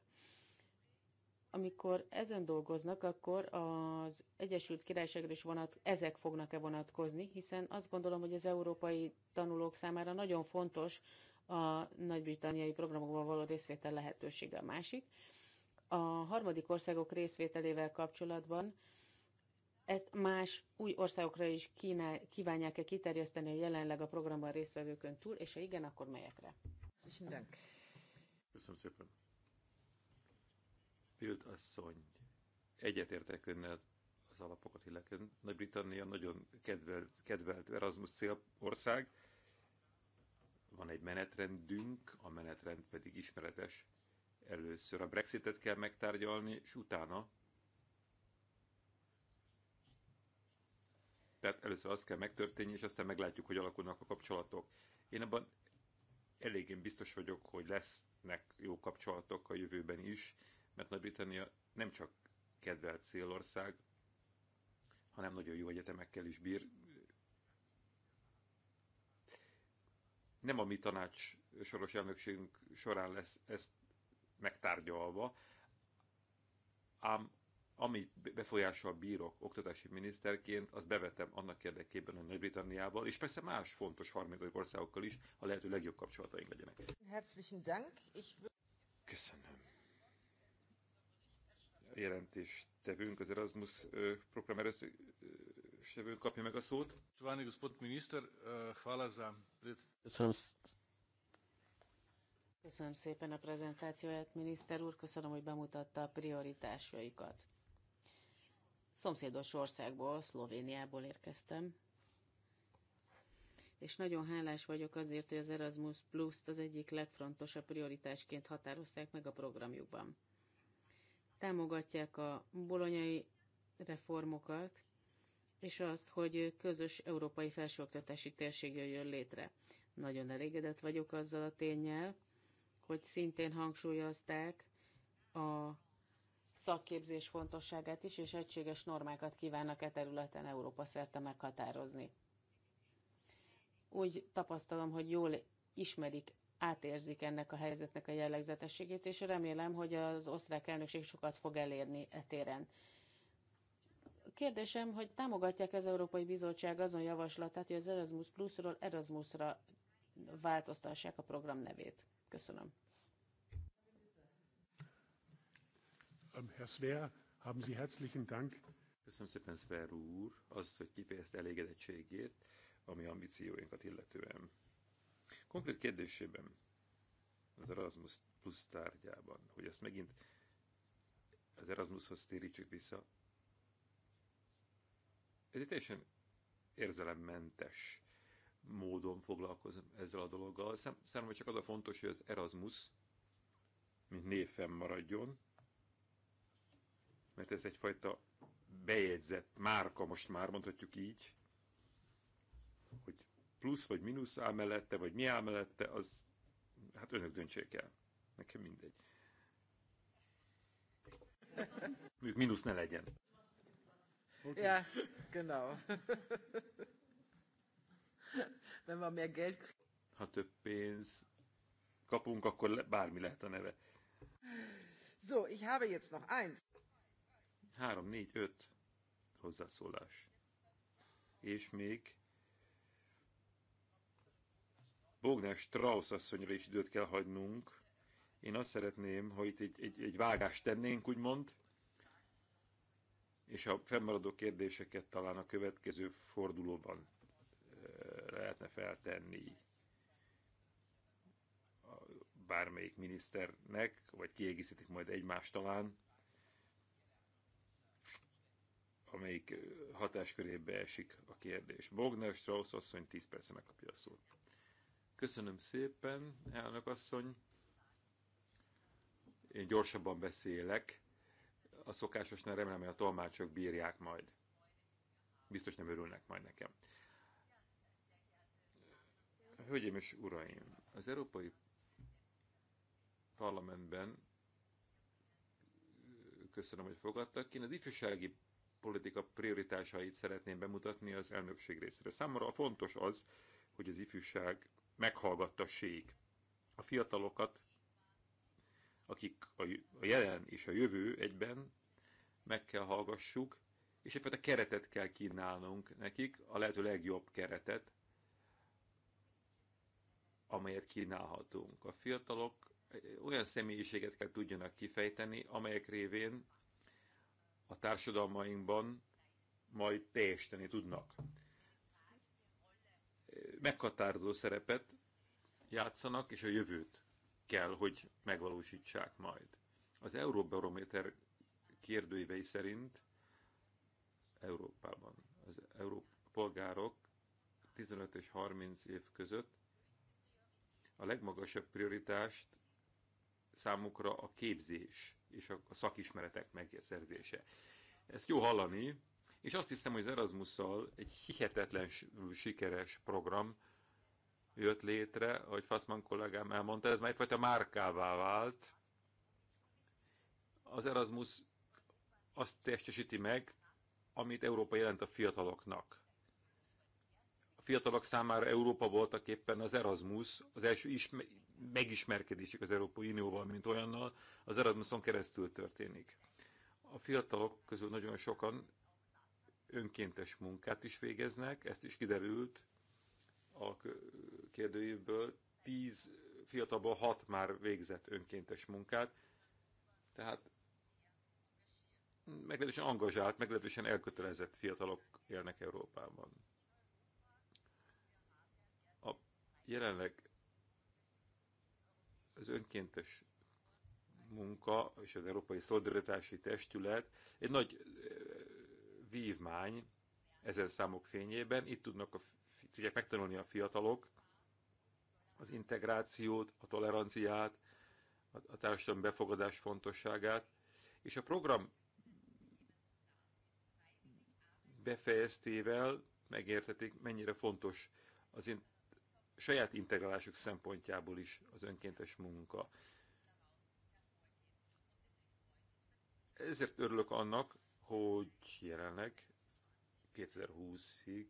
amikor ezen dolgoznak, akkor az Egyesült Királyságra is vonat, ezek fognak-e vonatkozni, hiszen azt gondolom, hogy az európai tanulók számára nagyon fontos a nagy-britanniai programokban való részvétel lehetősége a másik. A harmadik országok részvételével kapcsolatban ezt más új országokra is kínál, kívánják-e kiterjeszteni a jelenleg a programban résztvevőkön túl, és ha igen, akkor melyekre? Köszönöm szépen. Bild asszony, egyetértek önnel az alapokat illetően. Nagy-Britannia nagyon kedvelt, kedvelt Erasmus cél ország. Van egy menetrendünk, a menetrend pedig ismeretes. Először a Brexitet kell megtárgyalni, és utána Tehát először azt kell megtörténni, és aztán meglátjuk, hogy alakulnak a kapcsolatok. Én abban eléggé biztos vagyok, hogy lesznek jó kapcsolatok a jövőben is, mert Nagy-Britannia nem csak kedvelt célország, hanem nagyon jó egyetemekkel is bír. Nem a mi tanács soros elnökségünk során lesz ezt megtárgyalva, ám amit befolyással bírok oktatási miniszterként, az bevetem annak érdekében, hogy Nagy-Britanniával, és persze más fontos harmadik országokkal is a lehető legjobb kapcsolataink legyenek. Köszönöm jelentéstevőnk, az Erasmus program erősítevőnk kapja meg a szót. Miniszter, Köszönöm. Köszönöm szépen a prezentációját, miniszter úr, köszönöm, hogy bemutatta a prioritásaikat. Szomszédos országból, Szlovéniából érkeztem, és nagyon hálás vagyok azért, hogy az Erasmus Plus-t az egyik legfontosabb prioritásként határozták meg a programjukban támogatják a bolonyai reformokat, és azt, hogy közös európai felsőoktatási térség jöjjön létre. Nagyon elégedett vagyok azzal a tényel, hogy szintén hangsúlyozták a szakképzés fontosságát is, és egységes normákat kívánnak e területen Európa szerte meghatározni. Úgy tapasztalom, hogy jól ismerik átérzik ennek a helyzetnek a jellegzetességét, és remélem, hogy az osztrák elnökség sokat fog elérni e téren. Kérdésem, hogy támogatják az Európai Bizottság azon javaslatát, hogy az Erasmus Plusról Erasmusra változtassák a program nevét. Köszönöm. Ähm, Herr haben Sie herzlichen Dank. Köszönöm szépen, Sver úr, azt, hogy kifejezte elégedettségét, ami ambícióinkat illetően. Konkrét kérdésében az Erasmus plusz tárgyában, hogy ezt megint az Erasmushoz térítsük vissza, ez egy teljesen érzelemmentes módon foglalkozom ezzel a dologgal. Számomra csak az a fontos, hogy az Erasmus, mint név maradjon, mert ez egyfajta bejegyzett márka, most már mondhatjuk így, hogy plusz vagy mínusz áll mellette, vagy mi áll mellette, az hát önök döntsék el. Nekem mindegy. Mondjuk mínusz ne legyen. Okay. Ja, genau. Nem van még egy. Ha több pénz kapunk, akkor le, bármi lehet a neve. So, ich habe jetzt noch eins. Három, négy, öt hozzászólás. És még Bogner Strauss asszonyra is időt kell hagynunk. Én azt szeretném, ha itt egy, egy, egy vágást tennénk, úgymond, és a fennmaradó kérdéseket talán a következő fordulóban eh, lehetne feltenni bármelyik miniszternek, vagy kiegészítik majd egymást talán, amelyik eh, hatáskörébe esik a kérdés. Bogner Strauss asszony 10 percre megkapja a szót. Köszönöm szépen, elnök asszony. Én gyorsabban beszélek. A szokásosnál remélem, hogy a tolmácsok bírják majd. Biztos nem örülnek majd nekem. Hölgyeim és uraim, az Európai Parlamentben köszönöm, hogy fogadtak. Én az ifjúsági politika prioritásait szeretném bemutatni az elnökség részére. Számomra fontos az, hogy az ifjúság meghallgattassék a fiatalokat, akik a jelen és a jövő egyben, meg kell hallgassuk, és egyfajta keretet kell kínálnunk nekik, a lehető legjobb keretet, amelyet kínálhatunk. A fiatalok olyan személyiséget kell tudjanak kifejteni, amelyek révén a társadalmainkban majd teljesíteni tudnak meghatározó szerepet játszanak, és a jövőt kell, hogy megvalósítsák majd. Az Euróbarométer kérdőívei szerint Európában az európai polgárok 15 és 30 év között a legmagasabb prioritást számukra a képzés és a szakismeretek megszerzése. Ezt jó hallani, és azt hiszem, hogy az Erasmus egy hihetetlen sikeres program jött létre, ahogy Fassman kollégám elmondta, ez már egyfajta márkává vált. Az Erasmus azt testesíti meg, amit Európa jelent a fiataloknak. A fiatalok számára Európa voltak éppen az Erasmus, az első isme megismerkedésük az Európai Unióval, mint olyannal, az Erasmuson keresztül történik. A fiatalok közül nagyon sokan önkéntes munkát is végeznek, ezt is kiderült a kérdőívből. Tíz fiatalból hat már végzett önkéntes munkát, tehát meglehetősen angazsált, meglehetősen elkötelezett fiatalok élnek Európában. A jelenleg az önkéntes munka és az Európai Szolidaritási Testület egy nagy vívmány ezen számok fényében. Itt tudnak a, tudják megtanulni a fiatalok az integrációt, a toleranciát, a, a társadalmi befogadás fontosságát, és a program befejeztével megértetik, mennyire fontos az in- saját integrálásuk szempontjából is az önkéntes munka. Ezért örülök annak, hogy jelenleg 2020-ig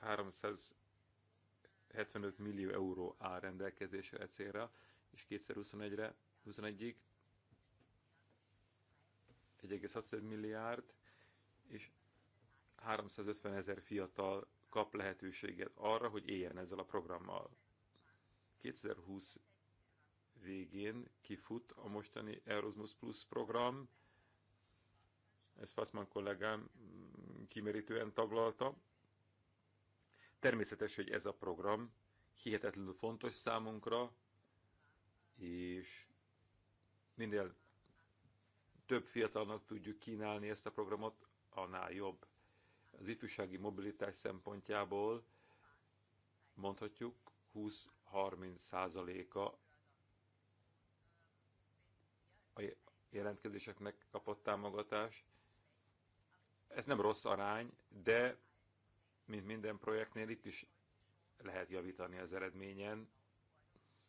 375 millió euró áll rendelkezésre e célra, és 2021-re 21-ig 1,6 milliárd, és 350 ezer fiatal kap lehetőséget arra, hogy éljen ezzel a programmal. 2020 végén kifut a mostani Erasmus Plus program, ezt Fassman kollégám mm, kimerítően taglalta. Természetes, hogy ez a program hihetetlenül fontos számunkra, és minél több fiatalnak tudjuk kínálni ezt a programot, annál jobb. Az ifjúsági mobilitás szempontjából mondhatjuk 20-30 százaléka a jelentkezéseknek kapott támogatást, ez nem rossz arány, de mint minden projektnél itt is lehet javítani az eredményen,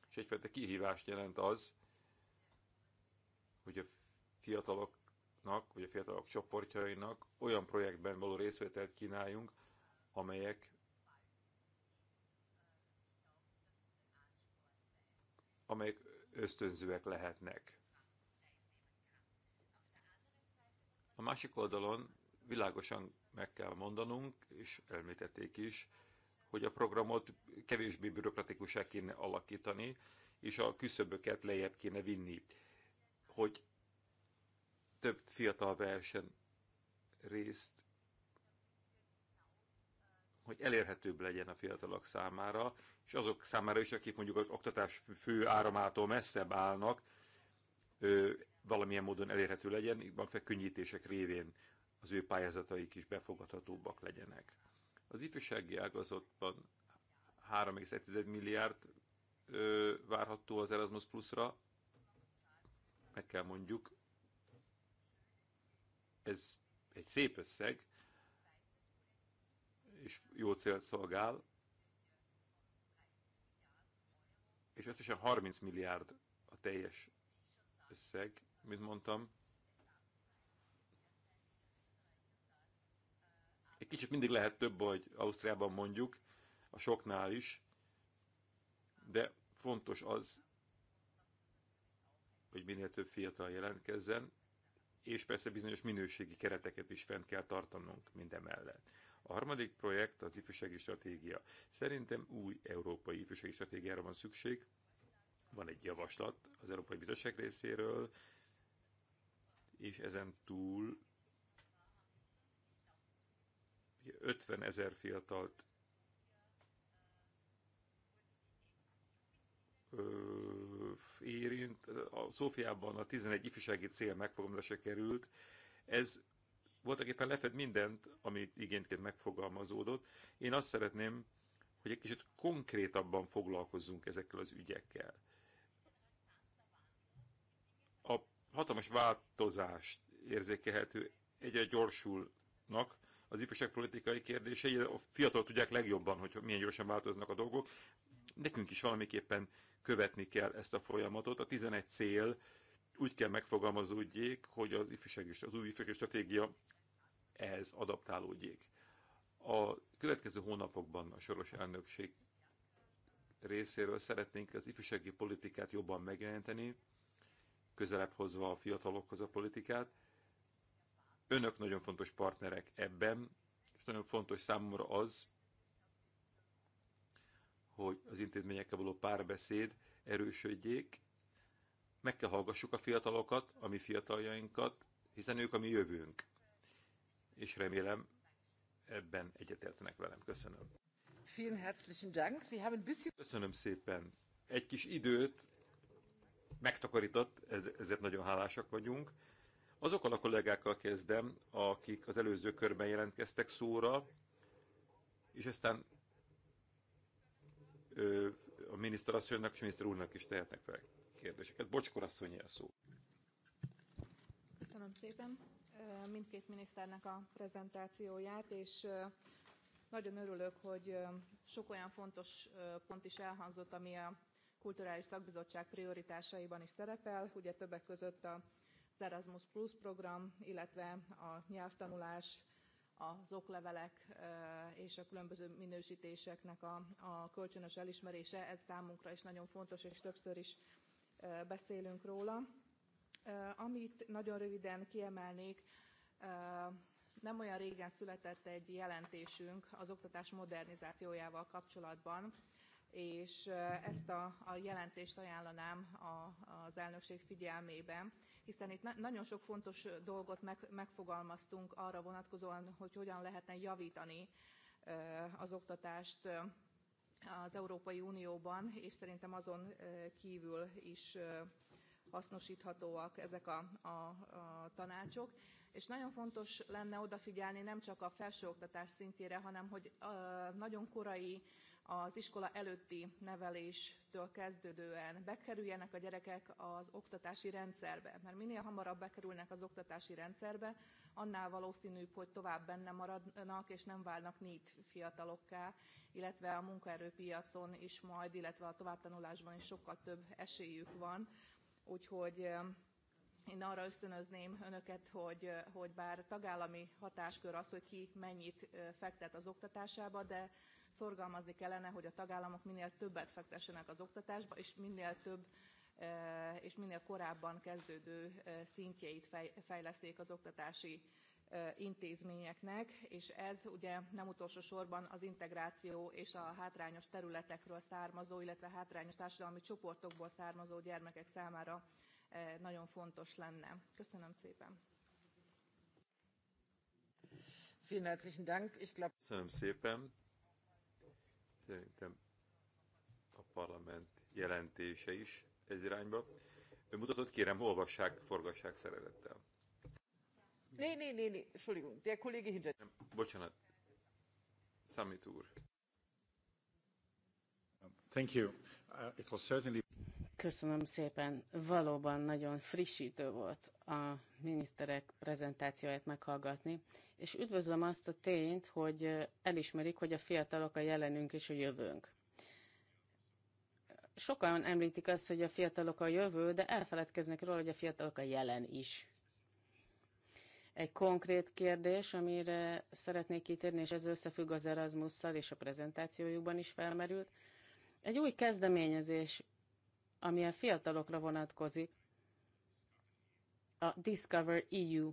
és egyfajta kihívást jelent az, hogy a fiataloknak, vagy a fiatalok csoportjainak olyan projektben való részvételt kínáljunk, amelyek amelyek ösztönzőek lehetnek. A másik oldalon világosan meg kell mondanunk, és elmítették is, hogy a programot kevésbé bürokratikusá kéne alakítani, és a küszöböket lejjebb kéne vinni, hogy több fiatal versen részt, hogy elérhetőbb legyen a fiatalok számára, és azok számára is, akik mondjuk az oktatás fő áramától messzebb állnak, valamilyen módon elérhető legyen, van könnyítések révén az ő pályázataik is befogadhatóbbak legyenek. Az ifjúsági ágazatban 3,1 milliárd ö, várható az Erasmus Plus-ra, meg kell mondjuk, ez egy szép összeg, és jó célt szolgál, és összesen 30 milliárd a teljes összeg, mint mondtam, Egy kicsit mindig lehet több, hogy Ausztriában mondjuk, a soknál is, de fontos az, hogy minél több fiatal jelentkezzen, és persze bizonyos minőségi kereteket is fent kell tartanunk mindemellett. A harmadik projekt az ifjúsági stratégia. Szerintem új európai ifjúsági stratégiára van szükség. Van egy javaslat az Európai Bizottság részéről, és ezen túl 50 ezer fiatalt érint, a Szófiában a 11 ifjúsági cél megfogalmazása került, ez voltak éppen lefed mindent, ami igényként megfogalmazódott. Én azt szeretném, hogy egy kicsit konkrétabban foglalkozzunk ezekkel az ügyekkel. A hatalmas változást érzékelhető egyre gyorsulnak az ifjúságpolitikai kérdései, a fiatal tudják legjobban, hogy milyen gyorsan változnak a dolgok. Nekünk is valamiképpen követni kell ezt a folyamatot. A 11 cél úgy kell megfogalmazódjék, hogy az, ifjúság és, az új ifjúság stratégia ehhez adaptálódjék. A következő hónapokban a soros elnökség részéről szeretnénk az ifjúsági politikát jobban megjelenteni, közelebb hozva a fiatalokhoz a politikát, Önök nagyon fontos partnerek ebben, és nagyon fontos számomra az, hogy az intézményekkel való párbeszéd erősödjék, meg kell hallgassuk a fiatalokat, a mi fiataljainkat, hiszen ők a mi jövőnk. És remélem, ebben egyetértenek velem. Köszönöm. Köszönöm szépen. Egy kis időt megtakarított, ezért nagyon hálásak vagyunk. Azokkal a kollégákkal kezdem, akik az előző körben jelentkeztek szóra, és aztán ö, a miniszterasszonynak és miniszter úrnak is tehetnek fel kérdéseket. Bocskor asszony szó. Köszönöm szépen mindkét miniszternek a prezentációját, és nagyon örülök, hogy sok olyan fontos pont is elhangzott, ami a Kulturális Szakbizottság prioritásaiban is szerepel, ugye többek között a az Erasmus Plus program, illetve a nyelvtanulás, az oklevelek és a különböző minősítéseknek a, a kölcsönös elismerése, ez számunkra is nagyon fontos, és többször is beszélünk róla. Amit nagyon röviden kiemelnék, nem olyan régen született egy jelentésünk az oktatás modernizációjával kapcsolatban, és eh, ezt a, a jelentést ajánlanám a, az elnökség figyelmében, hiszen itt na, nagyon sok fontos dolgot meg, megfogalmaztunk arra vonatkozóan, hogy hogyan lehetne javítani eh, az oktatást eh, az Európai Unióban, és szerintem azon kívül is hasznosíthatóak ezek a, a, a tanácsok. És nagyon fontos lenne odafigyelni nem csak a felsőoktatás szintjére, hanem hogy nagyon korai az iskola előtti neveléstől kezdődően bekerüljenek a gyerekek az oktatási rendszerbe. Mert minél hamarabb bekerülnek az oktatási rendszerbe, annál valószínűbb, hogy tovább benne maradnak, és nem válnak nyit fiatalokká, illetve a munkaerőpiacon is majd, illetve a továbbtanulásban is sokkal több esélyük van. Úgyhogy én arra ösztönözném önöket, hogy, hogy bár tagállami hatáskör az, hogy ki mennyit fektet az oktatásába, de szorgalmazni kellene, hogy a tagállamok minél többet fektessenek az oktatásba, és minél több e, és minél korábban kezdődő e, szintjeit fejleszték az oktatási e, intézményeknek, és ez ugye nem utolsó sorban az integráció és a hátrányos területekről származó, illetve hátrányos társadalmi csoportokból származó gyermekek számára nagyon fontos lenne. Köszönöm szépen. Köszönöm szépen. Szerintem a parlament jelentése is ez irányba. Ő mutatott, kérem, olvassák, forgassák szeretettel. Né, né, né, né, Entschuldigung, de Kollege hinter... Nem, bocsánat, Samit úr. Thank you. Uh, it was certainly... Köszönöm szépen. Valóban nagyon frissítő volt a miniszterek prezentációját meghallgatni, és üdvözlöm azt a tényt, hogy elismerik, hogy a fiatalok a jelenünk és a jövőnk. Sokan említik azt, hogy a fiatalok a jövő, de elfeledkeznek róla, hogy a fiatalok a jelen is. Egy konkrét kérdés, amire szeretnék kitérni, és ez összefügg az Erasmusszal és a prezentációjukban is felmerült. Egy új kezdeményezés ami a fiatalokra vonatkozik, a Discover EU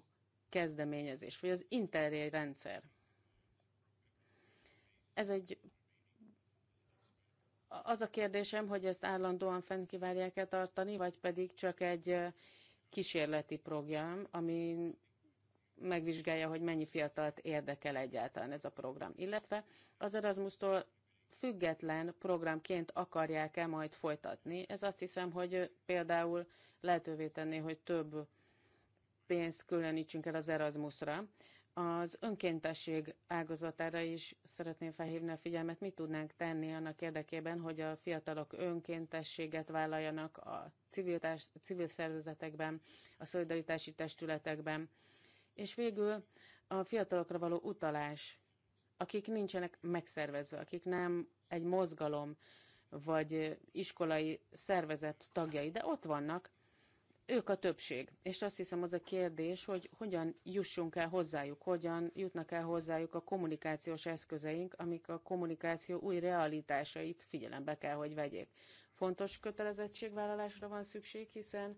kezdeményezés, vagy az Interrail rendszer. Ez egy az a kérdésem, hogy ezt állandóan fent kívánják-e tartani, vagy pedig csak egy kísérleti program, ami megvizsgálja, hogy mennyi fiatalt érdekel egyáltalán ez a program. Illetve az Erasmus-tól független programként akarják-e majd folytatni. Ez azt hiszem, hogy például lehetővé tenné, hogy több pénzt különítsünk el az Erasmusra. Az önkéntesség ágazatára is szeretném felhívni a figyelmet, mit tudnánk tenni annak érdekében, hogy a fiatalok önkéntességet vállaljanak a civil, társ, civil szervezetekben, a szolidaritási testületekben. És végül a fiatalokra való utalás akik nincsenek megszervezve, akik nem egy mozgalom vagy iskolai szervezet tagjai, de ott vannak, ők a többség. És azt hiszem, az a kérdés, hogy hogyan jussunk el hozzájuk, hogyan jutnak el hozzájuk a kommunikációs eszközeink, amik a kommunikáció új realitásait figyelembe kell, hogy vegyék. Fontos kötelezettségvállalásra van szükség, hiszen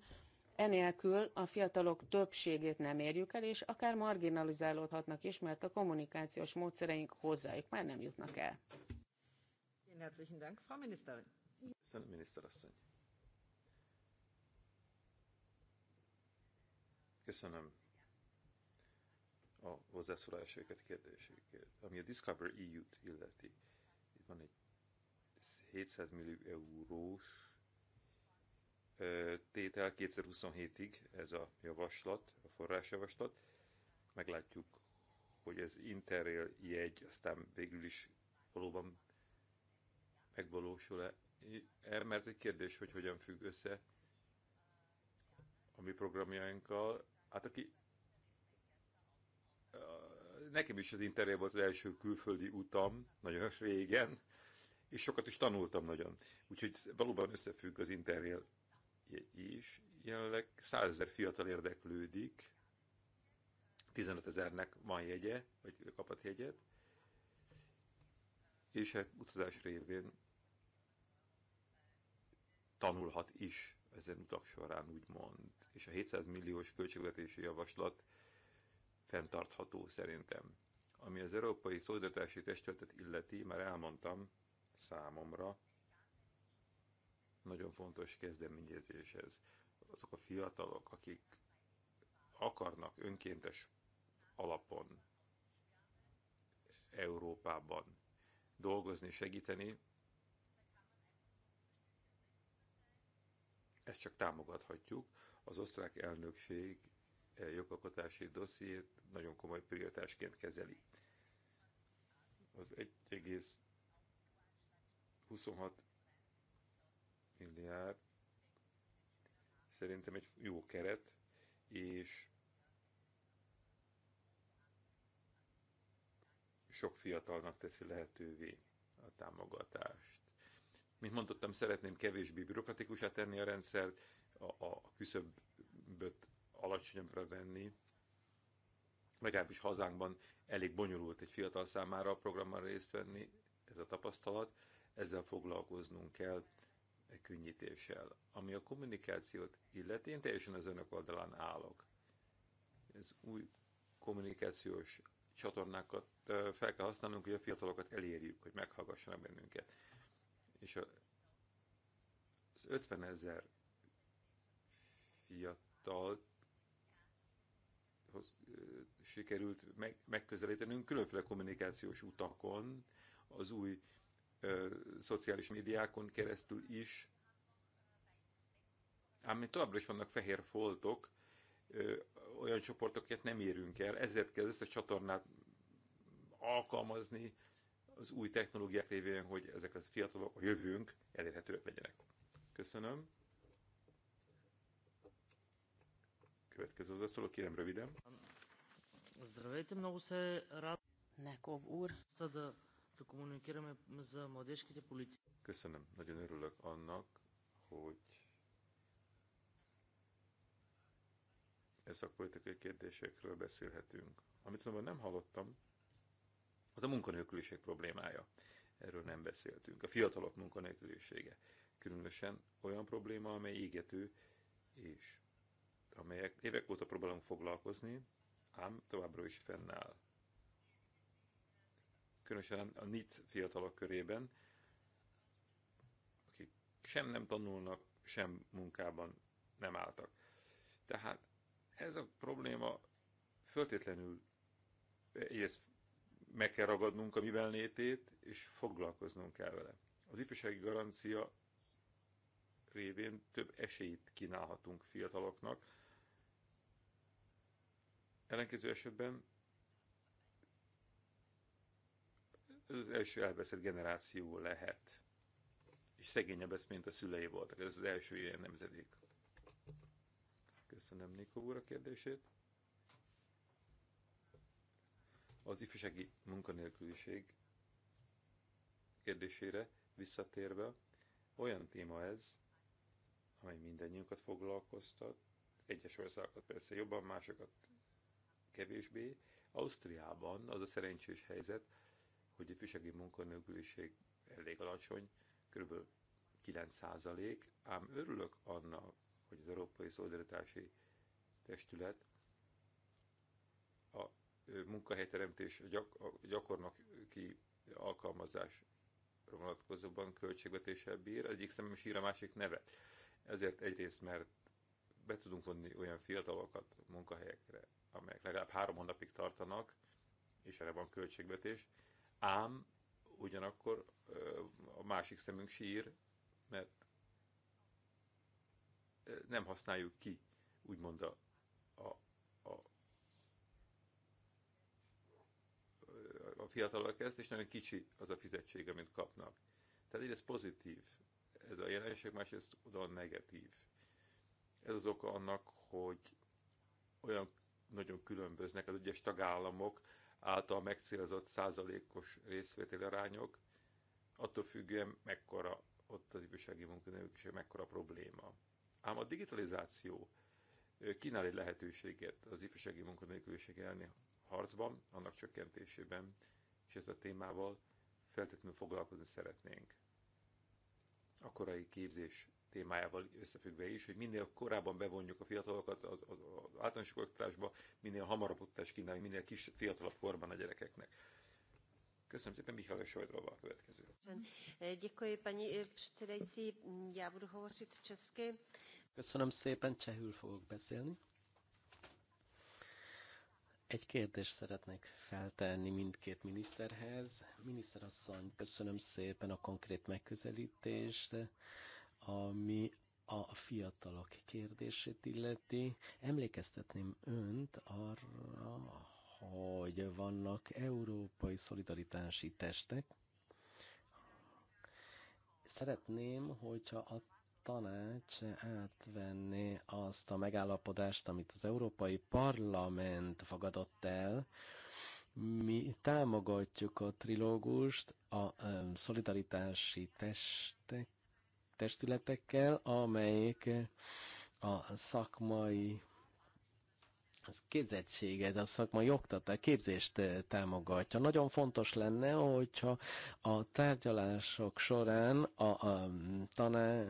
Enélkül a fiatalok többségét nem érjük el, és akár marginalizálódhatnak is, mert a kommunikációs módszereink hozzájuk már nem jutnak el. Herzlichen Dank, Frau Ministerin. Köszönöm, miniszterasszony. Köszönöm a hozzászólásokat, kérdéseket. Ami a Discover EU-t illeti, itt van egy 700 millió eurós tétel 2027-ig ez a javaslat, a forrásjavaslat. Meglátjuk, hogy ez interrail jegy aztán végül is valóban megvalósul-e. Er mert egy kérdés, hogy hogyan függ össze a mi programjainkkal. Hát aki nekem is az interjú volt az első külföldi utam, nagyon régen, és sokat is tanultam nagyon. Úgyhogy valóban összefügg az interrail is. Jelenleg 100 ezer fiatal érdeklődik, 15 ezernek van jegye, vagy kapott jegyet, és egy hát utazás révén tanulhat is ezen utak során, úgymond. És a 700 milliós költségvetési javaslat fenntartható szerintem. Ami az Európai Szolidaritási Testületet illeti, már elmondtam számomra, nagyon fontos kezdeményezés ez. Azok a fiatalok, akik akarnak önkéntes alapon Európában dolgozni, segíteni, ezt csak támogathatjuk. Az osztrák elnökség e jogalkotási dossziét nagyon komoly prioritásként kezeli. Az 1,26 milliárd szerintem egy jó keret, és sok fiatalnak teszi lehetővé a támogatást. Mint mondottam, szeretném kevésbé bürokratikusá tenni a rendszert, a, a küszöböt alacsonyabbra venni, legalábbis hazánkban elég bonyolult egy fiatal számára a programmal részt venni, ez a tapasztalat, ezzel foglalkoznunk kell, könnyítéssel. Ami a kommunikációt illeti, én teljesen az önök oldalán állok. Ez új kommunikációs csatornákat fel kell használnunk, hogy a fiatalokat elérjük, hogy meghallgassanak bennünket. És a, az 50 ezer fiatal sikerült meg, megközelítenünk különféle kommunikációs utakon az új ö, szociális médiákon keresztül is. Ám még továbbra is vannak fehér foltok, ö, olyan csoportokat nem érünk el, ezért kell ezt a csatornát alkalmazni az új technológiák révén, hogy ezek az fiatalok, a jövőnk elérhetőek legyenek. Köszönöm. Következő hozzászóló, kérem röviden. Здравейте, много се радвам. Неков ур. Да Köszönöm, nagyon örülök annak, hogy ez a politikai kérdésekről beszélhetünk. Amit azonban nem hallottam, az a munkanélküliség problémája. Erről nem beszéltünk. A fiatalok munkanélkülisége. Különösen olyan probléma, amely égető, és amelyek évek óta próbálunk foglalkozni, ám továbbra is fennáll különösen a NIC fiatalok körében, akik sem nem tanulnak, sem munkában nem álltak. Tehát ez a probléma föltétlenül egyrészt meg kell ragadnunk a mivel létét, és foglalkoznunk kell vele. Az ifjúsági garancia révén több esélyt kínálhatunk fiataloknak. Ellenkező esetben az első elveszett generáció lehet. És szegényebb lesz, mint a szülei voltak. Ez az első ilyen nemzedék. Köszönöm Nikó úr a kérdését. Az ifjúsági munkanélküliség kérdésére visszatérve, olyan téma ez, amely mindannyiunkat foglalkoztat, egyes országokat persze jobban, másokat kevésbé. Ausztriában az a szerencsés helyzet, hogy a ifjúsági munkanélküliség elég alacsony, kb. 9%, ám örülök annak, hogy az Európai Szolidaritási Testület a munkahelyteremtés a gyakornoki alkalmazás vonatkozóban költségvetéssel bír, egyik szemem sír a másik nevet. Ezért egyrészt, mert be tudunk vonni olyan fiatalokat munkahelyekre, amelyek legalább három hónapig tartanak, és erre van költségvetés, ám ugyanakkor a másik szemünk sír, mert nem használjuk ki, úgymond a, a, a, a fiatalok ezt, és nagyon kicsi az a fizetség, amit kapnak. Tehát egyrészt pozitív ez a jelenség, másrészt oda negatív. Ez az oka annak, hogy olyan nagyon különböznek az egyes tagállamok, által megcélzott százalékos részvételi arányok, attól függően mekkora ott az ifjúsági munkanők és mekkora probléma. Ám a digitalizáció kínál egy lehetőséget az ifjúsági munkanélküliség elleni harcban, annak csökkentésében, és ez a témával feltétlenül foglalkozni szeretnénk. A korai képzés témájával összefüggve is, hogy minél korábban bevonjuk a fiatalokat az, az, az általános oktatásba, minél hamarabb oktatást kínálni, minél kis fiatalabb korban a gyerekeknek. Köszönöm szépen, Mihály Sajdrova a következő. Děkuji, paní eh, předsedající. Já budu hovořit česky. Köszönöm szépen, csehül fogok beszélni. Egy kérdést szeretnék feltenni mindkét miniszterhez. Miniszterasszony, köszönöm szépen a konkrét megközelítést ami a fiatalok kérdését illeti. Emlékeztetném önt arra, hogy vannak európai szolidaritási testek. Szeretném, hogyha a tanács átvenné azt a megállapodást, amit az Európai Parlament fogadott el. Mi támogatjuk a trilógust a szolidaritási testek testületekkel, amelyek a szakmai az képzettséget, a szakmai a képzést támogatja. Nagyon fontos lenne, hogyha a tárgyalások során a, a, taná,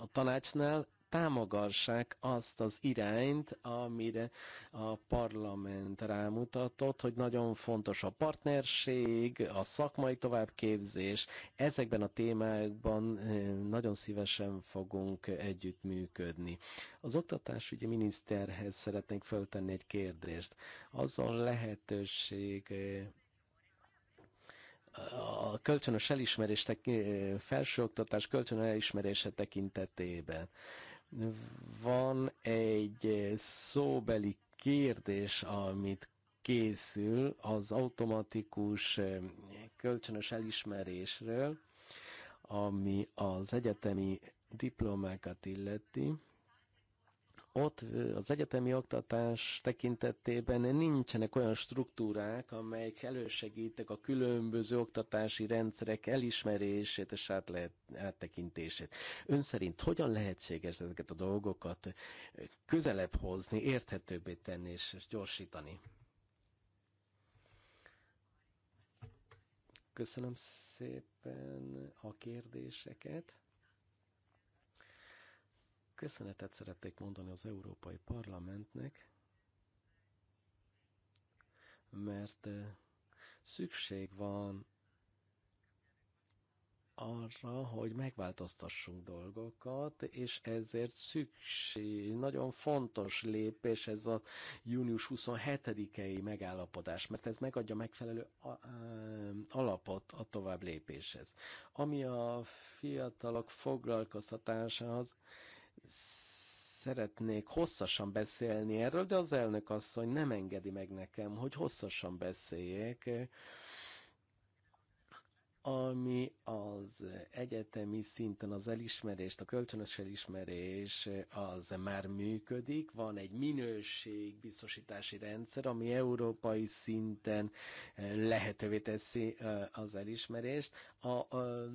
a tanácsnál támogassák azt az irányt, amire a parlament rámutatott, hogy nagyon fontos a partnerség, a szakmai továbbképzés. Ezekben a témákban eh, nagyon szívesen fogunk együttműködni. Az oktatásügyi miniszterhez szeretnék föltenni egy kérdést. Azon lehetőség eh, a kölcsönös elismerés, eh, felsőoktatás kölcsönös elismerése tekintetében. Van egy eh, szóbeli kérdés, amit készül az automatikus eh, kölcsönös elismerésről, ami az egyetemi diplomákat illeti ott az egyetemi oktatás tekintetében nincsenek olyan struktúrák, amelyek elősegítek a különböző oktatási rendszerek elismerését és átlehet, áttekintését. Ön szerint hogyan lehetséges ezeket a dolgokat közelebb hozni, érthetőbbé tenni és gyorsítani? Köszönöm szépen a kérdéseket. Köszönetet szeretnék mondani az Európai Parlamentnek, mert eh, szükség van arra, hogy megváltoztassunk dolgokat, és ezért szükség, nagyon fontos lépés ez a június 27-i megállapodás, mert ez megadja megfelelő eh, alapot a tovább lépéshez. Ami a fiatalok foglalkoztatásához, az szeretnék hosszasan beszélni erről, de az elnök asszony nem engedi meg nekem, hogy hosszasan beszéljek, ami az egyetemi szinten az elismerést, a kölcsönös elismerés az már működik. Van egy minőségbiztosítási rendszer, ami európai szinten lehetővé teszi az elismerést. A, a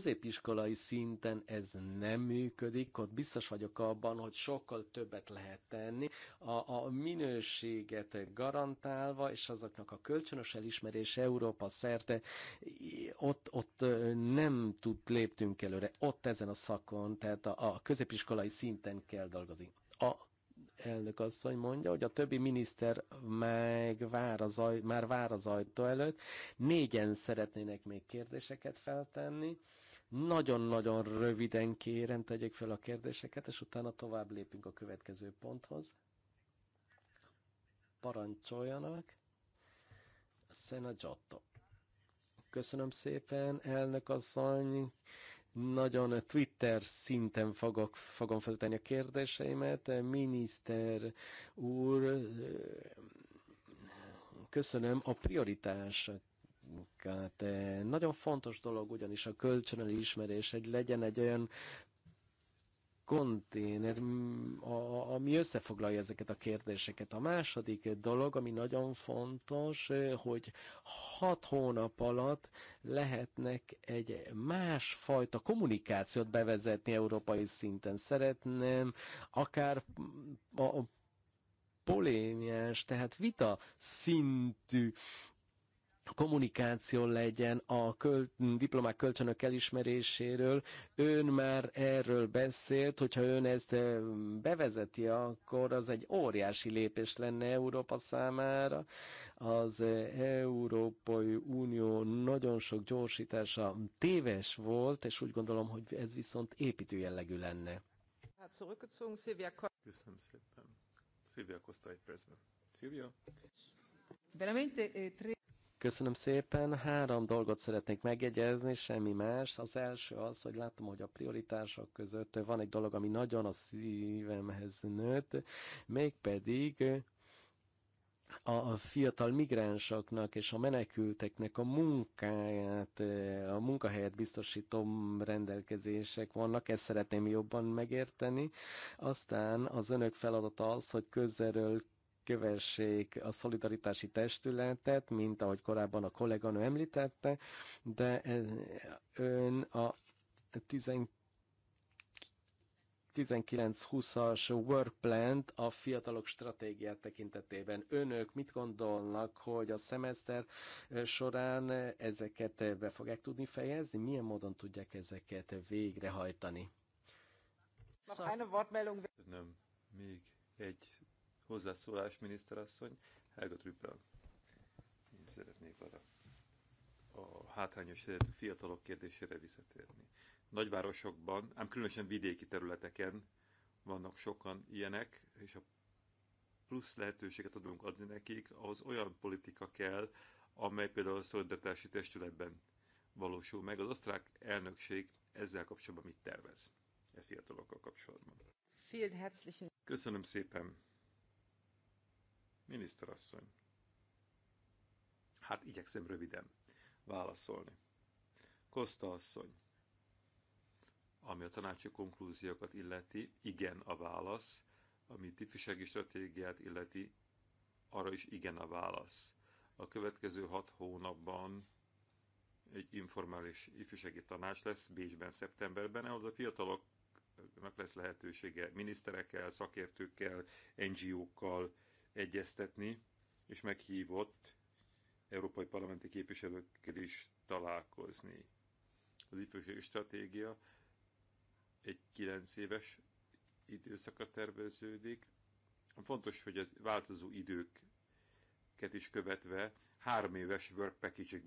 középiskolai szinten ez nem működik, ott biztos vagyok abban, hogy sokkal többet lehet tenni, a, a minőséget garantálva, és azoknak a kölcsönös elismerés Európa szerte, ott, ott nem tud léptünk előre, ott ezen a szakon, tehát a, a középiskolai szinten kell dolgozni. A elnök asszony mondja, hogy a többi miniszter meg vár az aj, már vár az ajtó előtt. Négyen szeretnének még kérdéseket feltenni. Nagyon-nagyon röviden kérem, tegyék fel a kérdéseket, és utána tovább lépünk a következő ponthoz. Parancsoljanak. Szena Giotto. Köszönöm szépen, elnök asszony. Nagyon Twitter szinten fogok, fogom feltenni a kérdéseimet. Miniszter úr, köszönöm a prioritás munkát. Eh, nagyon fontos dolog ugyanis a kölcsönöli ismerés, hogy legyen egy olyan konténer, ami összefoglalja ezeket a kérdéseket. A második dolog, ami nagyon fontos, eh, hogy hat hónap alatt lehetnek egy másfajta kommunikációt bevezetni európai szinten. Szeretném akár a polémiás, tehát vita szintű kommunikáció legyen a köl, diplomák kölcsönök elismeréséről. Ön már erről beszélt, hogyha ön ezt bevezeti, akkor az egy óriási lépés lenne Európa számára. Az Európai Unió nagyon sok gyorsítása téves volt, és úgy gondolom, hogy ez viszont építő jellegű lenne. Hát Köszönöm szépen. Szilvia Costa egy percben. Szilvia? Veramente, eh, tre... Köszönöm szépen. Három dolgot szeretnék megjegyezni, semmi más. Az első az, hogy láttam, hogy a prioritások között van egy dolog, ami nagyon a szívemhez nőtt, mégpedig a fiatal migránsoknak és a menekülteknek a munkáját, a munkahelyet biztosító rendelkezések vannak, ezt szeretném jobban megérteni. Aztán az önök feladata az, hogy közelről kövessék a szolidaritási testületet, mint ahogy korábban a kolléganő említette, de e, ön a 19-20-as plan a fiatalok stratégiát tekintetében. Önök mit gondolnak, hogy a szemeszter e, során ezeket be fogják tudni fejezni? Milyen módon tudják ezeket végrehajtani? Nem, még egy hozzászólás, miniszterasszony, Helga Trüppel. Én szeretnék arra a hátrányos helyzetű fiatalok kérdésére visszatérni. Nagyvárosokban, ám különösen vidéki területeken vannak sokan ilyenek, és a plusz lehetőséget tudunk adni nekik, az olyan politika kell, amely például a szolidaritási testületben valósul meg. Az osztrák elnökség ezzel kapcsolatban mit tervez? E fiatalokkal kapcsolatban. Köszönöm szépen! Miniszterasszony. Hát igyekszem röviden válaszolni. Kosta asszony. Ami a tanácsi konklúziókat illeti, igen a válasz. Ami ifjúsági stratégiát illeti, arra is igen a válasz. A következő hat hónapban egy informális ifjúsági tanács lesz Bécsben, szeptemberben, ahol a fiataloknak lesz lehetősége miniszterekkel, szakértőkkel, NGO-kkal, egyeztetni, és meghívott európai parlamenti képviselőkkel is találkozni. Az ifjúsági stratégia egy 9 éves időszakra terveződik. Fontos, hogy a változó időket is követve három éves work package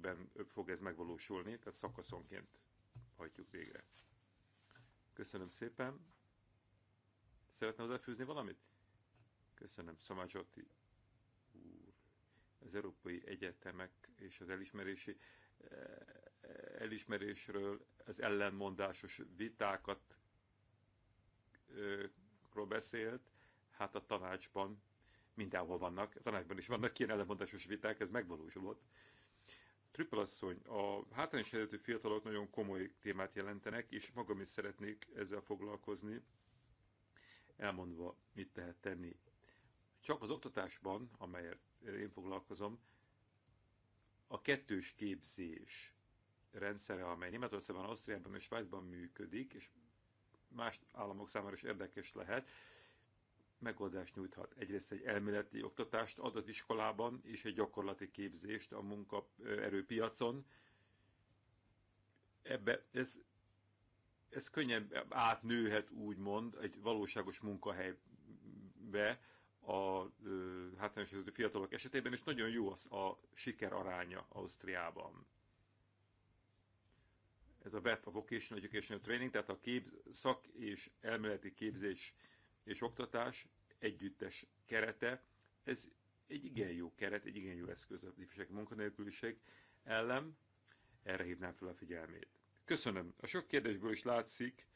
fog ez megvalósulni, tehát szakaszonként hajtjuk végre. Köszönöm szépen. Szeretne hozzáfűzni valamit? Köszönöm, Szamácsoti úr. Az Európai Egyetemek és az elismerési eh, elismerésről, az ellenmondásos vitákat eh, beszélt, hát a tanácsban mindenhol vannak, a tanácsban is vannak ilyen ellenmondásos viták, ez megvalósulott. Trüppelasszony, a hátrányos helyzetű fiatalok nagyon komoly témát jelentenek, és magam is szeretnék ezzel foglalkozni, elmondva, mit lehet tenni csak az oktatásban, amelyet én foglalkozom, a kettős képzés rendszere, amely Németországban, Ausztriában és Svájcban működik, és más államok számára is érdekes lehet, megoldást nyújthat. Egyrészt egy elméleti oktatást ad az iskolában, és egy gyakorlati képzést a munkaerőpiacon. Ebbe ez, ez könnyen átnőhet, úgymond, egy valóságos munkahelybe, a hátrányos helyzetű fiatalok esetében, és nagyon jó az a siker aránya Ausztriában. Ez a VET, a Vocational Educational Training, tehát a képz, szak és elméleti képzés és oktatás együttes kerete, ez egy igen jó keret, egy igen jó eszköz a ifjúság munkanélküliség ellen, erre hívnám fel a figyelmét. Köszönöm. A sok kérdésből is látszik,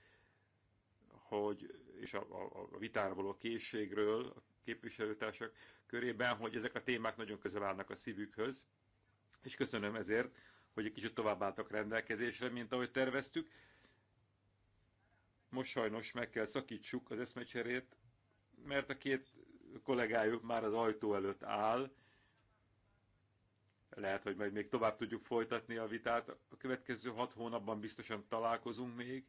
hogy, és a, a, a vitára való készségről, a képviselőtársak körében, hogy ezek a témák nagyon közel állnak a szívükhöz, és köszönöm ezért, hogy egy kicsit tovább álltak rendelkezésre, mint ahogy terveztük. Most sajnos meg kell szakítsuk az eszmecserét, mert a két kollégájuk már az ajtó előtt áll. Lehet, hogy majd még tovább tudjuk folytatni a vitát. A következő hat hónapban biztosan találkozunk még,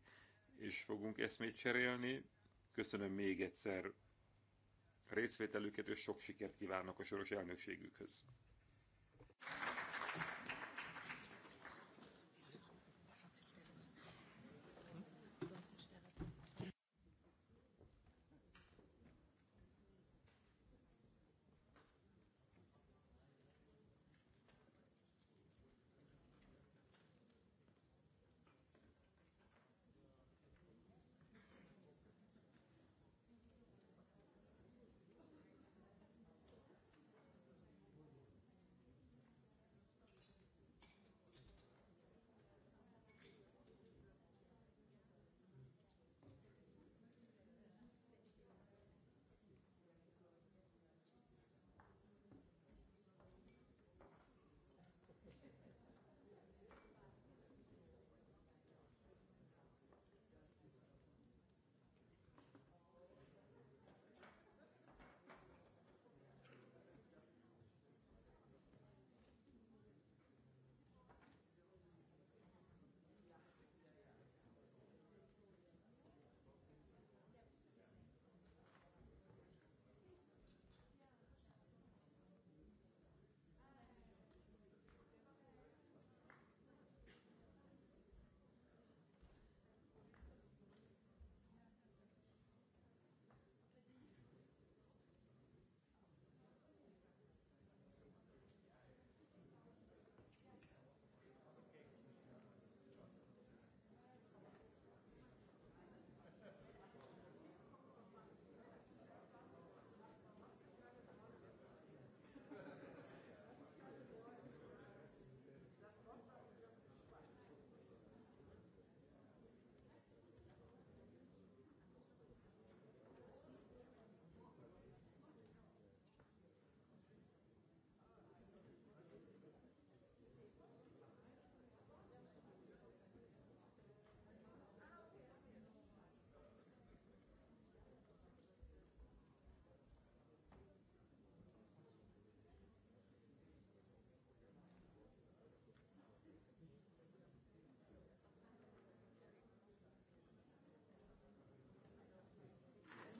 és fogunk eszmét cserélni. Köszönöm még egyszer részvételüket, és sok sikert kívánok a soros elnökségükhöz.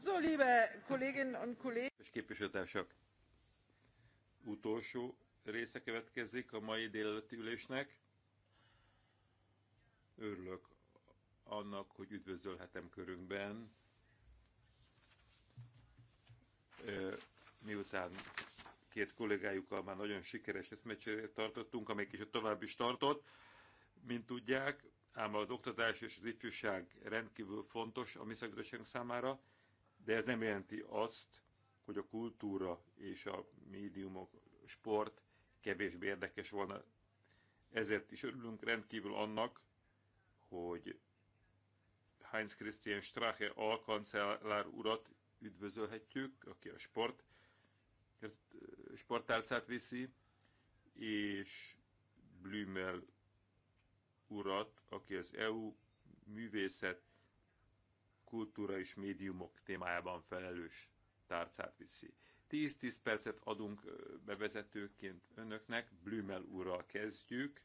So, liebe Kolleginnen und Kollegen. képviselőtársak, utolsó része következik a mai délelőtti ülésnek. Örülök annak, hogy üdvözölhetem körünkben. Miután két kollégájukkal már nagyon sikeres eszmecserét tartottunk, amely kicsit tovább is tartott, mint tudják, ám az oktatás és az ifjúság rendkívül fontos a mi számára, de ez nem jelenti azt, hogy a kultúra és a médiumok, a sport kevésbé érdekes volna. Ezért is örülünk rendkívül annak, hogy Heinz Christian Strache alkancellár urat üdvözölhetjük, aki a sport, sporttárcát viszi, és Blümel urat, aki az EU művészet kultúra és médiumok témájában felelős tárcát viszi. 10-10 percet adunk bevezetőként önöknek, Blümel úrral kezdjük,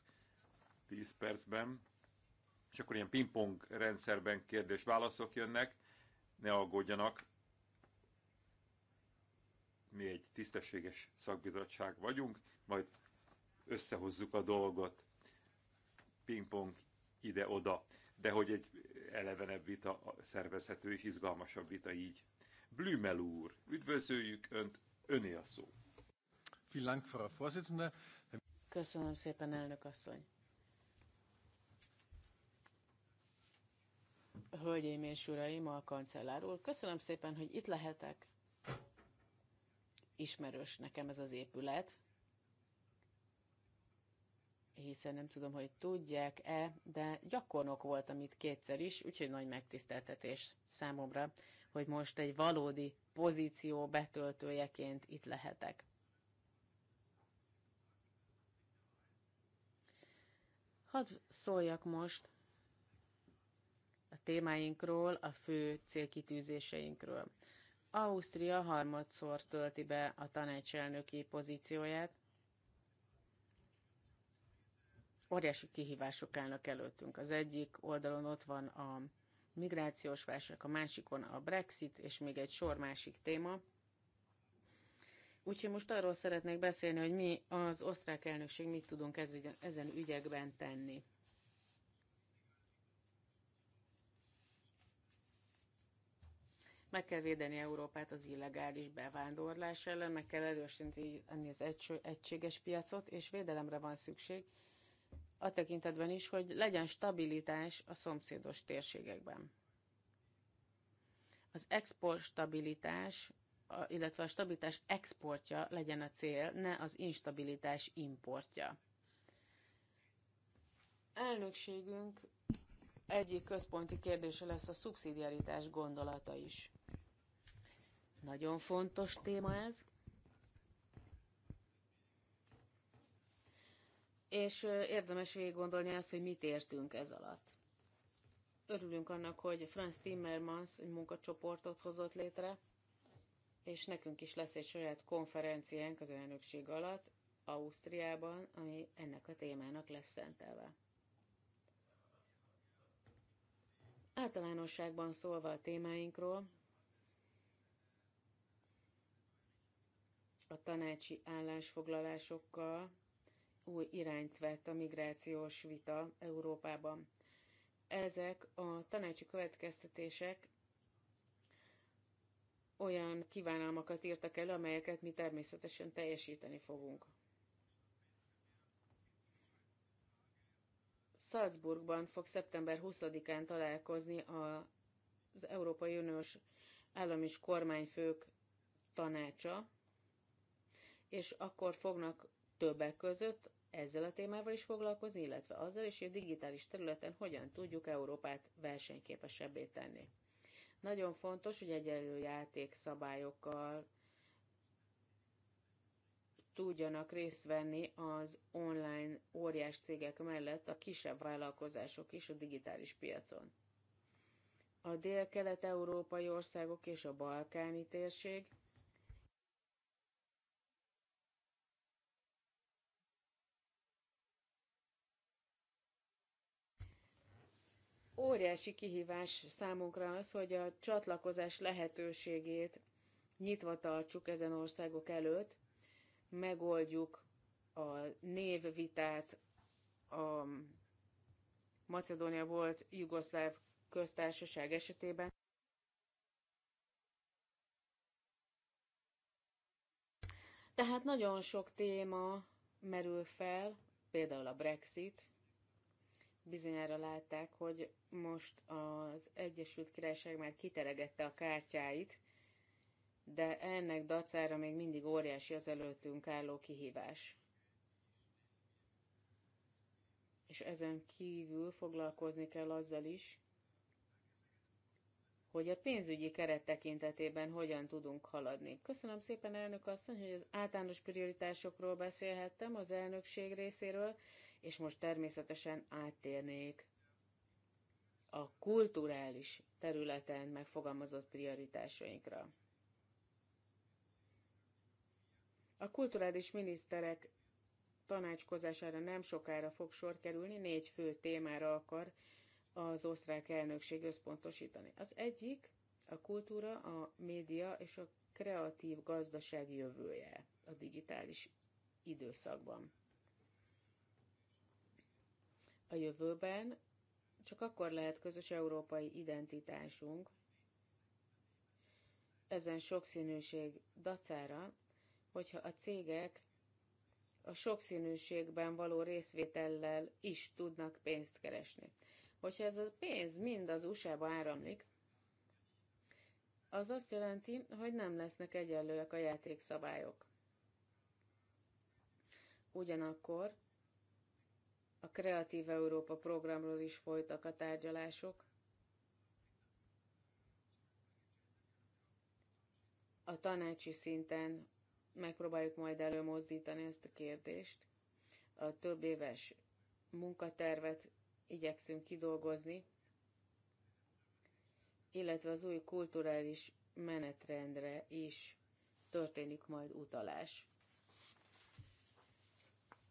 10 percben, és akkor ilyen pingpong rendszerben kérdés-válaszok jönnek, ne aggódjanak, mi egy tisztességes szakbizottság vagyunk, majd összehozzuk a dolgot, pingpong ide-oda. De hogy egy elevenebb vita szervezhető és izgalmasabb vita így. Blümel úr, üdvözöljük Önt, Öné a szó. Köszönöm szépen, elnök asszony. Hölgyeim és uraim, a kancellár úr, köszönöm szépen, hogy itt lehetek. Ismerős nekem ez az épület, hiszen nem tudom, hogy tudják-e, de gyakornok voltam itt kétszer is, úgyhogy nagy megtiszteltetés számomra, hogy most egy valódi pozíció betöltőjeként itt lehetek. Hadd szóljak most a témáinkról, a fő célkitűzéseinkről. Ausztria harmadszor tölti be a tanácselnöki pozícióját, Óriási kihívások állnak előttünk. Az egyik oldalon ott van a migrációs válság, a másikon a Brexit, és még egy sor másik téma. Úgyhogy most arról szeretnék beszélni, hogy mi az osztrák elnökség mit tudunk ezen ügyekben tenni. Meg kell védeni Európát az illegális bevándorlás ellen, meg kell erősíteni az egységes piacot, és védelemre van szükség, a tekintetben is, hogy legyen stabilitás a szomszédos térségekben. Az export stabilitás, illetve a stabilitás exportja legyen a cél, ne az instabilitás importja. Elnökségünk egyik központi kérdése lesz a szubszidiaritás gondolata is. Nagyon fontos téma ez, és érdemes végig gondolni azt, hogy mit értünk ez alatt. Örülünk annak, hogy Franz Timmermans egy munkacsoportot hozott létre, és nekünk is lesz egy saját konferenciánk az elnökség alatt, Ausztriában, ami ennek a témának lesz szentelve. Általánosságban szólva a témáinkról, a tanácsi állásfoglalásokkal, új irányt vett a migrációs vita Európában. Ezek a tanácsi következtetések olyan kívánalmakat írtak elő, amelyeket mi természetesen teljesíteni fogunk. Salzburgban fog szeptember 20-án találkozni az Európai Uniós állam és kormányfők tanácsa, és akkor fognak többek között ezzel a témával is foglalkozni, illetve azzal is, hogy a digitális területen hogyan tudjuk Európát versenyképesebbé tenni. Nagyon fontos, hogy egyenlő játékszabályokkal tudjanak részt venni az online óriás cégek mellett a kisebb vállalkozások is a digitális piacon. A dél-kelet-európai országok és a balkáni térség Óriási kihívás számunkra az, hogy a csatlakozás lehetőségét nyitva tartsuk ezen országok előtt, megoldjuk a névvitát a Macedónia volt Jugoszláv köztársaság esetében. Tehát nagyon sok téma merül fel, például a Brexit, Bizonyára látták, hogy most az Egyesült Királyság már kiteregette a kártyáit, de ennek dacára még mindig óriási az előttünk álló kihívás. És ezen kívül foglalkozni kell azzal is, hogy a pénzügyi keret tekintetében hogyan tudunk haladni. Köszönöm szépen, elnök asszony, hogy az általános prioritásokról beszélhettem az elnökség részéről, és most természetesen áttérnék a kulturális területen megfogalmazott prioritásainkra. A kulturális miniszterek tanácskozására nem sokára fog sor kerülni, négy fő témára akar az osztrák elnökség összpontosítani. Az egyik a kultúra, a média és a kreatív gazdaság jövője a digitális időszakban. A jövőben csak akkor lehet közös európai identitásunk, ezen sokszínűség dacára, hogyha a cégek a sokszínűségben való részvétellel is tudnak pénzt keresni. Hogyha ez a pénz mind az USA-ba áramlik, az azt jelenti, hogy nem lesznek egyenlőek a játékszabályok. Ugyanakkor a Kreatív Európa programról is folytak a tárgyalások. A tanácsi szinten megpróbáljuk majd előmozdítani ezt a kérdést. A több éves munkatervet igyekszünk kidolgozni, illetve az új kulturális menetrendre is történik majd utalás.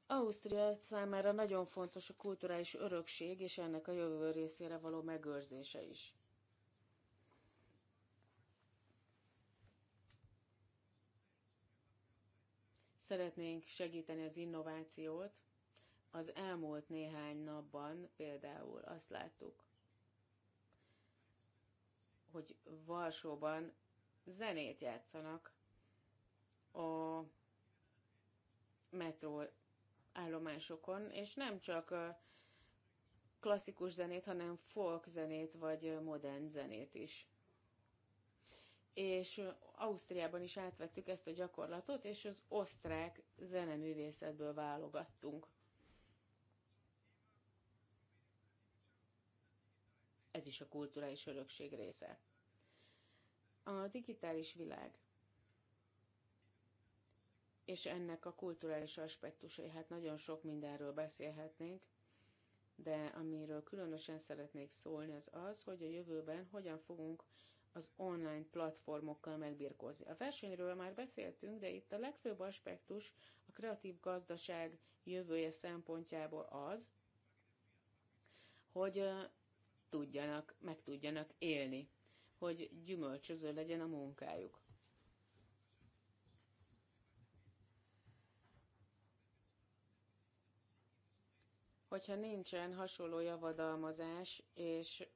Ausztria számára nagyon fontos a kulturális örökség és ennek a jövő részére való megőrzése is. Szeretnénk segíteni az innovációt. Az elmúlt néhány napban például azt láttuk, hogy Varsóban zenét játszanak a metró állomásokon, és nem csak klasszikus zenét, hanem folk zenét, vagy modern zenét is. És Ausztriában is átvettük ezt a gyakorlatot, és az osztrák zeneművészetből válogattunk. Ez is a kulturális örökség része. A digitális világ és ennek a kulturális aspektusai, hát nagyon sok mindenről beszélhetnénk, de amiről különösen szeretnék szólni, az az, hogy a jövőben hogyan fogunk az online platformokkal megbirkózni. A versenyről már beszéltünk, de itt a legfőbb aspektus a kreatív gazdaság jövője szempontjából az, hogy tudjanak, meg tudjanak élni, hogy gyümölcsöző legyen a munkájuk. hogyha nincsen hasonló javadalmazás, és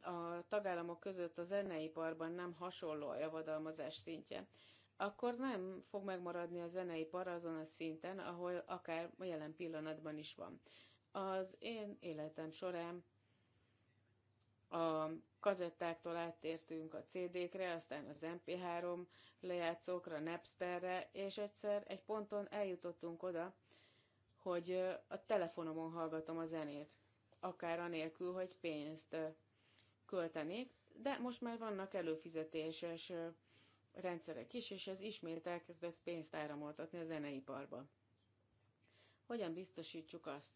a tagállamok között a zeneiparban nem hasonló a javadalmazás szintje, akkor nem fog megmaradni a zeneipar azon a szinten, ahol akár a jelen pillanatban is van. Az én életem során a kazettáktól áttértünk a CD-kre, aztán az MP3 lejátszókra, Napsterre, és egyszer egy ponton eljutottunk oda, hogy a telefonomon hallgatom a zenét, akár anélkül, hogy pénzt költenék, de most már vannak előfizetéses rendszerek is, és ez ismét elkezdett pénzt áramoltatni a zeneiparba. Hogyan biztosítsuk azt,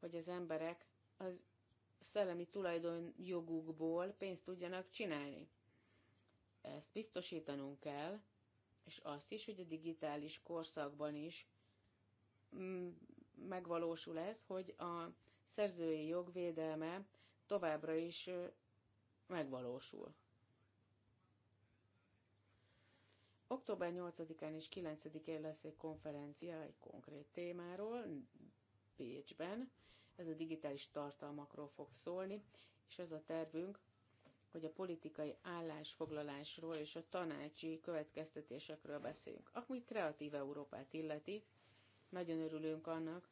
hogy az emberek az szellemi tulajdonjogukból pénzt tudjanak csinálni? Ezt biztosítanunk kell, és azt is, hogy a digitális korszakban is megvalósul ez, hogy a szerzői jogvédelme továbbra is megvalósul. Október 8-án és 9-én lesz egy konferencia egy konkrét témáról Bécsben. Ez a digitális tartalmakról fog szólni, és az a tervünk, hogy a politikai állásfoglalásról és a tanácsi következtetésekről beszéljünk. Ami kreatív Európát illeti, nagyon örülünk annak,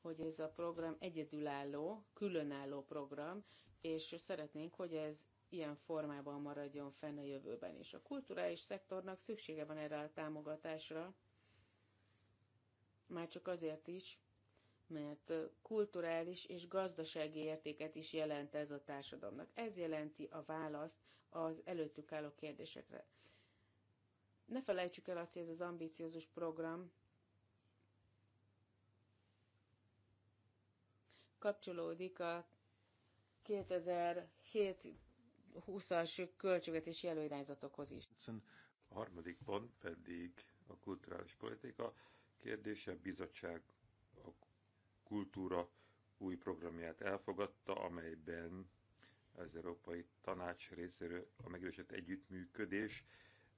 hogy ez a program egyedülálló, különálló program, és szeretnénk, hogy ez ilyen formában maradjon fenn a jövőben is. A kulturális szektornak szüksége van erre a támogatásra, már csak azért is, mert kulturális és gazdasági értéket is jelent ez a társadalomnak. Ez jelenti a választ az előttük álló kérdésekre. Ne felejtsük el azt, hogy ez az ambiciózus program kapcsolódik a 2007-20-as költségvetési előirányzatokhoz is. A harmadik pont pedig a kulturális politika kérdése. A bizottság a kultúra új programját elfogadta, amelyben az Európai Tanács részéről a megerősített együttműködésre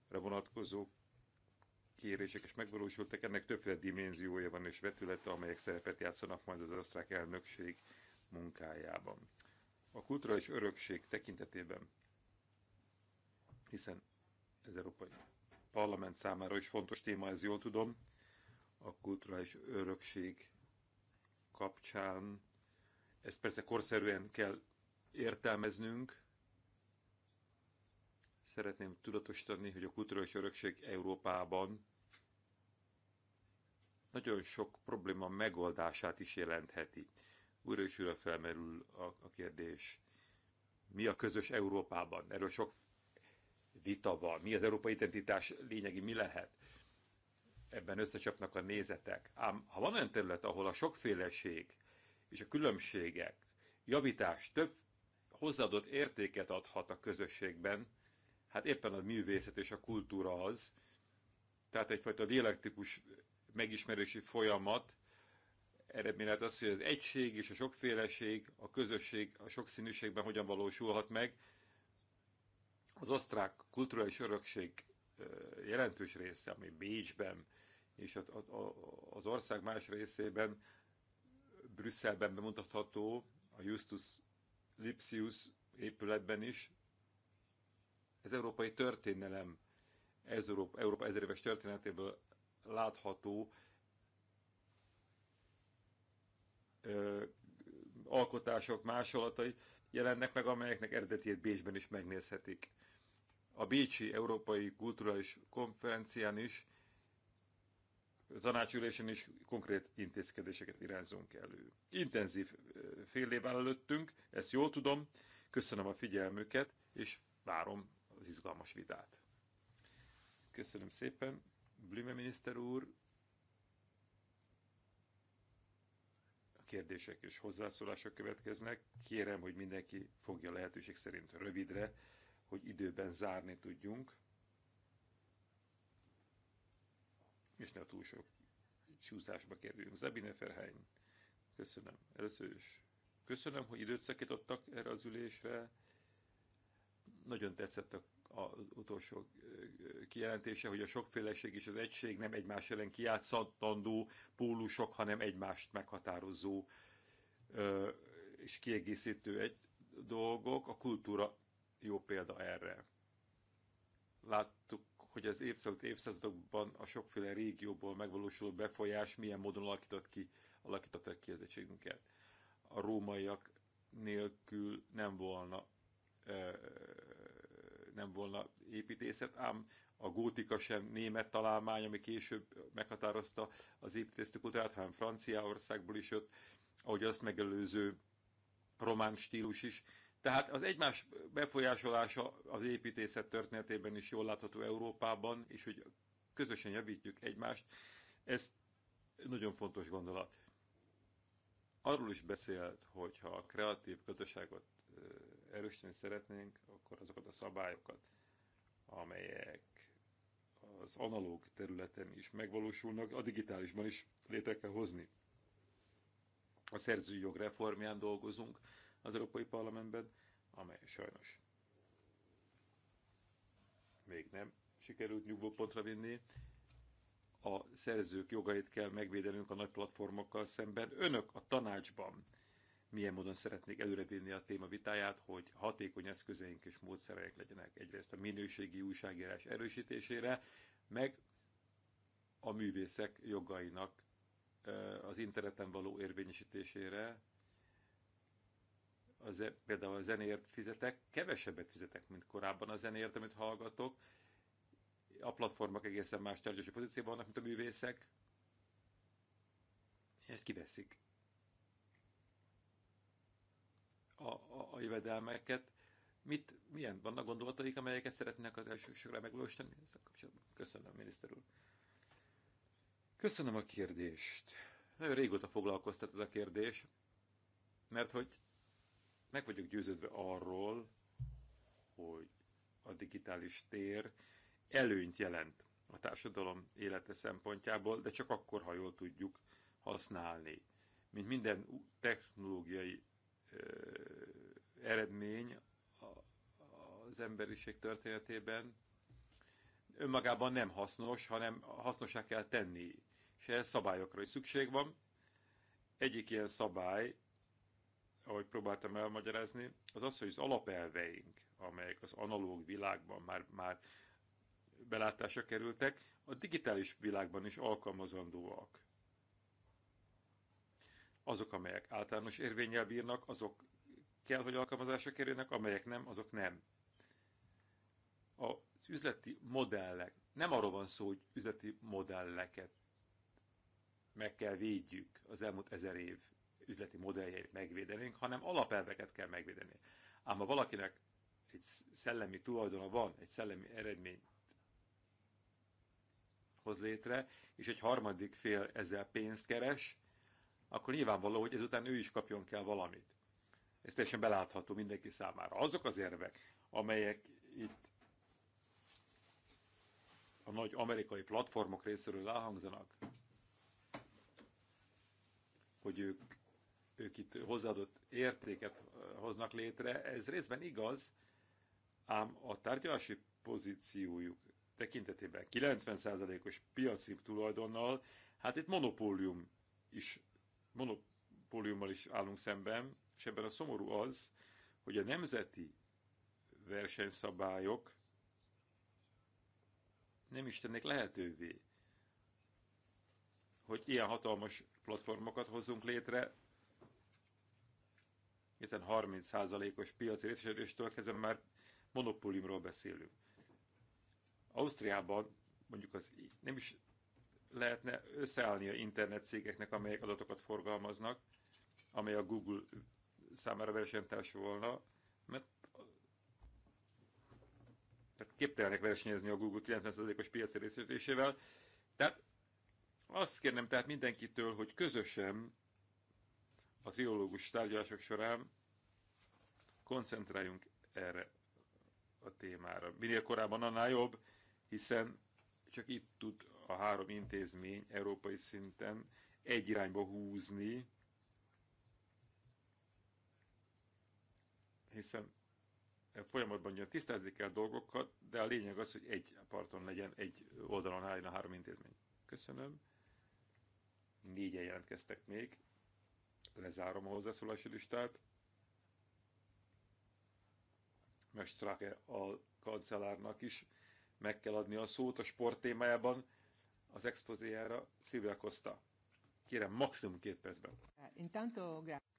vonatkozó kérések és megvalósultak, ennek többféle dimenziója van és vetülete, amelyek szerepet játszanak majd az osztrák elnökség munkájában. A kulturális örökség tekintetében, hiszen ez Európai Parlament számára is fontos téma, ez jól tudom, a kulturális örökség kapcsán, ezt persze korszerűen kell értelmeznünk, szeretném tudatosítani, hogy a kulturális örökség Európában nagyon sok probléma megoldását is jelentheti. Újra és újra felmerül a, a kérdés, mi a közös Európában? Erről sok vita van. Mi az európai identitás lényegi, mi lehet? Ebben összecsapnak a nézetek. Ám ha van olyan terület, ahol a sokféleség és a különbségek javítás több hozzáadott értéket adhat a közösségben, hát éppen a művészet és a kultúra az, tehát egyfajta dialektikus megismerési folyamat eredmény az, hogy az egység és a sokféleség, a közösség, a sokszínűségben hogyan valósulhat meg. Az osztrák kulturális örökség jelentős része, ami Bécsben és az ország más részében, Brüsszelben bemutatható, a Justus Lipsius épületben is. Ez európai történelem, ez Európa, Európa ezeréves történetéből látható ö, alkotások, másolatai jelennek meg, amelyeknek eredetét Bécsben is megnézhetik. A Bécsi Európai Kulturális Konferencián is, tanácsülésen is konkrét intézkedéseket irányzunk elő. Intenzív fél év áll előttünk, ezt jól tudom, köszönöm a figyelmüket, és várom az izgalmas vitát. Köszönöm szépen! Blüme miniszter úr a kérdések és hozzászólások következnek. Kérem, hogy mindenki fogja lehetőség szerint rövidre, hogy időben zárni tudjunk. És ne túl sok csúszásba kerüljünk. Zabine Ferhány, köszönöm. Először is köszönöm, hogy időt szakítottak erre az ülésre. Nagyon tetszett a az utolsó kijelentése, hogy a sokféleség és az egység nem egymás ellen kiátszatandó pólusok, hanem egymást meghatározó és kiegészítő egy dolgok. A kultúra jó példa erre. Láttuk, hogy az évszázadok évszázadokban a sokféle régióból megvalósuló befolyás milyen módon alakított ki, alakította ki az egységünket. A rómaiak nélkül nem volna nem volna építészet, ám a gótika sem német találmány, ami később meghatározta az építészeti kultúrát, hanem Franciaországból is jött, ahogy azt megelőző román stílus is. Tehát az egymás befolyásolása az építészet történetében is jól látható Európában, és hogy közösen javítjuk egymást, ez nagyon fontos gondolat. Arról is beszélt, hogy ha a kreatív gazdaságot erősíteni szeretnénk, akkor azokat a szabályokat, amelyek az analóg területen is megvalósulnak, a digitálisban is létre kell hozni. A szerzői jog reformján dolgozunk az Európai Parlamentben, amely sajnos még nem sikerült nyugvó pontra vinni. A szerzők jogait kell megvédenünk a nagy platformokkal szemben. Önök a tanácsban milyen módon szeretnék előrevinni a téma vitáját, hogy hatékony eszközeink és módszereink legyenek egyrészt a minőségi újságírás erősítésére, meg a művészek jogainak az interneten való érvényesítésére, a ze, például a zenéért fizetek, kevesebbet fizetek, mint korábban a zenéért, amit hallgatok. A platformok egészen más tárgyalási pozícióban vannak, mint a művészek. És kiveszik a, a, a jövedelmeket. Mit, milyen vannak gondolataik, amelyeket szeretnének az első sorra megvalósítani? Ezzel kapcsolatban. Köszönöm, miniszter úr. Köszönöm a kérdést. Nagyon régóta foglalkoztat ez a kérdés, mert hogy meg vagyok győződve arról, hogy a digitális tér előnyt jelent a társadalom élete szempontjából, de csak akkor, ha jól tudjuk használni. Mint minden technológiai eredmény az emberiség történetében önmagában nem hasznos, hanem hasznosá kell tenni. És ehhez szabályokra is szükség van. Egyik ilyen szabály, ahogy próbáltam elmagyarázni, az az, hogy az alapelveink, amelyek az analóg világban már, már belátásra kerültek, a digitális világban is alkalmazandóak. Azok, amelyek általános érvényel bírnak, azok kell, hogy alkalmazásra kerüljenek, amelyek nem, azok nem. Az üzleti modellek, nem arról van szó, hogy üzleti modelleket meg kell védjük az elmúlt ezer év üzleti modelljeit megvédenénk, hanem alapelveket kell megvédeni. Ám ha valakinek egy szellemi tulajdona van, egy szellemi eredmény hoz létre, és egy harmadik fél ezzel pénzt keres, akkor nyilvánvaló, hogy ezután ő is kapjon kell valamit. Ez teljesen belátható mindenki számára. Azok az érvek, amelyek itt a nagy amerikai platformok részéről elhangzanak, hogy ők, ők itt hozzáadott értéket hoznak létre, ez részben igaz, ám a tárgyalási pozíciójuk tekintetében 90%-os piaci tulajdonnal, hát itt monopólium is monopóliummal is állunk szemben, és ebben a szomorú az, hogy a nemzeti versenyszabályok nem is tennék lehetővé, hogy ilyen hatalmas platformokat hozzunk létre, hiszen 30%-os piaci részesedéstől kezdve már monopóliumról beszélünk. Ausztriában mondjuk az nem is lehetne összeállni a internet cégeknek, amelyek adatokat forgalmaznak, amely a Google számára versenytárs volna, mert tehát képtelenek versenyezni a Google 90%-os piaci részletésével. Tehát azt kérnem tehát mindenkitől, hogy közösen a triológus tárgyalások során koncentráljunk erre a témára. Minél korábban annál jobb, hiszen csak itt tud a három intézmény európai szinten egy irányba húzni, hiszen e folyamatban ugyan tisztázni kell dolgokat, de a lényeg az, hogy egy parton legyen, egy oldalon álljon a három intézmény. Köszönöm. Négyen jelentkeztek még. Lezárom a hozzászólási listát. Mestrake a kancellárnak is meg kell adni a szót a sport témájában az expozéjára Szilvia Costa. Kérem, maximum két percben.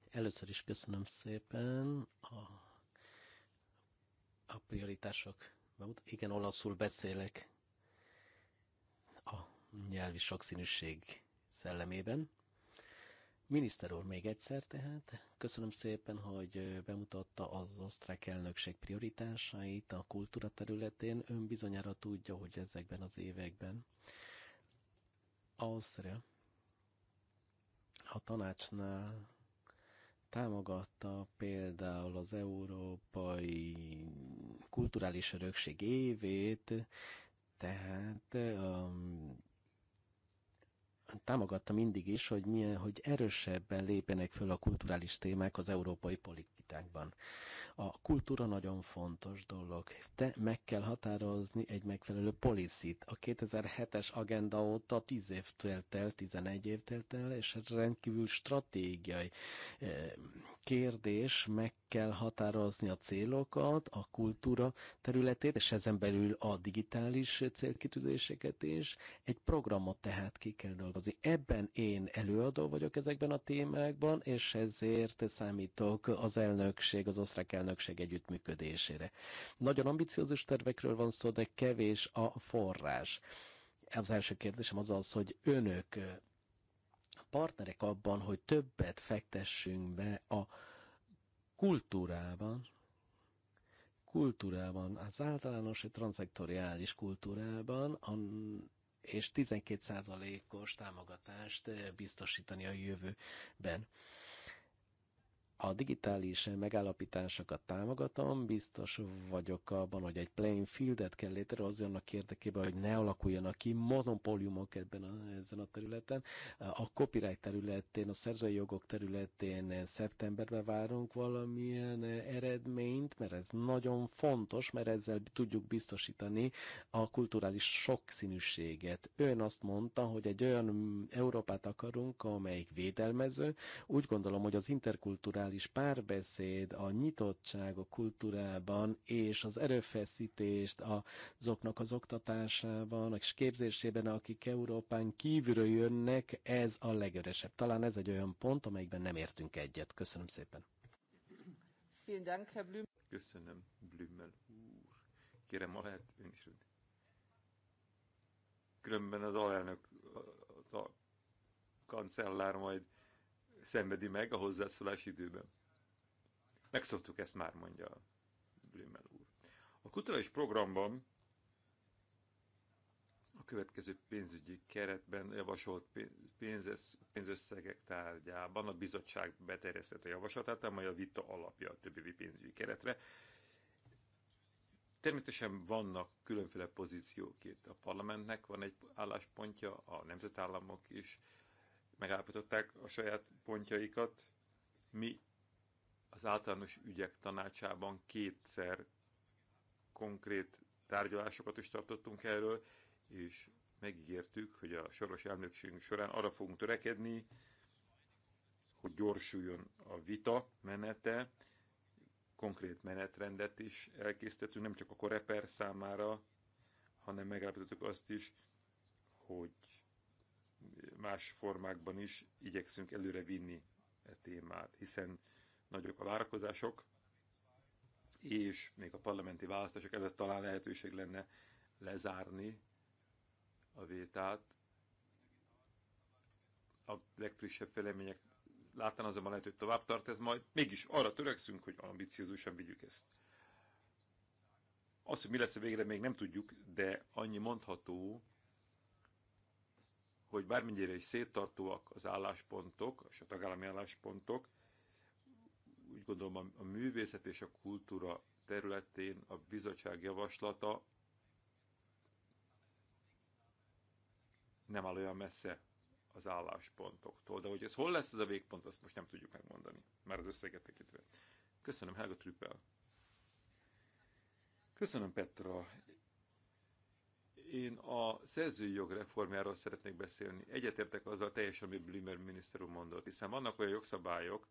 Először is köszönöm szépen a, a prioritások. Igen, olaszul beszélek a nyelvi sokszínűség szellemében. Miniszter úr, még egyszer tehát. Köszönöm szépen, hogy bemutatta az osztrák elnökség prioritásait a kultúra területén. Ön bizonyára tudja, hogy ezekben az években Ausztria a tanácsnál támogatta például az Európai Kulturális Örökség évét, tehát a um, támogatta mindig is, hogy, milyen, hogy erősebben lépjenek föl a kulturális témák az európai politikákban. A kultúra nagyon fontos dolog, de meg kell határozni egy megfelelő policit. A 2007-es agenda óta 10 év telt el, 11 év telt el, és rendkívül stratégiai eh, kérdés, meg kell határozni a célokat, a kultúra területét, és ezen belül a digitális célkitűzéseket is. Egy programot tehát ki kell dolgozni. Ebben én előadó vagyok ezekben a témákban, és ezért számítok az elnökség, az osztrák elnökség együttműködésére. Nagyon ambiciózus tervekről van szó, de kevés a forrás. Az első kérdésem az az, hogy önök partnerek abban, hogy többet fektessünk be a kultúrában, kultúrában, az általános és transzektoriális kultúrában, és 12%-os támogatást biztosítani a jövőben a digitális megállapításokat támogatom, biztos vagyok abban, hogy egy playing fieldet kell létrehozni annak érdekében, hogy ne alakuljanak ki monopóliumok ebben a, ezen a területen. A copyright területén, a szerzői jogok területén szeptemberben várunk valamilyen eredményt, mert ez nagyon fontos, mert ezzel tudjuk biztosítani a kulturális sokszínűséget. Ön azt mondta, hogy egy olyan Európát akarunk, amelyik védelmező. Úgy gondolom, hogy az interkulturális verbális párbeszéd, a nyitottság a kultúrában és az erőfeszítést azoknak az oktatásában és képzésében, akik Európán kívülről jönnek, ez a legöresebb. Talán ez egy olyan pont, amelyikben nem értünk egyet. Köszönöm szépen. Köszönöm, Blümmel. úr. Kérem, ma lehet ön is Különben az alelnök, az a kancellár majd szenvedi meg a hozzászólás időben. Megszoktuk ezt már, mondja Blümel úr. A kutatás programban a következő pénzügyi keretben javasolt pénzösszegek tárgyában a bizottság a javaslatát, amely a vita alapja a többi pénzügyi keretre. Természetesen vannak különféle pozíciók itt a parlamentnek, van egy álláspontja, a nemzetállamok is megállapították a saját pontjaikat. Mi az általános ügyek tanácsában kétszer konkrét tárgyalásokat is tartottunk erről, és megígértük, hogy a soros elnökségünk során arra fogunk törekedni, hogy gyorsuljon a vita menete, konkrét menetrendet is elkészítettünk, nem csak a koreper számára, hanem megállapítottuk azt is, hogy más formákban is igyekszünk előre vinni e témát, hiszen nagyok a várakozások, és még a parlamenti választások előtt talán lehetőség lenne lezárni a vétát. A legfrissebb felemények láttan azonban lehet, hogy tovább tart ez majd. Mégis arra törekszünk, hogy ambiciózusan vigyük ezt. Az, hogy mi lesz a végre, még nem tudjuk, de annyi mondható, hogy bármennyire is széttartóak az álláspontok, és a tagállami álláspontok, úgy gondolom a, művészet és a kultúra területén a bizottság javaslata nem áll olyan messze az álláspontoktól. De hogy ez hol lesz ez a végpont, azt most nem tudjuk megmondani, már az összeget tekintve. Köszönöm, Helga Trüppel. Köszönöm, Petra. Én a szerzői jog reformjáról szeretnék beszélni. Egyetértek azzal teljesen, amit Blümer miniszter úr mondott, hiszen vannak olyan jogszabályok,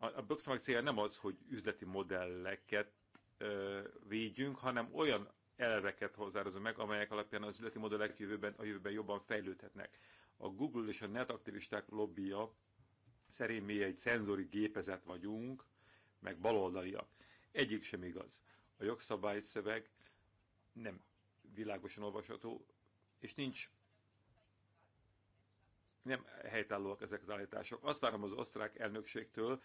a, jogszabályok célja nem az, hogy üzleti modelleket ö, védjünk, hanem olyan elveket hozzározunk meg, amelyek alapján az üzleti modellek jövőben, a jövőben jobban fejlődhetnek. A Google és a net aktivisták lobbija szerint mi egy szenzori gépezet vagyunk, meg baloldaliak. Egyik sem igaz. A jogszabályszöveg nem világosan olvasható, és nincs nem helytállóak ezek az állítások. Azt várom az osztrák elnökségtől,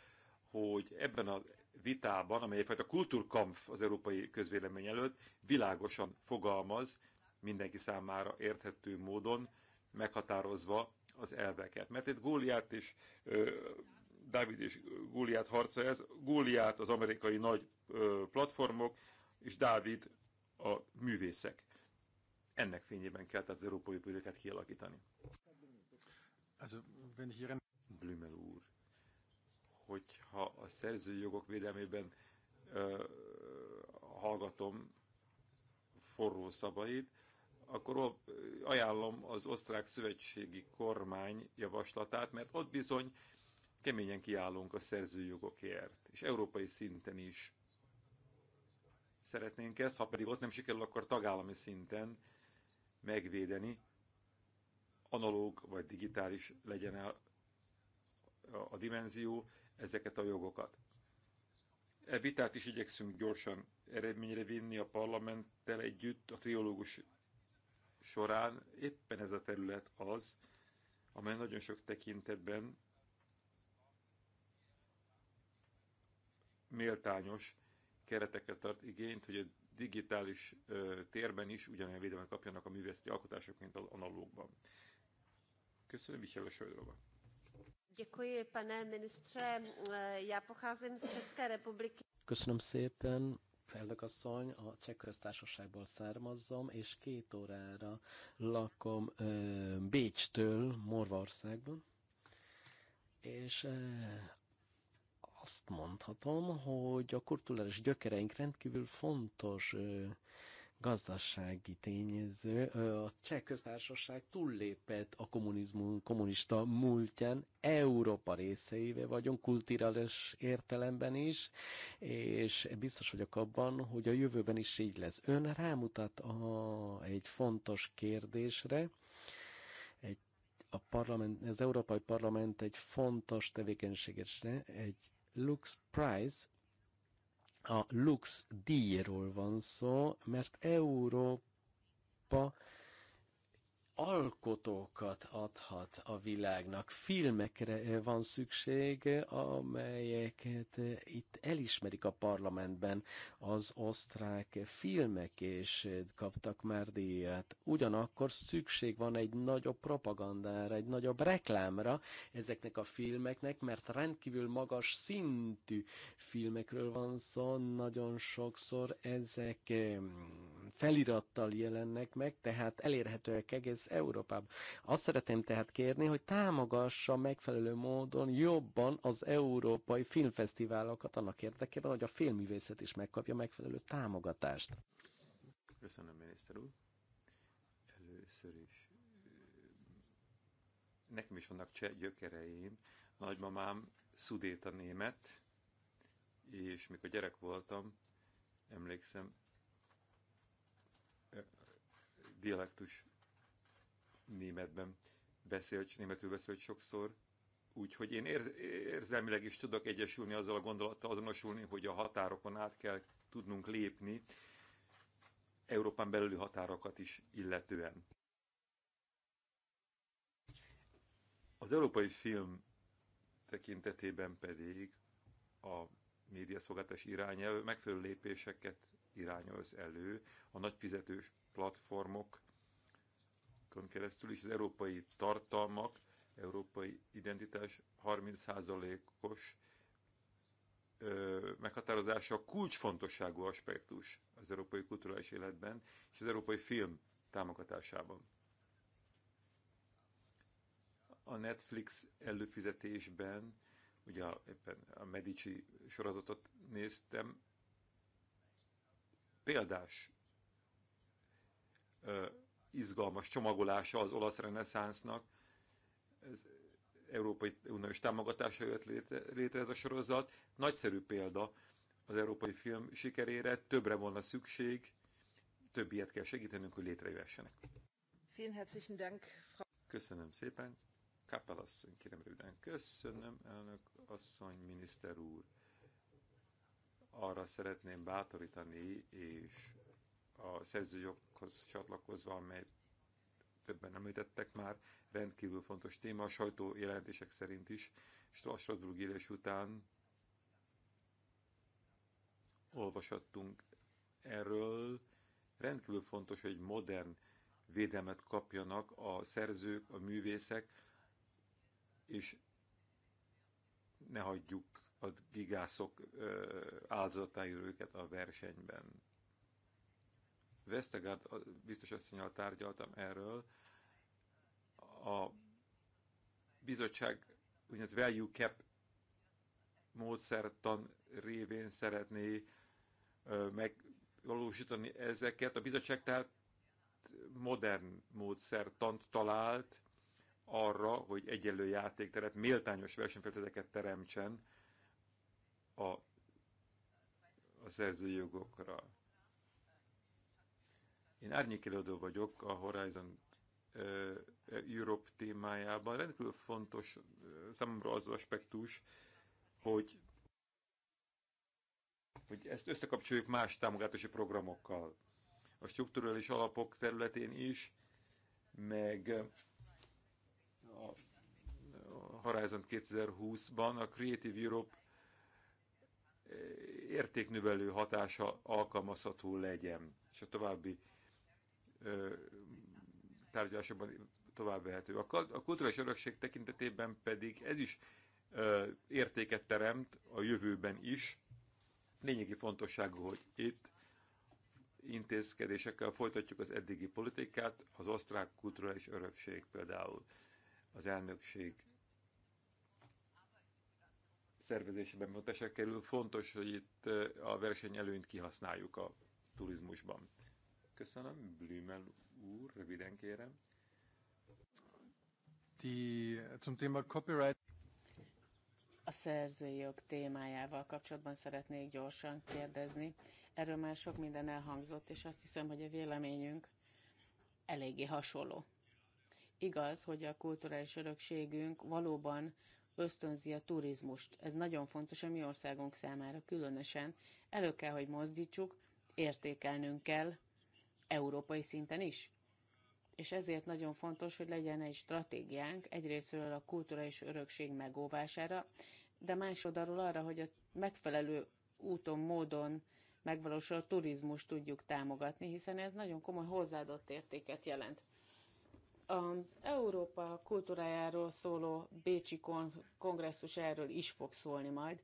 hogy ebben a vitában, amely egyfajta kultúrkampf az európai közvélemény előtt, világosan fogalmaz, mindenki számára érthető módon, meghatározva az elveket. Mert itt Góliát és Dávid és Góliát harca ez. Góliát az amerikai nagy platformok, és Dávid a művészek. Ennek fényében kell tehát az európai politikát kialakítani. Blümel úr, hogyha a szerzői jogok védelmében ö, hallgatom forró szabait, akkor ajánlom az osztrák szövetségi kormány javaslatát, mert ott bizony keményen kiállunk a szerzőjogokért, és európai szinten is szeretnénk ezt, ha pedig ott nem sikerül, akkor tagállami szinten megvédeni, analóg vagy digitális legyen a, a, a dimenzió, ezeket a jogokat. E vitát is igyekszünk gyorsan eredményre vinni a parlamenttel együtt, a triológus során éppen ez a terület az, amely nagyon sok tekintetben méltányos kereteket tart igényt, hogy a digitális ö, térben is ugyanilyen védelmet kapjanak a művészeti alkotások, mint az analógban. Köszönöm, Michele Sajdrova. Děkuji, pane ministře. Já pocházím z České republiky. Köszönöm szépen. Elnök asszony, a cseh köztársaságból származom, és két órára lakom Bécstől, Morvaországban. És azt mondhatom, hogy a kulturális gyökereink rendkívül fontos gazdasági tényező. A cseh köztársaság túllépett a kommunizmus, kommunista múltján, Európa részeivé vagyunk, kulturális értelemben is, és biztos vagyok abban, hogy a jövőben is így lesz. Ön rámutat a, egy fontos kérdésre, egy, a parlament, az Európai Parlament egy fontos tevékenységesre, egy Lux Prize, a Lux díjról van szó, mert Európa alkotókat adhat a világnak. Filmekre van szükség, amelyeket itt elismerik a parlamentben. Az osztrák filmek és kaptak már díjat. Ugyanakkor szükség van egy nagyobb propagandára, egy nagyobb reklámra ezeknek a filmeknek, mert rendkívül magas szintű filmekről van szó, nagyon sokszor ezek felirattal jelennek meg, tehát elérhetőek egész Európában. Azt szeretném tehát kérni, hogy támogassa megfelelő módon jobban az európai filmfesztiválokat annak érdekében, hogy a filmművészet is megkapja megfelelő támogatást. Köszönöm, miniszter úr. Először is nekem is vannak cseh gyökereim. Nagymamám szudéta német, és mikor gyerek voltam, emlékszem, dialektus németben beszélt, németül beszélt sokszor, úgyhogy én ér, érzelmileg is tudok egyesülni azzal a gondolattal, azonosulni, hogy a határokon át kell tudnunk lépni, Európán belüli határokat is illetően. Az európai film tekintetében pedig a médiaszolgáltatás irányelv megfelelő lépéseket irányoz elő a nagy fizetős platformokon keresztül is az európai tartalmak, európai identitás 30%-os meghatározása a kulcsfontosságú aspektus az európai kulturális életben és az európai film támogatásában. A Netflix előfizetésben, ugye a, éppen a Medici sorozatot néztem, példás izgalmas csomagolása az olasz reneszánsznak. Ez Európai Uniós támogatása jött létre, ez a sorozat. Nagyszerű példa az európai film sikerére, többre volna szükség, több ilyet kell segítenünk, hogy létrejöhessenek. Köszönöm szépen. Kappel asszony, kérem röviden. Köszönöm, elnök asszony, miniszter úr. Arra szeretném bátorítani és a szerzőjoghoz csatlakozva, amely többen említettek már, rendkívül fontos téma, a sajtó jelentések szerint is, és a Strasbourg írás után olvashattunk erről. Rendkívül fontos, hogy modern védelmet kapjanak a szerzők, a művészek, és ne hagyjuk a gigászok áldozatául őket a versenyben. Vestegard biztos asszonyal tárgyaltam erről. A bizottság úgynevezett value cap módszertan révén szeretné megvalósítani ezeket. A bizottság tehát modern módszertant talált arra, hogy egyenlő játékteret, méltányos versenyfeltételeket teremtsen a, a szerzőjogokra. Én árnyékelődő vagyok a Horizon Europe témájában. Rendkívül fontos számomra az aspektus, hogy, hogy ezt összekapcsoljuk más támogatási programokkal. A strukturális alapok területén is, meg a Horizon 2020-ban a Creative Europe értéknövelő hatása alkalmazható legyen, és a további tárgyalásokban tovább vehető. A kulturális örökség tekintetében pedig ez is értéket teremt a jövőben is. Lényegi fontosságú, hogy itt intézkedésekkel folytatjuk az eddigi politikát, az osztrák kulturális örökség például az elnökség szervezésében mutatásra kerül. Fontos, hogy itt a versenyelőnyt kihasználjuk a turizmusban. Köszönöm, Blümel úr, röviden kérem. Die, zum Thema Copyright. A szerzői jog témájával kapcsolatban szeretnék gyorsan kérdezni. Erről már sok minden elhangzott, és azt hiszem, hogy a véleményünk eléggé hasonló. Igaz, hogy a kulturális örökségünk valóban ösztönzi a turizmust. Ez nagyon fontos a mi országunk számára különösen. Elő kell, hogy mozdítsuk, értékelnünk kell, európai szinten is. És ezért nagyon fontos, hogy legyen egy stratégiánk egyrésztről a kulturális örökség megóvására, de másodarról arra, hogy a megfelelő úton, módon megvalósul turizmus tudjuk támogatni, hiszen ez nagyon komoly hozzáadott értéket jelent. Az Európa kultúrájáról szóló Bécsi kongresszus erről is fog szólni majd.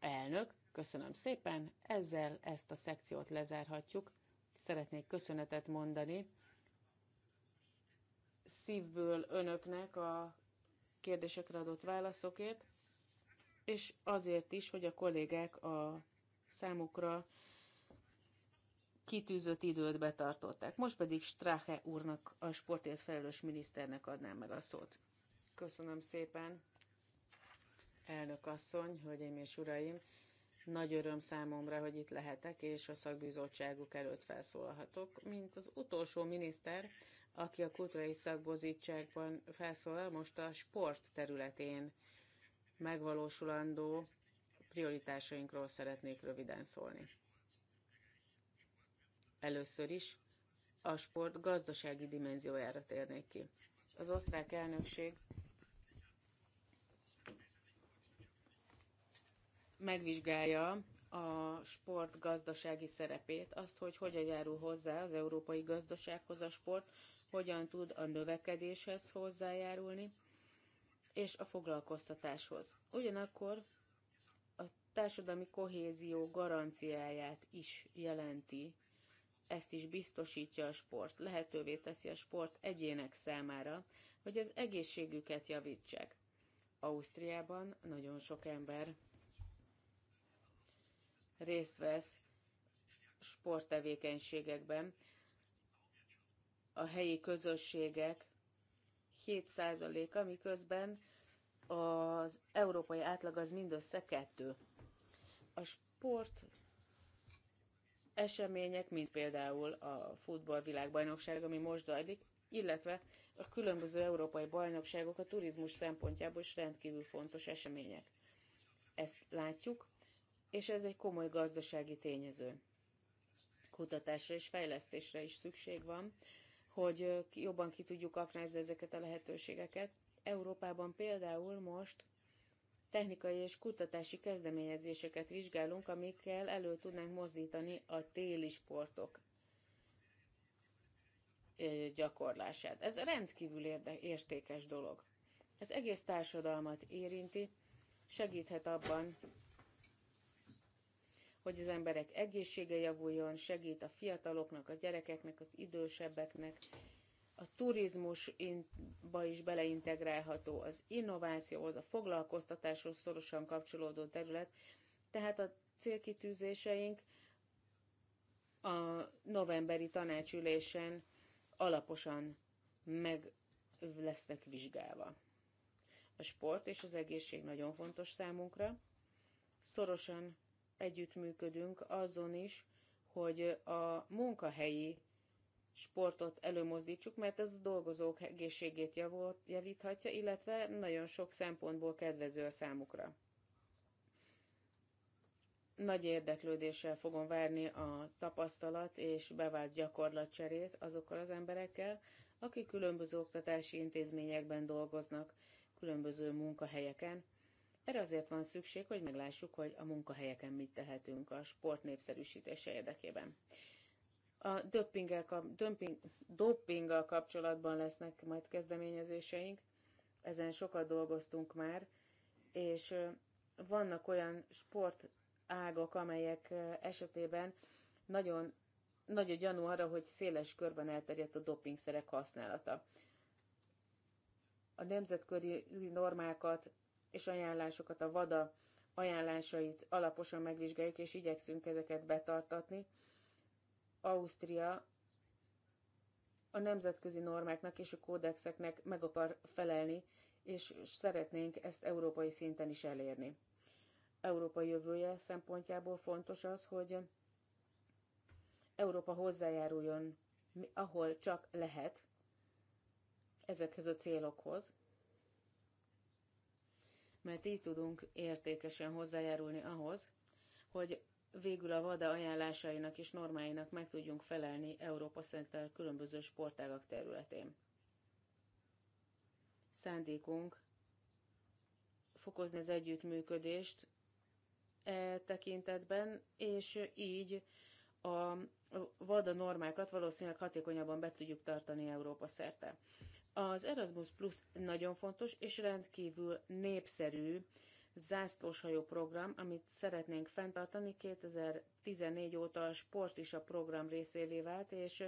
Elnök, köszönöm szépen, ezzel ezt a szekciót lezárhatjuk szeretnék köszönetet mondani szívből önöknek a kérdésekre adott válaszokért, és azért is, hogy a kollégák a számukra kitűzött időt betartották. Most pedig Strache úrnak, a sportért felelős miniszternek adnám meg a szót. Köszönöm szépen, elnök asszony, hölgyeim és uraim! Nagy öröm számomra, hogy itt lehetek, és a szakbizottságuk előtt felszólalhatok, mint az utolsó miniszter, aki a kulturai szakbozítságban felszólal, most a sport területén megvalósulandó prioritásainkról szeretnék röviden szólni. Először is a sport gazdasági dimenziójára térnék ki. Az osztrák elnökség megvizsgálja a sport gazdasági szerepét, azt, hogy hogyan járul hozzá az európai gazdasághoz a sport, hogyan tud a növekedéshez hozzájárulni, és a foglalkoztatáshoz. Ugyanakkor a társadalmi kohézió garanciáját is jelenti, ezt is biztosítja a sport, lehetővé teszi a sport egyének számára, hogy az egészségüket javítsák. Ausztriában nagyon sok ember részt vesz sporttevékenységekben. A helyi közösségek 7%-a, miközben az európai átlag az mindössze 2. A sport események, mint például a futballvilágbajnokság, ami most zajlik, illetve a különböző európai bajnokságok a turizmus szempontjából is rendkívül fontos események. Ezt látjuk, és ez egy komoly gazdasági tényező. Kutatásra és fejlesztésre is szükség van, hogy jobban ki tudjuk aknázni ezeket a lehetőségeket. Európában például most technikai és kutatási kezdeményezéseket vizsgálunk, amikkel elő tudnánk mozdítani a téli sportok gyakorlását. Ez rendkívül érde- értékes dolog. Ez egész társadalmat érinti, segíthet abban, hogy az emberek egészsége javuljon, segít a fiataloknak, a gyerekeknek, az idősebbeknek. A turizmusba is beleintegrálható az innovációhoz, a foglalkoztatáshoz szorosan kapcsolódó terület, tehát a célkitűzéseink a novemberi tanácsülésen alaposan meg lesznek vizsgálva. A sport és az egészség nagyon fontos számunkra. Szorosan együttműködünk azon is, hogy a munkahelyi sportot előmozdítsuk, mert ez a dolgozók egészségét javult, javíthatja, illetve nagyon sok szempontból kedvező a számukra. Nagy érdeklődéssel fogom várni a tapasztalat és bevált gyakorlatcserét azokkal az emberekkel, akik különböző oktatási intézményekben dolgoznak, különböző munkahelyeken, erre azért van szükség, hogy meglássuk, hogy a munkahelyeken mit tehetünk a sport népszerűsítése érdekében. A döppinggel, dömping, dopinggal kapcsolatban lesznek majd kezdeményezéseink, ezen sokat dolgoztunk már, és vannak olyan sportágak, amelyek esetében nagyon nagy a gyanú arra, hogy széles körben elterjedt a dopingszerek használata. A nemzetközi normákat és ajánlásokat, a VADA ajánlásait alaposan megvizsgáljuk, és igyekszünk ezeket betartatni. Ausztria a nemzetközi normáknak és a kódexeknek meg akar felelni, és szeretnénk ezt európai szinten is elérni. Európai jövője szempontjából fontos az, hogy Európa hozzájáruljon, ahol csak lehet ezekhez a célokhoz, mert így tudunk értékesen hozzájárulni ahhoz, hogy végül a VADA ajánlásainak és normáinak meg tudjunk felelni Európa szerte különböző sportágak területén. Szándékunk fokozni az együttműködést e tekintetben, és így a VADA normákat valószínűleg hatékonyabban be tudjuk tartani Európa szerte. Az Erasmus Plus nagyon fontos és rendkívül népszerű zászlóshajó program, amit szeretnénk fenntartani. 2014 óta a sport is a program részévé vált, és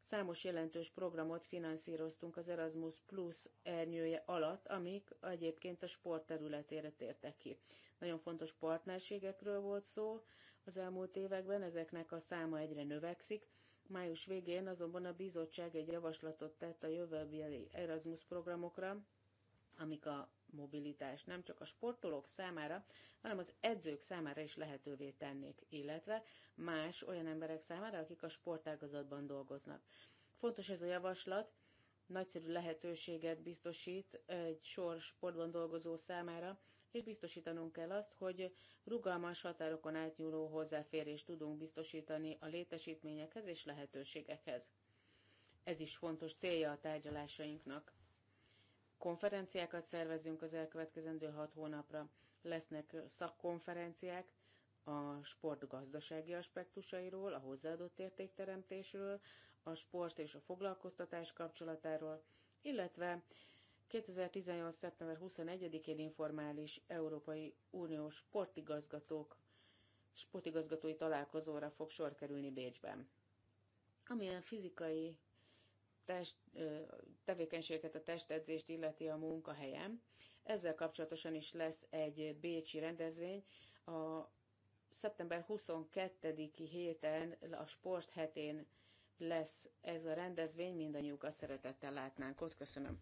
számos jelentős programot finanszíroztunk az Erasmus Plus ernyője alatt, amik egyébként a sport területére tértek ki. Nagyon fontos partnerségekről volt szó az elmúlt években, ezeknek a száma egyre növekszik, Május végén azonban a bizottság egy javaslatot tett a jövőbeli Erasmus programokra, amik a mobilitást nem csak a sportolók számára, hanem az edzők számára is lehetővé tennék, illetve más olyan emberek számára, akik a sportágazatban dolgoznak. Fontos ez a javaslat, nagyszerű lehetőséget biztosít egy sor sportban dolgozó számára, és biztosítanunk kell azt, hogy rugalmas határokon átnyúló hozzáférést tudunk biztosítani a létesítményekhez és lehetőségekhez. Ez is fontos célja a tárgyalásainknak. Konferenciákat szervezünk az elkövetkezendő hat hónapra. Lesznek szakkonferenciák a sport gazdasági aspektusairól, a hozzáadott értékteremtésről, a sport és a foglalkoztatás kapcsolatáról, illetve 2018. szeptember 21-én informális Európai Uniós sportigazgatók sportigazgatói találkozóra fog sor kerülni Bécsben. Amilyen fizikai test, tevékenységeket a testedzést illeti a munkahelyem, ezzel kapcsolatosan is lesz egy bécsi rendezvény. A szeptember 22-i héten, a sport hetén lesz ez a rendezvény, mindannyiukat szeretettel látnánk ott. Köszönöm.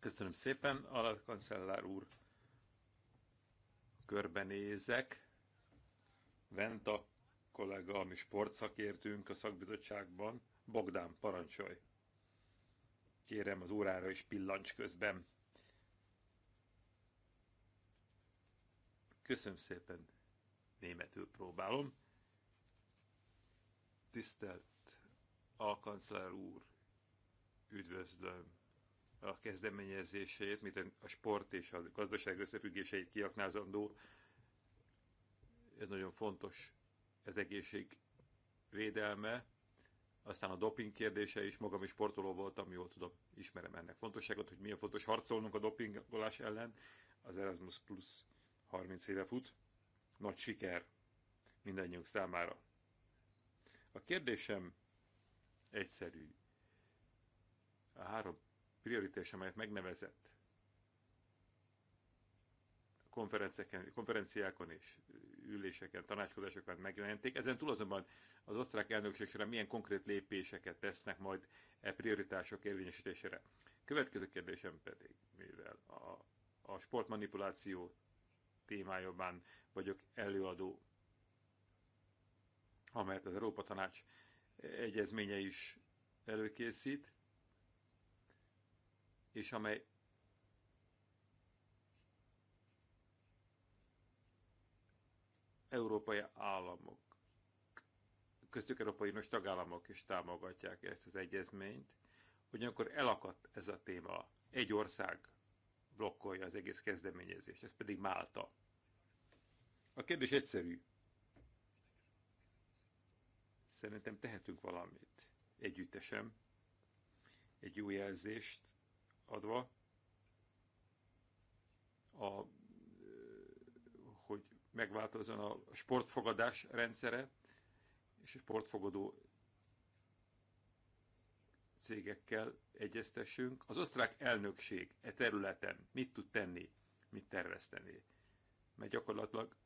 Köszönöm szépen, alakancellár úr. Körbenézek. Venta kollega, ami sportszakértünk a szakbizottságban. Bogdán, parancsolj! Kérem az órára is pillancs közben. Köszönöm szépen, németül próbálom. Tisztelt alkancellár úr, üdvözlöm a kezdeményezését, mint a sport és a gazdaság összefüggéseit kiaknázandó. Ez nagyon fontos, ez egészség védelme, aztán a doping kérdése is, magam is sportoló voltam, jól tudom, ismerem ennek fontosságot, hogy milyen fontos harcolnunk a dopingolás ellen. Az Erasmus Plus 30 éve fut, nagy siker mindannyiunk számára. A kérdésem egyszerű. A három prioritás, amelyet megnevezett konferenciákon és üléseken, tanácskozásokon megjelenték. Ezen túl azonban az osztrák elnökségre milyen konkrét lépéseket tesznek majd e prioritások érvényesítésére. Következő kérdésem pedig, mivel a, a sportmanipuláció témájában vagyok előadó, amelyet az Európa Tanács egyezménye is előkészít, és amely európai államok, köztük Európai most tagállamok is támogatják ezt az egyezményt, ugyanakkor elakadt ez a téma. Egy ország blokkolja az egész kezdeményezést, ez pedig Málta. A kérdés egyszerű. Szerintem tehetünk valamit együttesen, egy jó jelzést adva, a, hogy megváltozzon a sportfogadás rendszere, és a sportfogadó cégekkel egyeztessünk. Az osztrák elnökség e területen mit tud tenni, mit tervezteni? Mert gyakorlatilag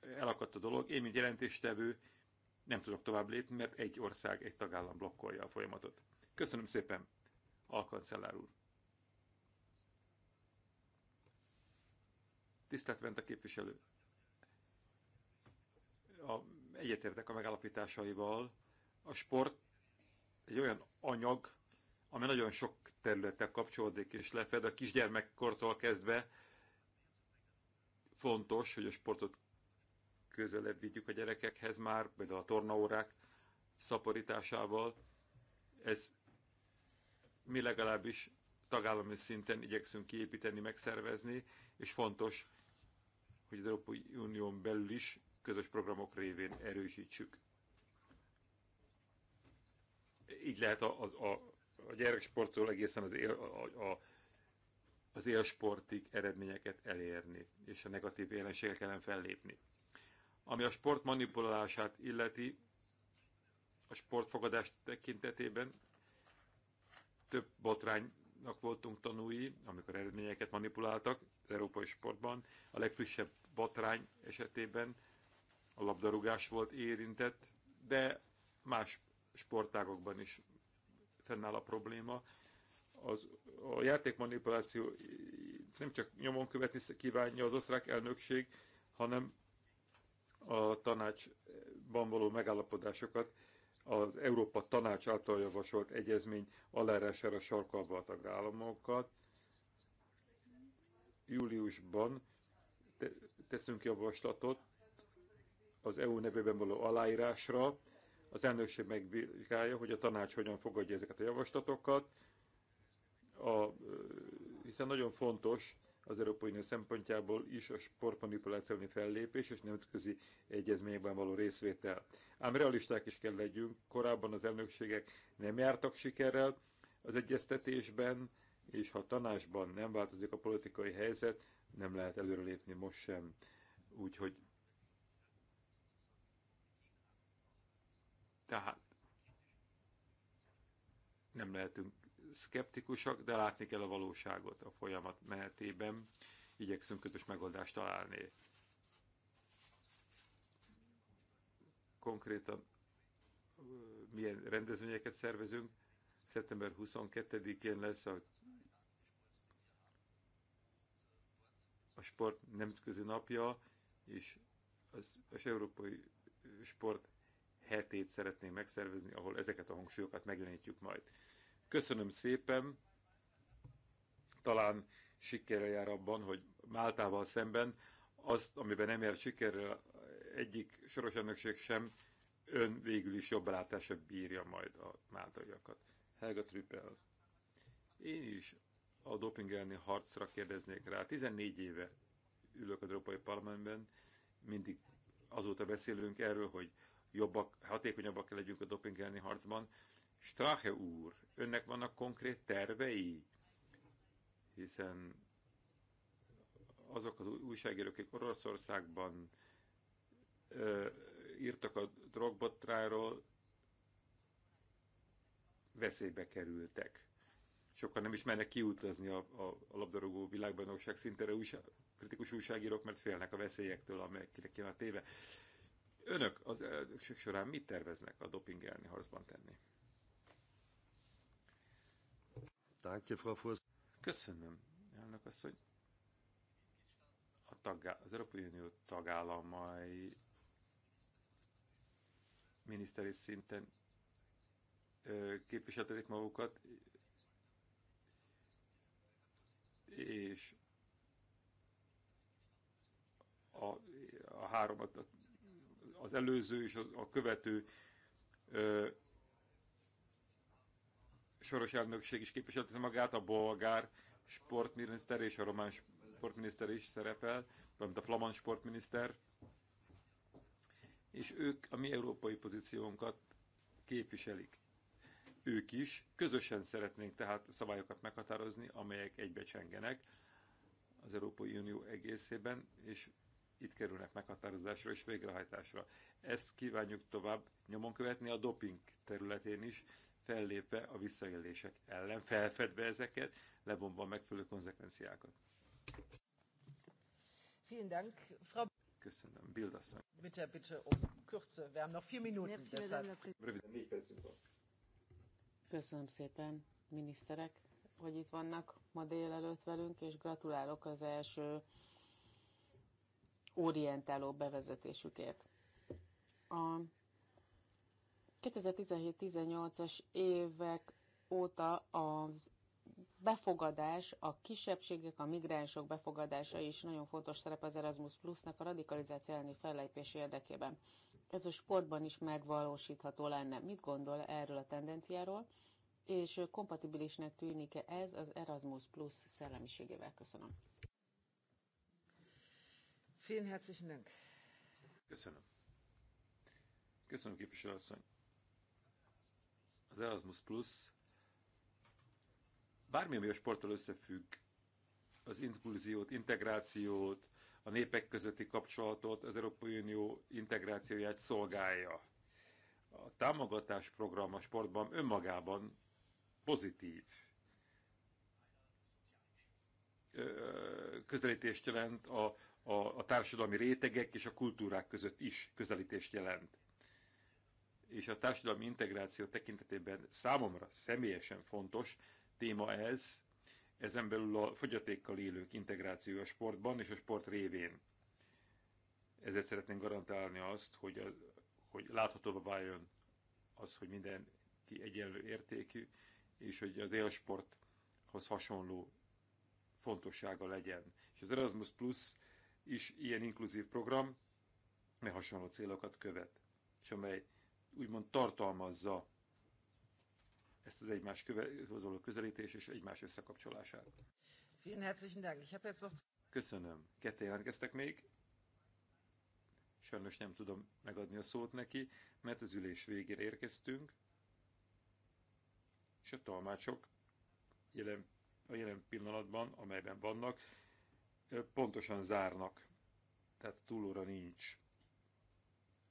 elakadt a dolog. Én, mint jelentéstevő, nem tudok tovább lépni, mert egy ország, egy tagállam blokkolja a folyamatot. Köszönöm szépen! alkancellár úr. Tisztelt Venta képviselő! A, egyetértek a megállapításaival. A sport egy olyan anyag, ami nagyon sok területtel kapcsolódik és lefed. A kisgyermekkortól kezdve fontos, hogy a sportot közelebb vigyük a gyerekekhez már, például a tornaórák szaporításával. Ez mi legalábbis tagállami szinten igyekszünk kiépíteni, megszervezni, és fontos, hogy az Európai Unión belül is közös programok révén erősítsük. Így lehet a, a, a, a gyereksporttól egészen az, él, a, a, az élsportig eredményeket elérni, és a negatív jelenségek ellen fellépni. Ami a sport manipulálását illeti, a sportfogadás tekintetében több botránynak voltunk tanúi, amikor eredményeket manipuláltak az európai sportban. A legfrissebb botrány esetében a labdarúgás volt érintett, de más sportágokban is fennáll a probléma. Az, a játékmanipuláció nem csak nyomon követni kívánja az osztrák elnökség, hanem a tanácsban való megállapodásokat az Európa Tanács által javasolt egyezmény alárására sarkalva a tagállamokat. Júliusban te teszünk javaslatot az EU nevében való aláírásra. Az elnökség megvizsgálja, hogy a tanács hogyan fogadja ezeket a javaslatokat, a, hiszen nagyon fontos, az Európai Unió szempontjából is a sportmanipulációni fellépés és nemzetközi egyezményekben való részvétel. Ám realisták is kell legyünk, korábban az elnökségek nem jártak sikerrel az egyeztetésben, és ha tanásban nem változik a politikai helyzet, nem lehet előrelépni most sem. Úgyhogy tehát nem lehetünk szkeptikusak, de látni kell a valóságot a folyamat menetében. Igyekszünk közös megoldást találni. Konkrétan milyen rendezvényeket szervezünk. Szeptember 22-én lesz a, a sport nemzetközi napja, és az, az európai sport hetét szeretném megszervezni, ahol ezeket a hangsúlyokat megjelenítjük majd. Köszönöm szépen, talán sikerrel jár abban, hogy Máltával szemben azt, amiben nem jár sikerrel egyik soros elnökség sem, ön végül is jobb látása bírja majd a máltaiakat. Helga Trüppel. Én is a doping elleni harcra kérdeznék rá. 14 éve ülök az Európai Parlamentben, mindig azóta beszélünk erről, hogy jobbak, hatékonyabbak kell legyünk a doping elleni harcban. Strache úr, önnek vannak konkrét tervei? Hiszen azok az újságírók, akik Oroszországban ö, írtak a drogbotráról, veszélybe kerültek. Sokan nem is mennek kiutazni a, a, a labdarúgó világbajnokság szintére újság, kritikus újságírók, mert félnek a veszélyektől, amelyekre kéne a téve. Önök az elnökség során mit terveznek a doping elleni harcban tenni? Köszönöm, elnök asszony. A taggá- az Európai Unió tagállamai miniszteri szinten képviseltetik magukat, és a, a három, az előző és a, a követő ö, soros elnökség is képviselte magát, a bolgár sportminiszter és a román sportminiszter is szerepel, valamint a flamand sportminiszter, és ők a mi európai pozíciónkat képviselik. Ők is közösen szeretnénk tehát szabályokat meghatározni, amelyek egybecsengenek az Európai Unió egészében, és itt kerülnek meghatározásra és végrehajtásra. Ezt kívánjuk tovább nyomon követni a doping területén is, fellépve a visszaélések ellen, felfedve ezeket, levonva a megfelelő konzekvenciákat. Vielen Dank, Frau Köszönöm. Bildasszony. Bitte, bitte, um Kürze. Wir haben noch vier Minuten. Merci, deshalb. Röviden, négy percünk van. Köszönöm szépen, miniszterek, hogy itt vannak ma délelőtt velünk, és gratulálok az első orientáló bevezetésükért. A 2017-18-as évek óta a befogadás, a kisebbségek, a migránsok befogadása is nagyon fontos szerep az Erasmus Plusnak a radikalizáció elleni fellépés érdekében. Ez a sportban is megvalósítható lenne. Mit gondol erről a tendenciáról? És kompatibilisnek tűnik-e ez az Erasmus Plus szellemiségével? Köszönöm. Vielen herzlichen Dank. Köszönöm. Köszönöm, asszony az Erasmus Plus bármi, ami a sporttal összefügg, az inkluziót, integrációt, a népek közötti kapcsolatot, az Európai Unió integrációját szolgálja. A támogatás program a sportban önmagában pozitív közelítést jelent a, a, a társadalmi rétegek és a kultúrák között is közelítést jelent és a társadalmi integráció tekintetében számomra személyesen fontos téma ez, ezen belül a fogyatékkal élők integráció a sportban és a sport révén. Ezért szeretnénk garantálni azt, hogy, az, hogy láthatóvá váljon az, hogy mindenki egyenlő értékű, és hogy az élsporthoz hasonló fontossága legyen. És az Erasmus Plus is ilyen inkluzív program, mely hasonló célokat követ, és amely úgymond tartalmazza ezt az egymás közelő közelítés és egymás összekapcsolását. Vielen herzlichen Dank. Ich jetzt noch... Köszönöm. Ketté jelentkeztek még. Sajnos nem tudom megadni a szót neki, mert az ülés végére érkeztünk, és a talmácsok jelen, a jelen pillanatban, amelyben vannak, pontosan zárnak. Tehát túlóra nincs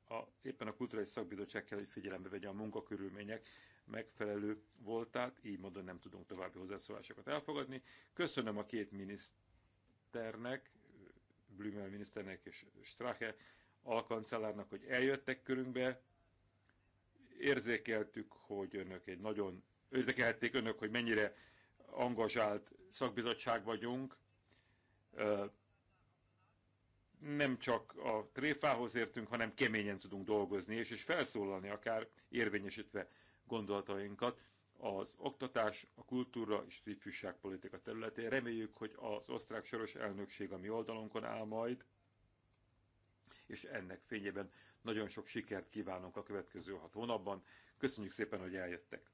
a, éppen a Kulturális Szakbizottság kell, hogy figyelembe vegye a munkakörülmények megfelelő voltát, így módon nem tudunk további hozzászólásokat elfogadni. Köszönöm a két miniszternek, Blümel miniszternek és Strache alkancellárnak, hogy eljöttek körünkbe. Érzékeltük, hogy önök egy nagyon, érzékelték önök, hogy mennyire angazsált szakbizottság vagyunk, nem csak a tréfához értünk, hanem keményen tudunk dolgozni, és, és felszólalni akár érvényesítve gondolatainkat az oktatás, a kultúra és az ifjúságpolitika területén. Reméljük, hogy az osztrák soros elnökség a mi oldalunkon áll majd, és ennek fényében nagyon sok sikert kívánunk a következő hat hónapban. Köszönjük szépen, hogy eljöttek!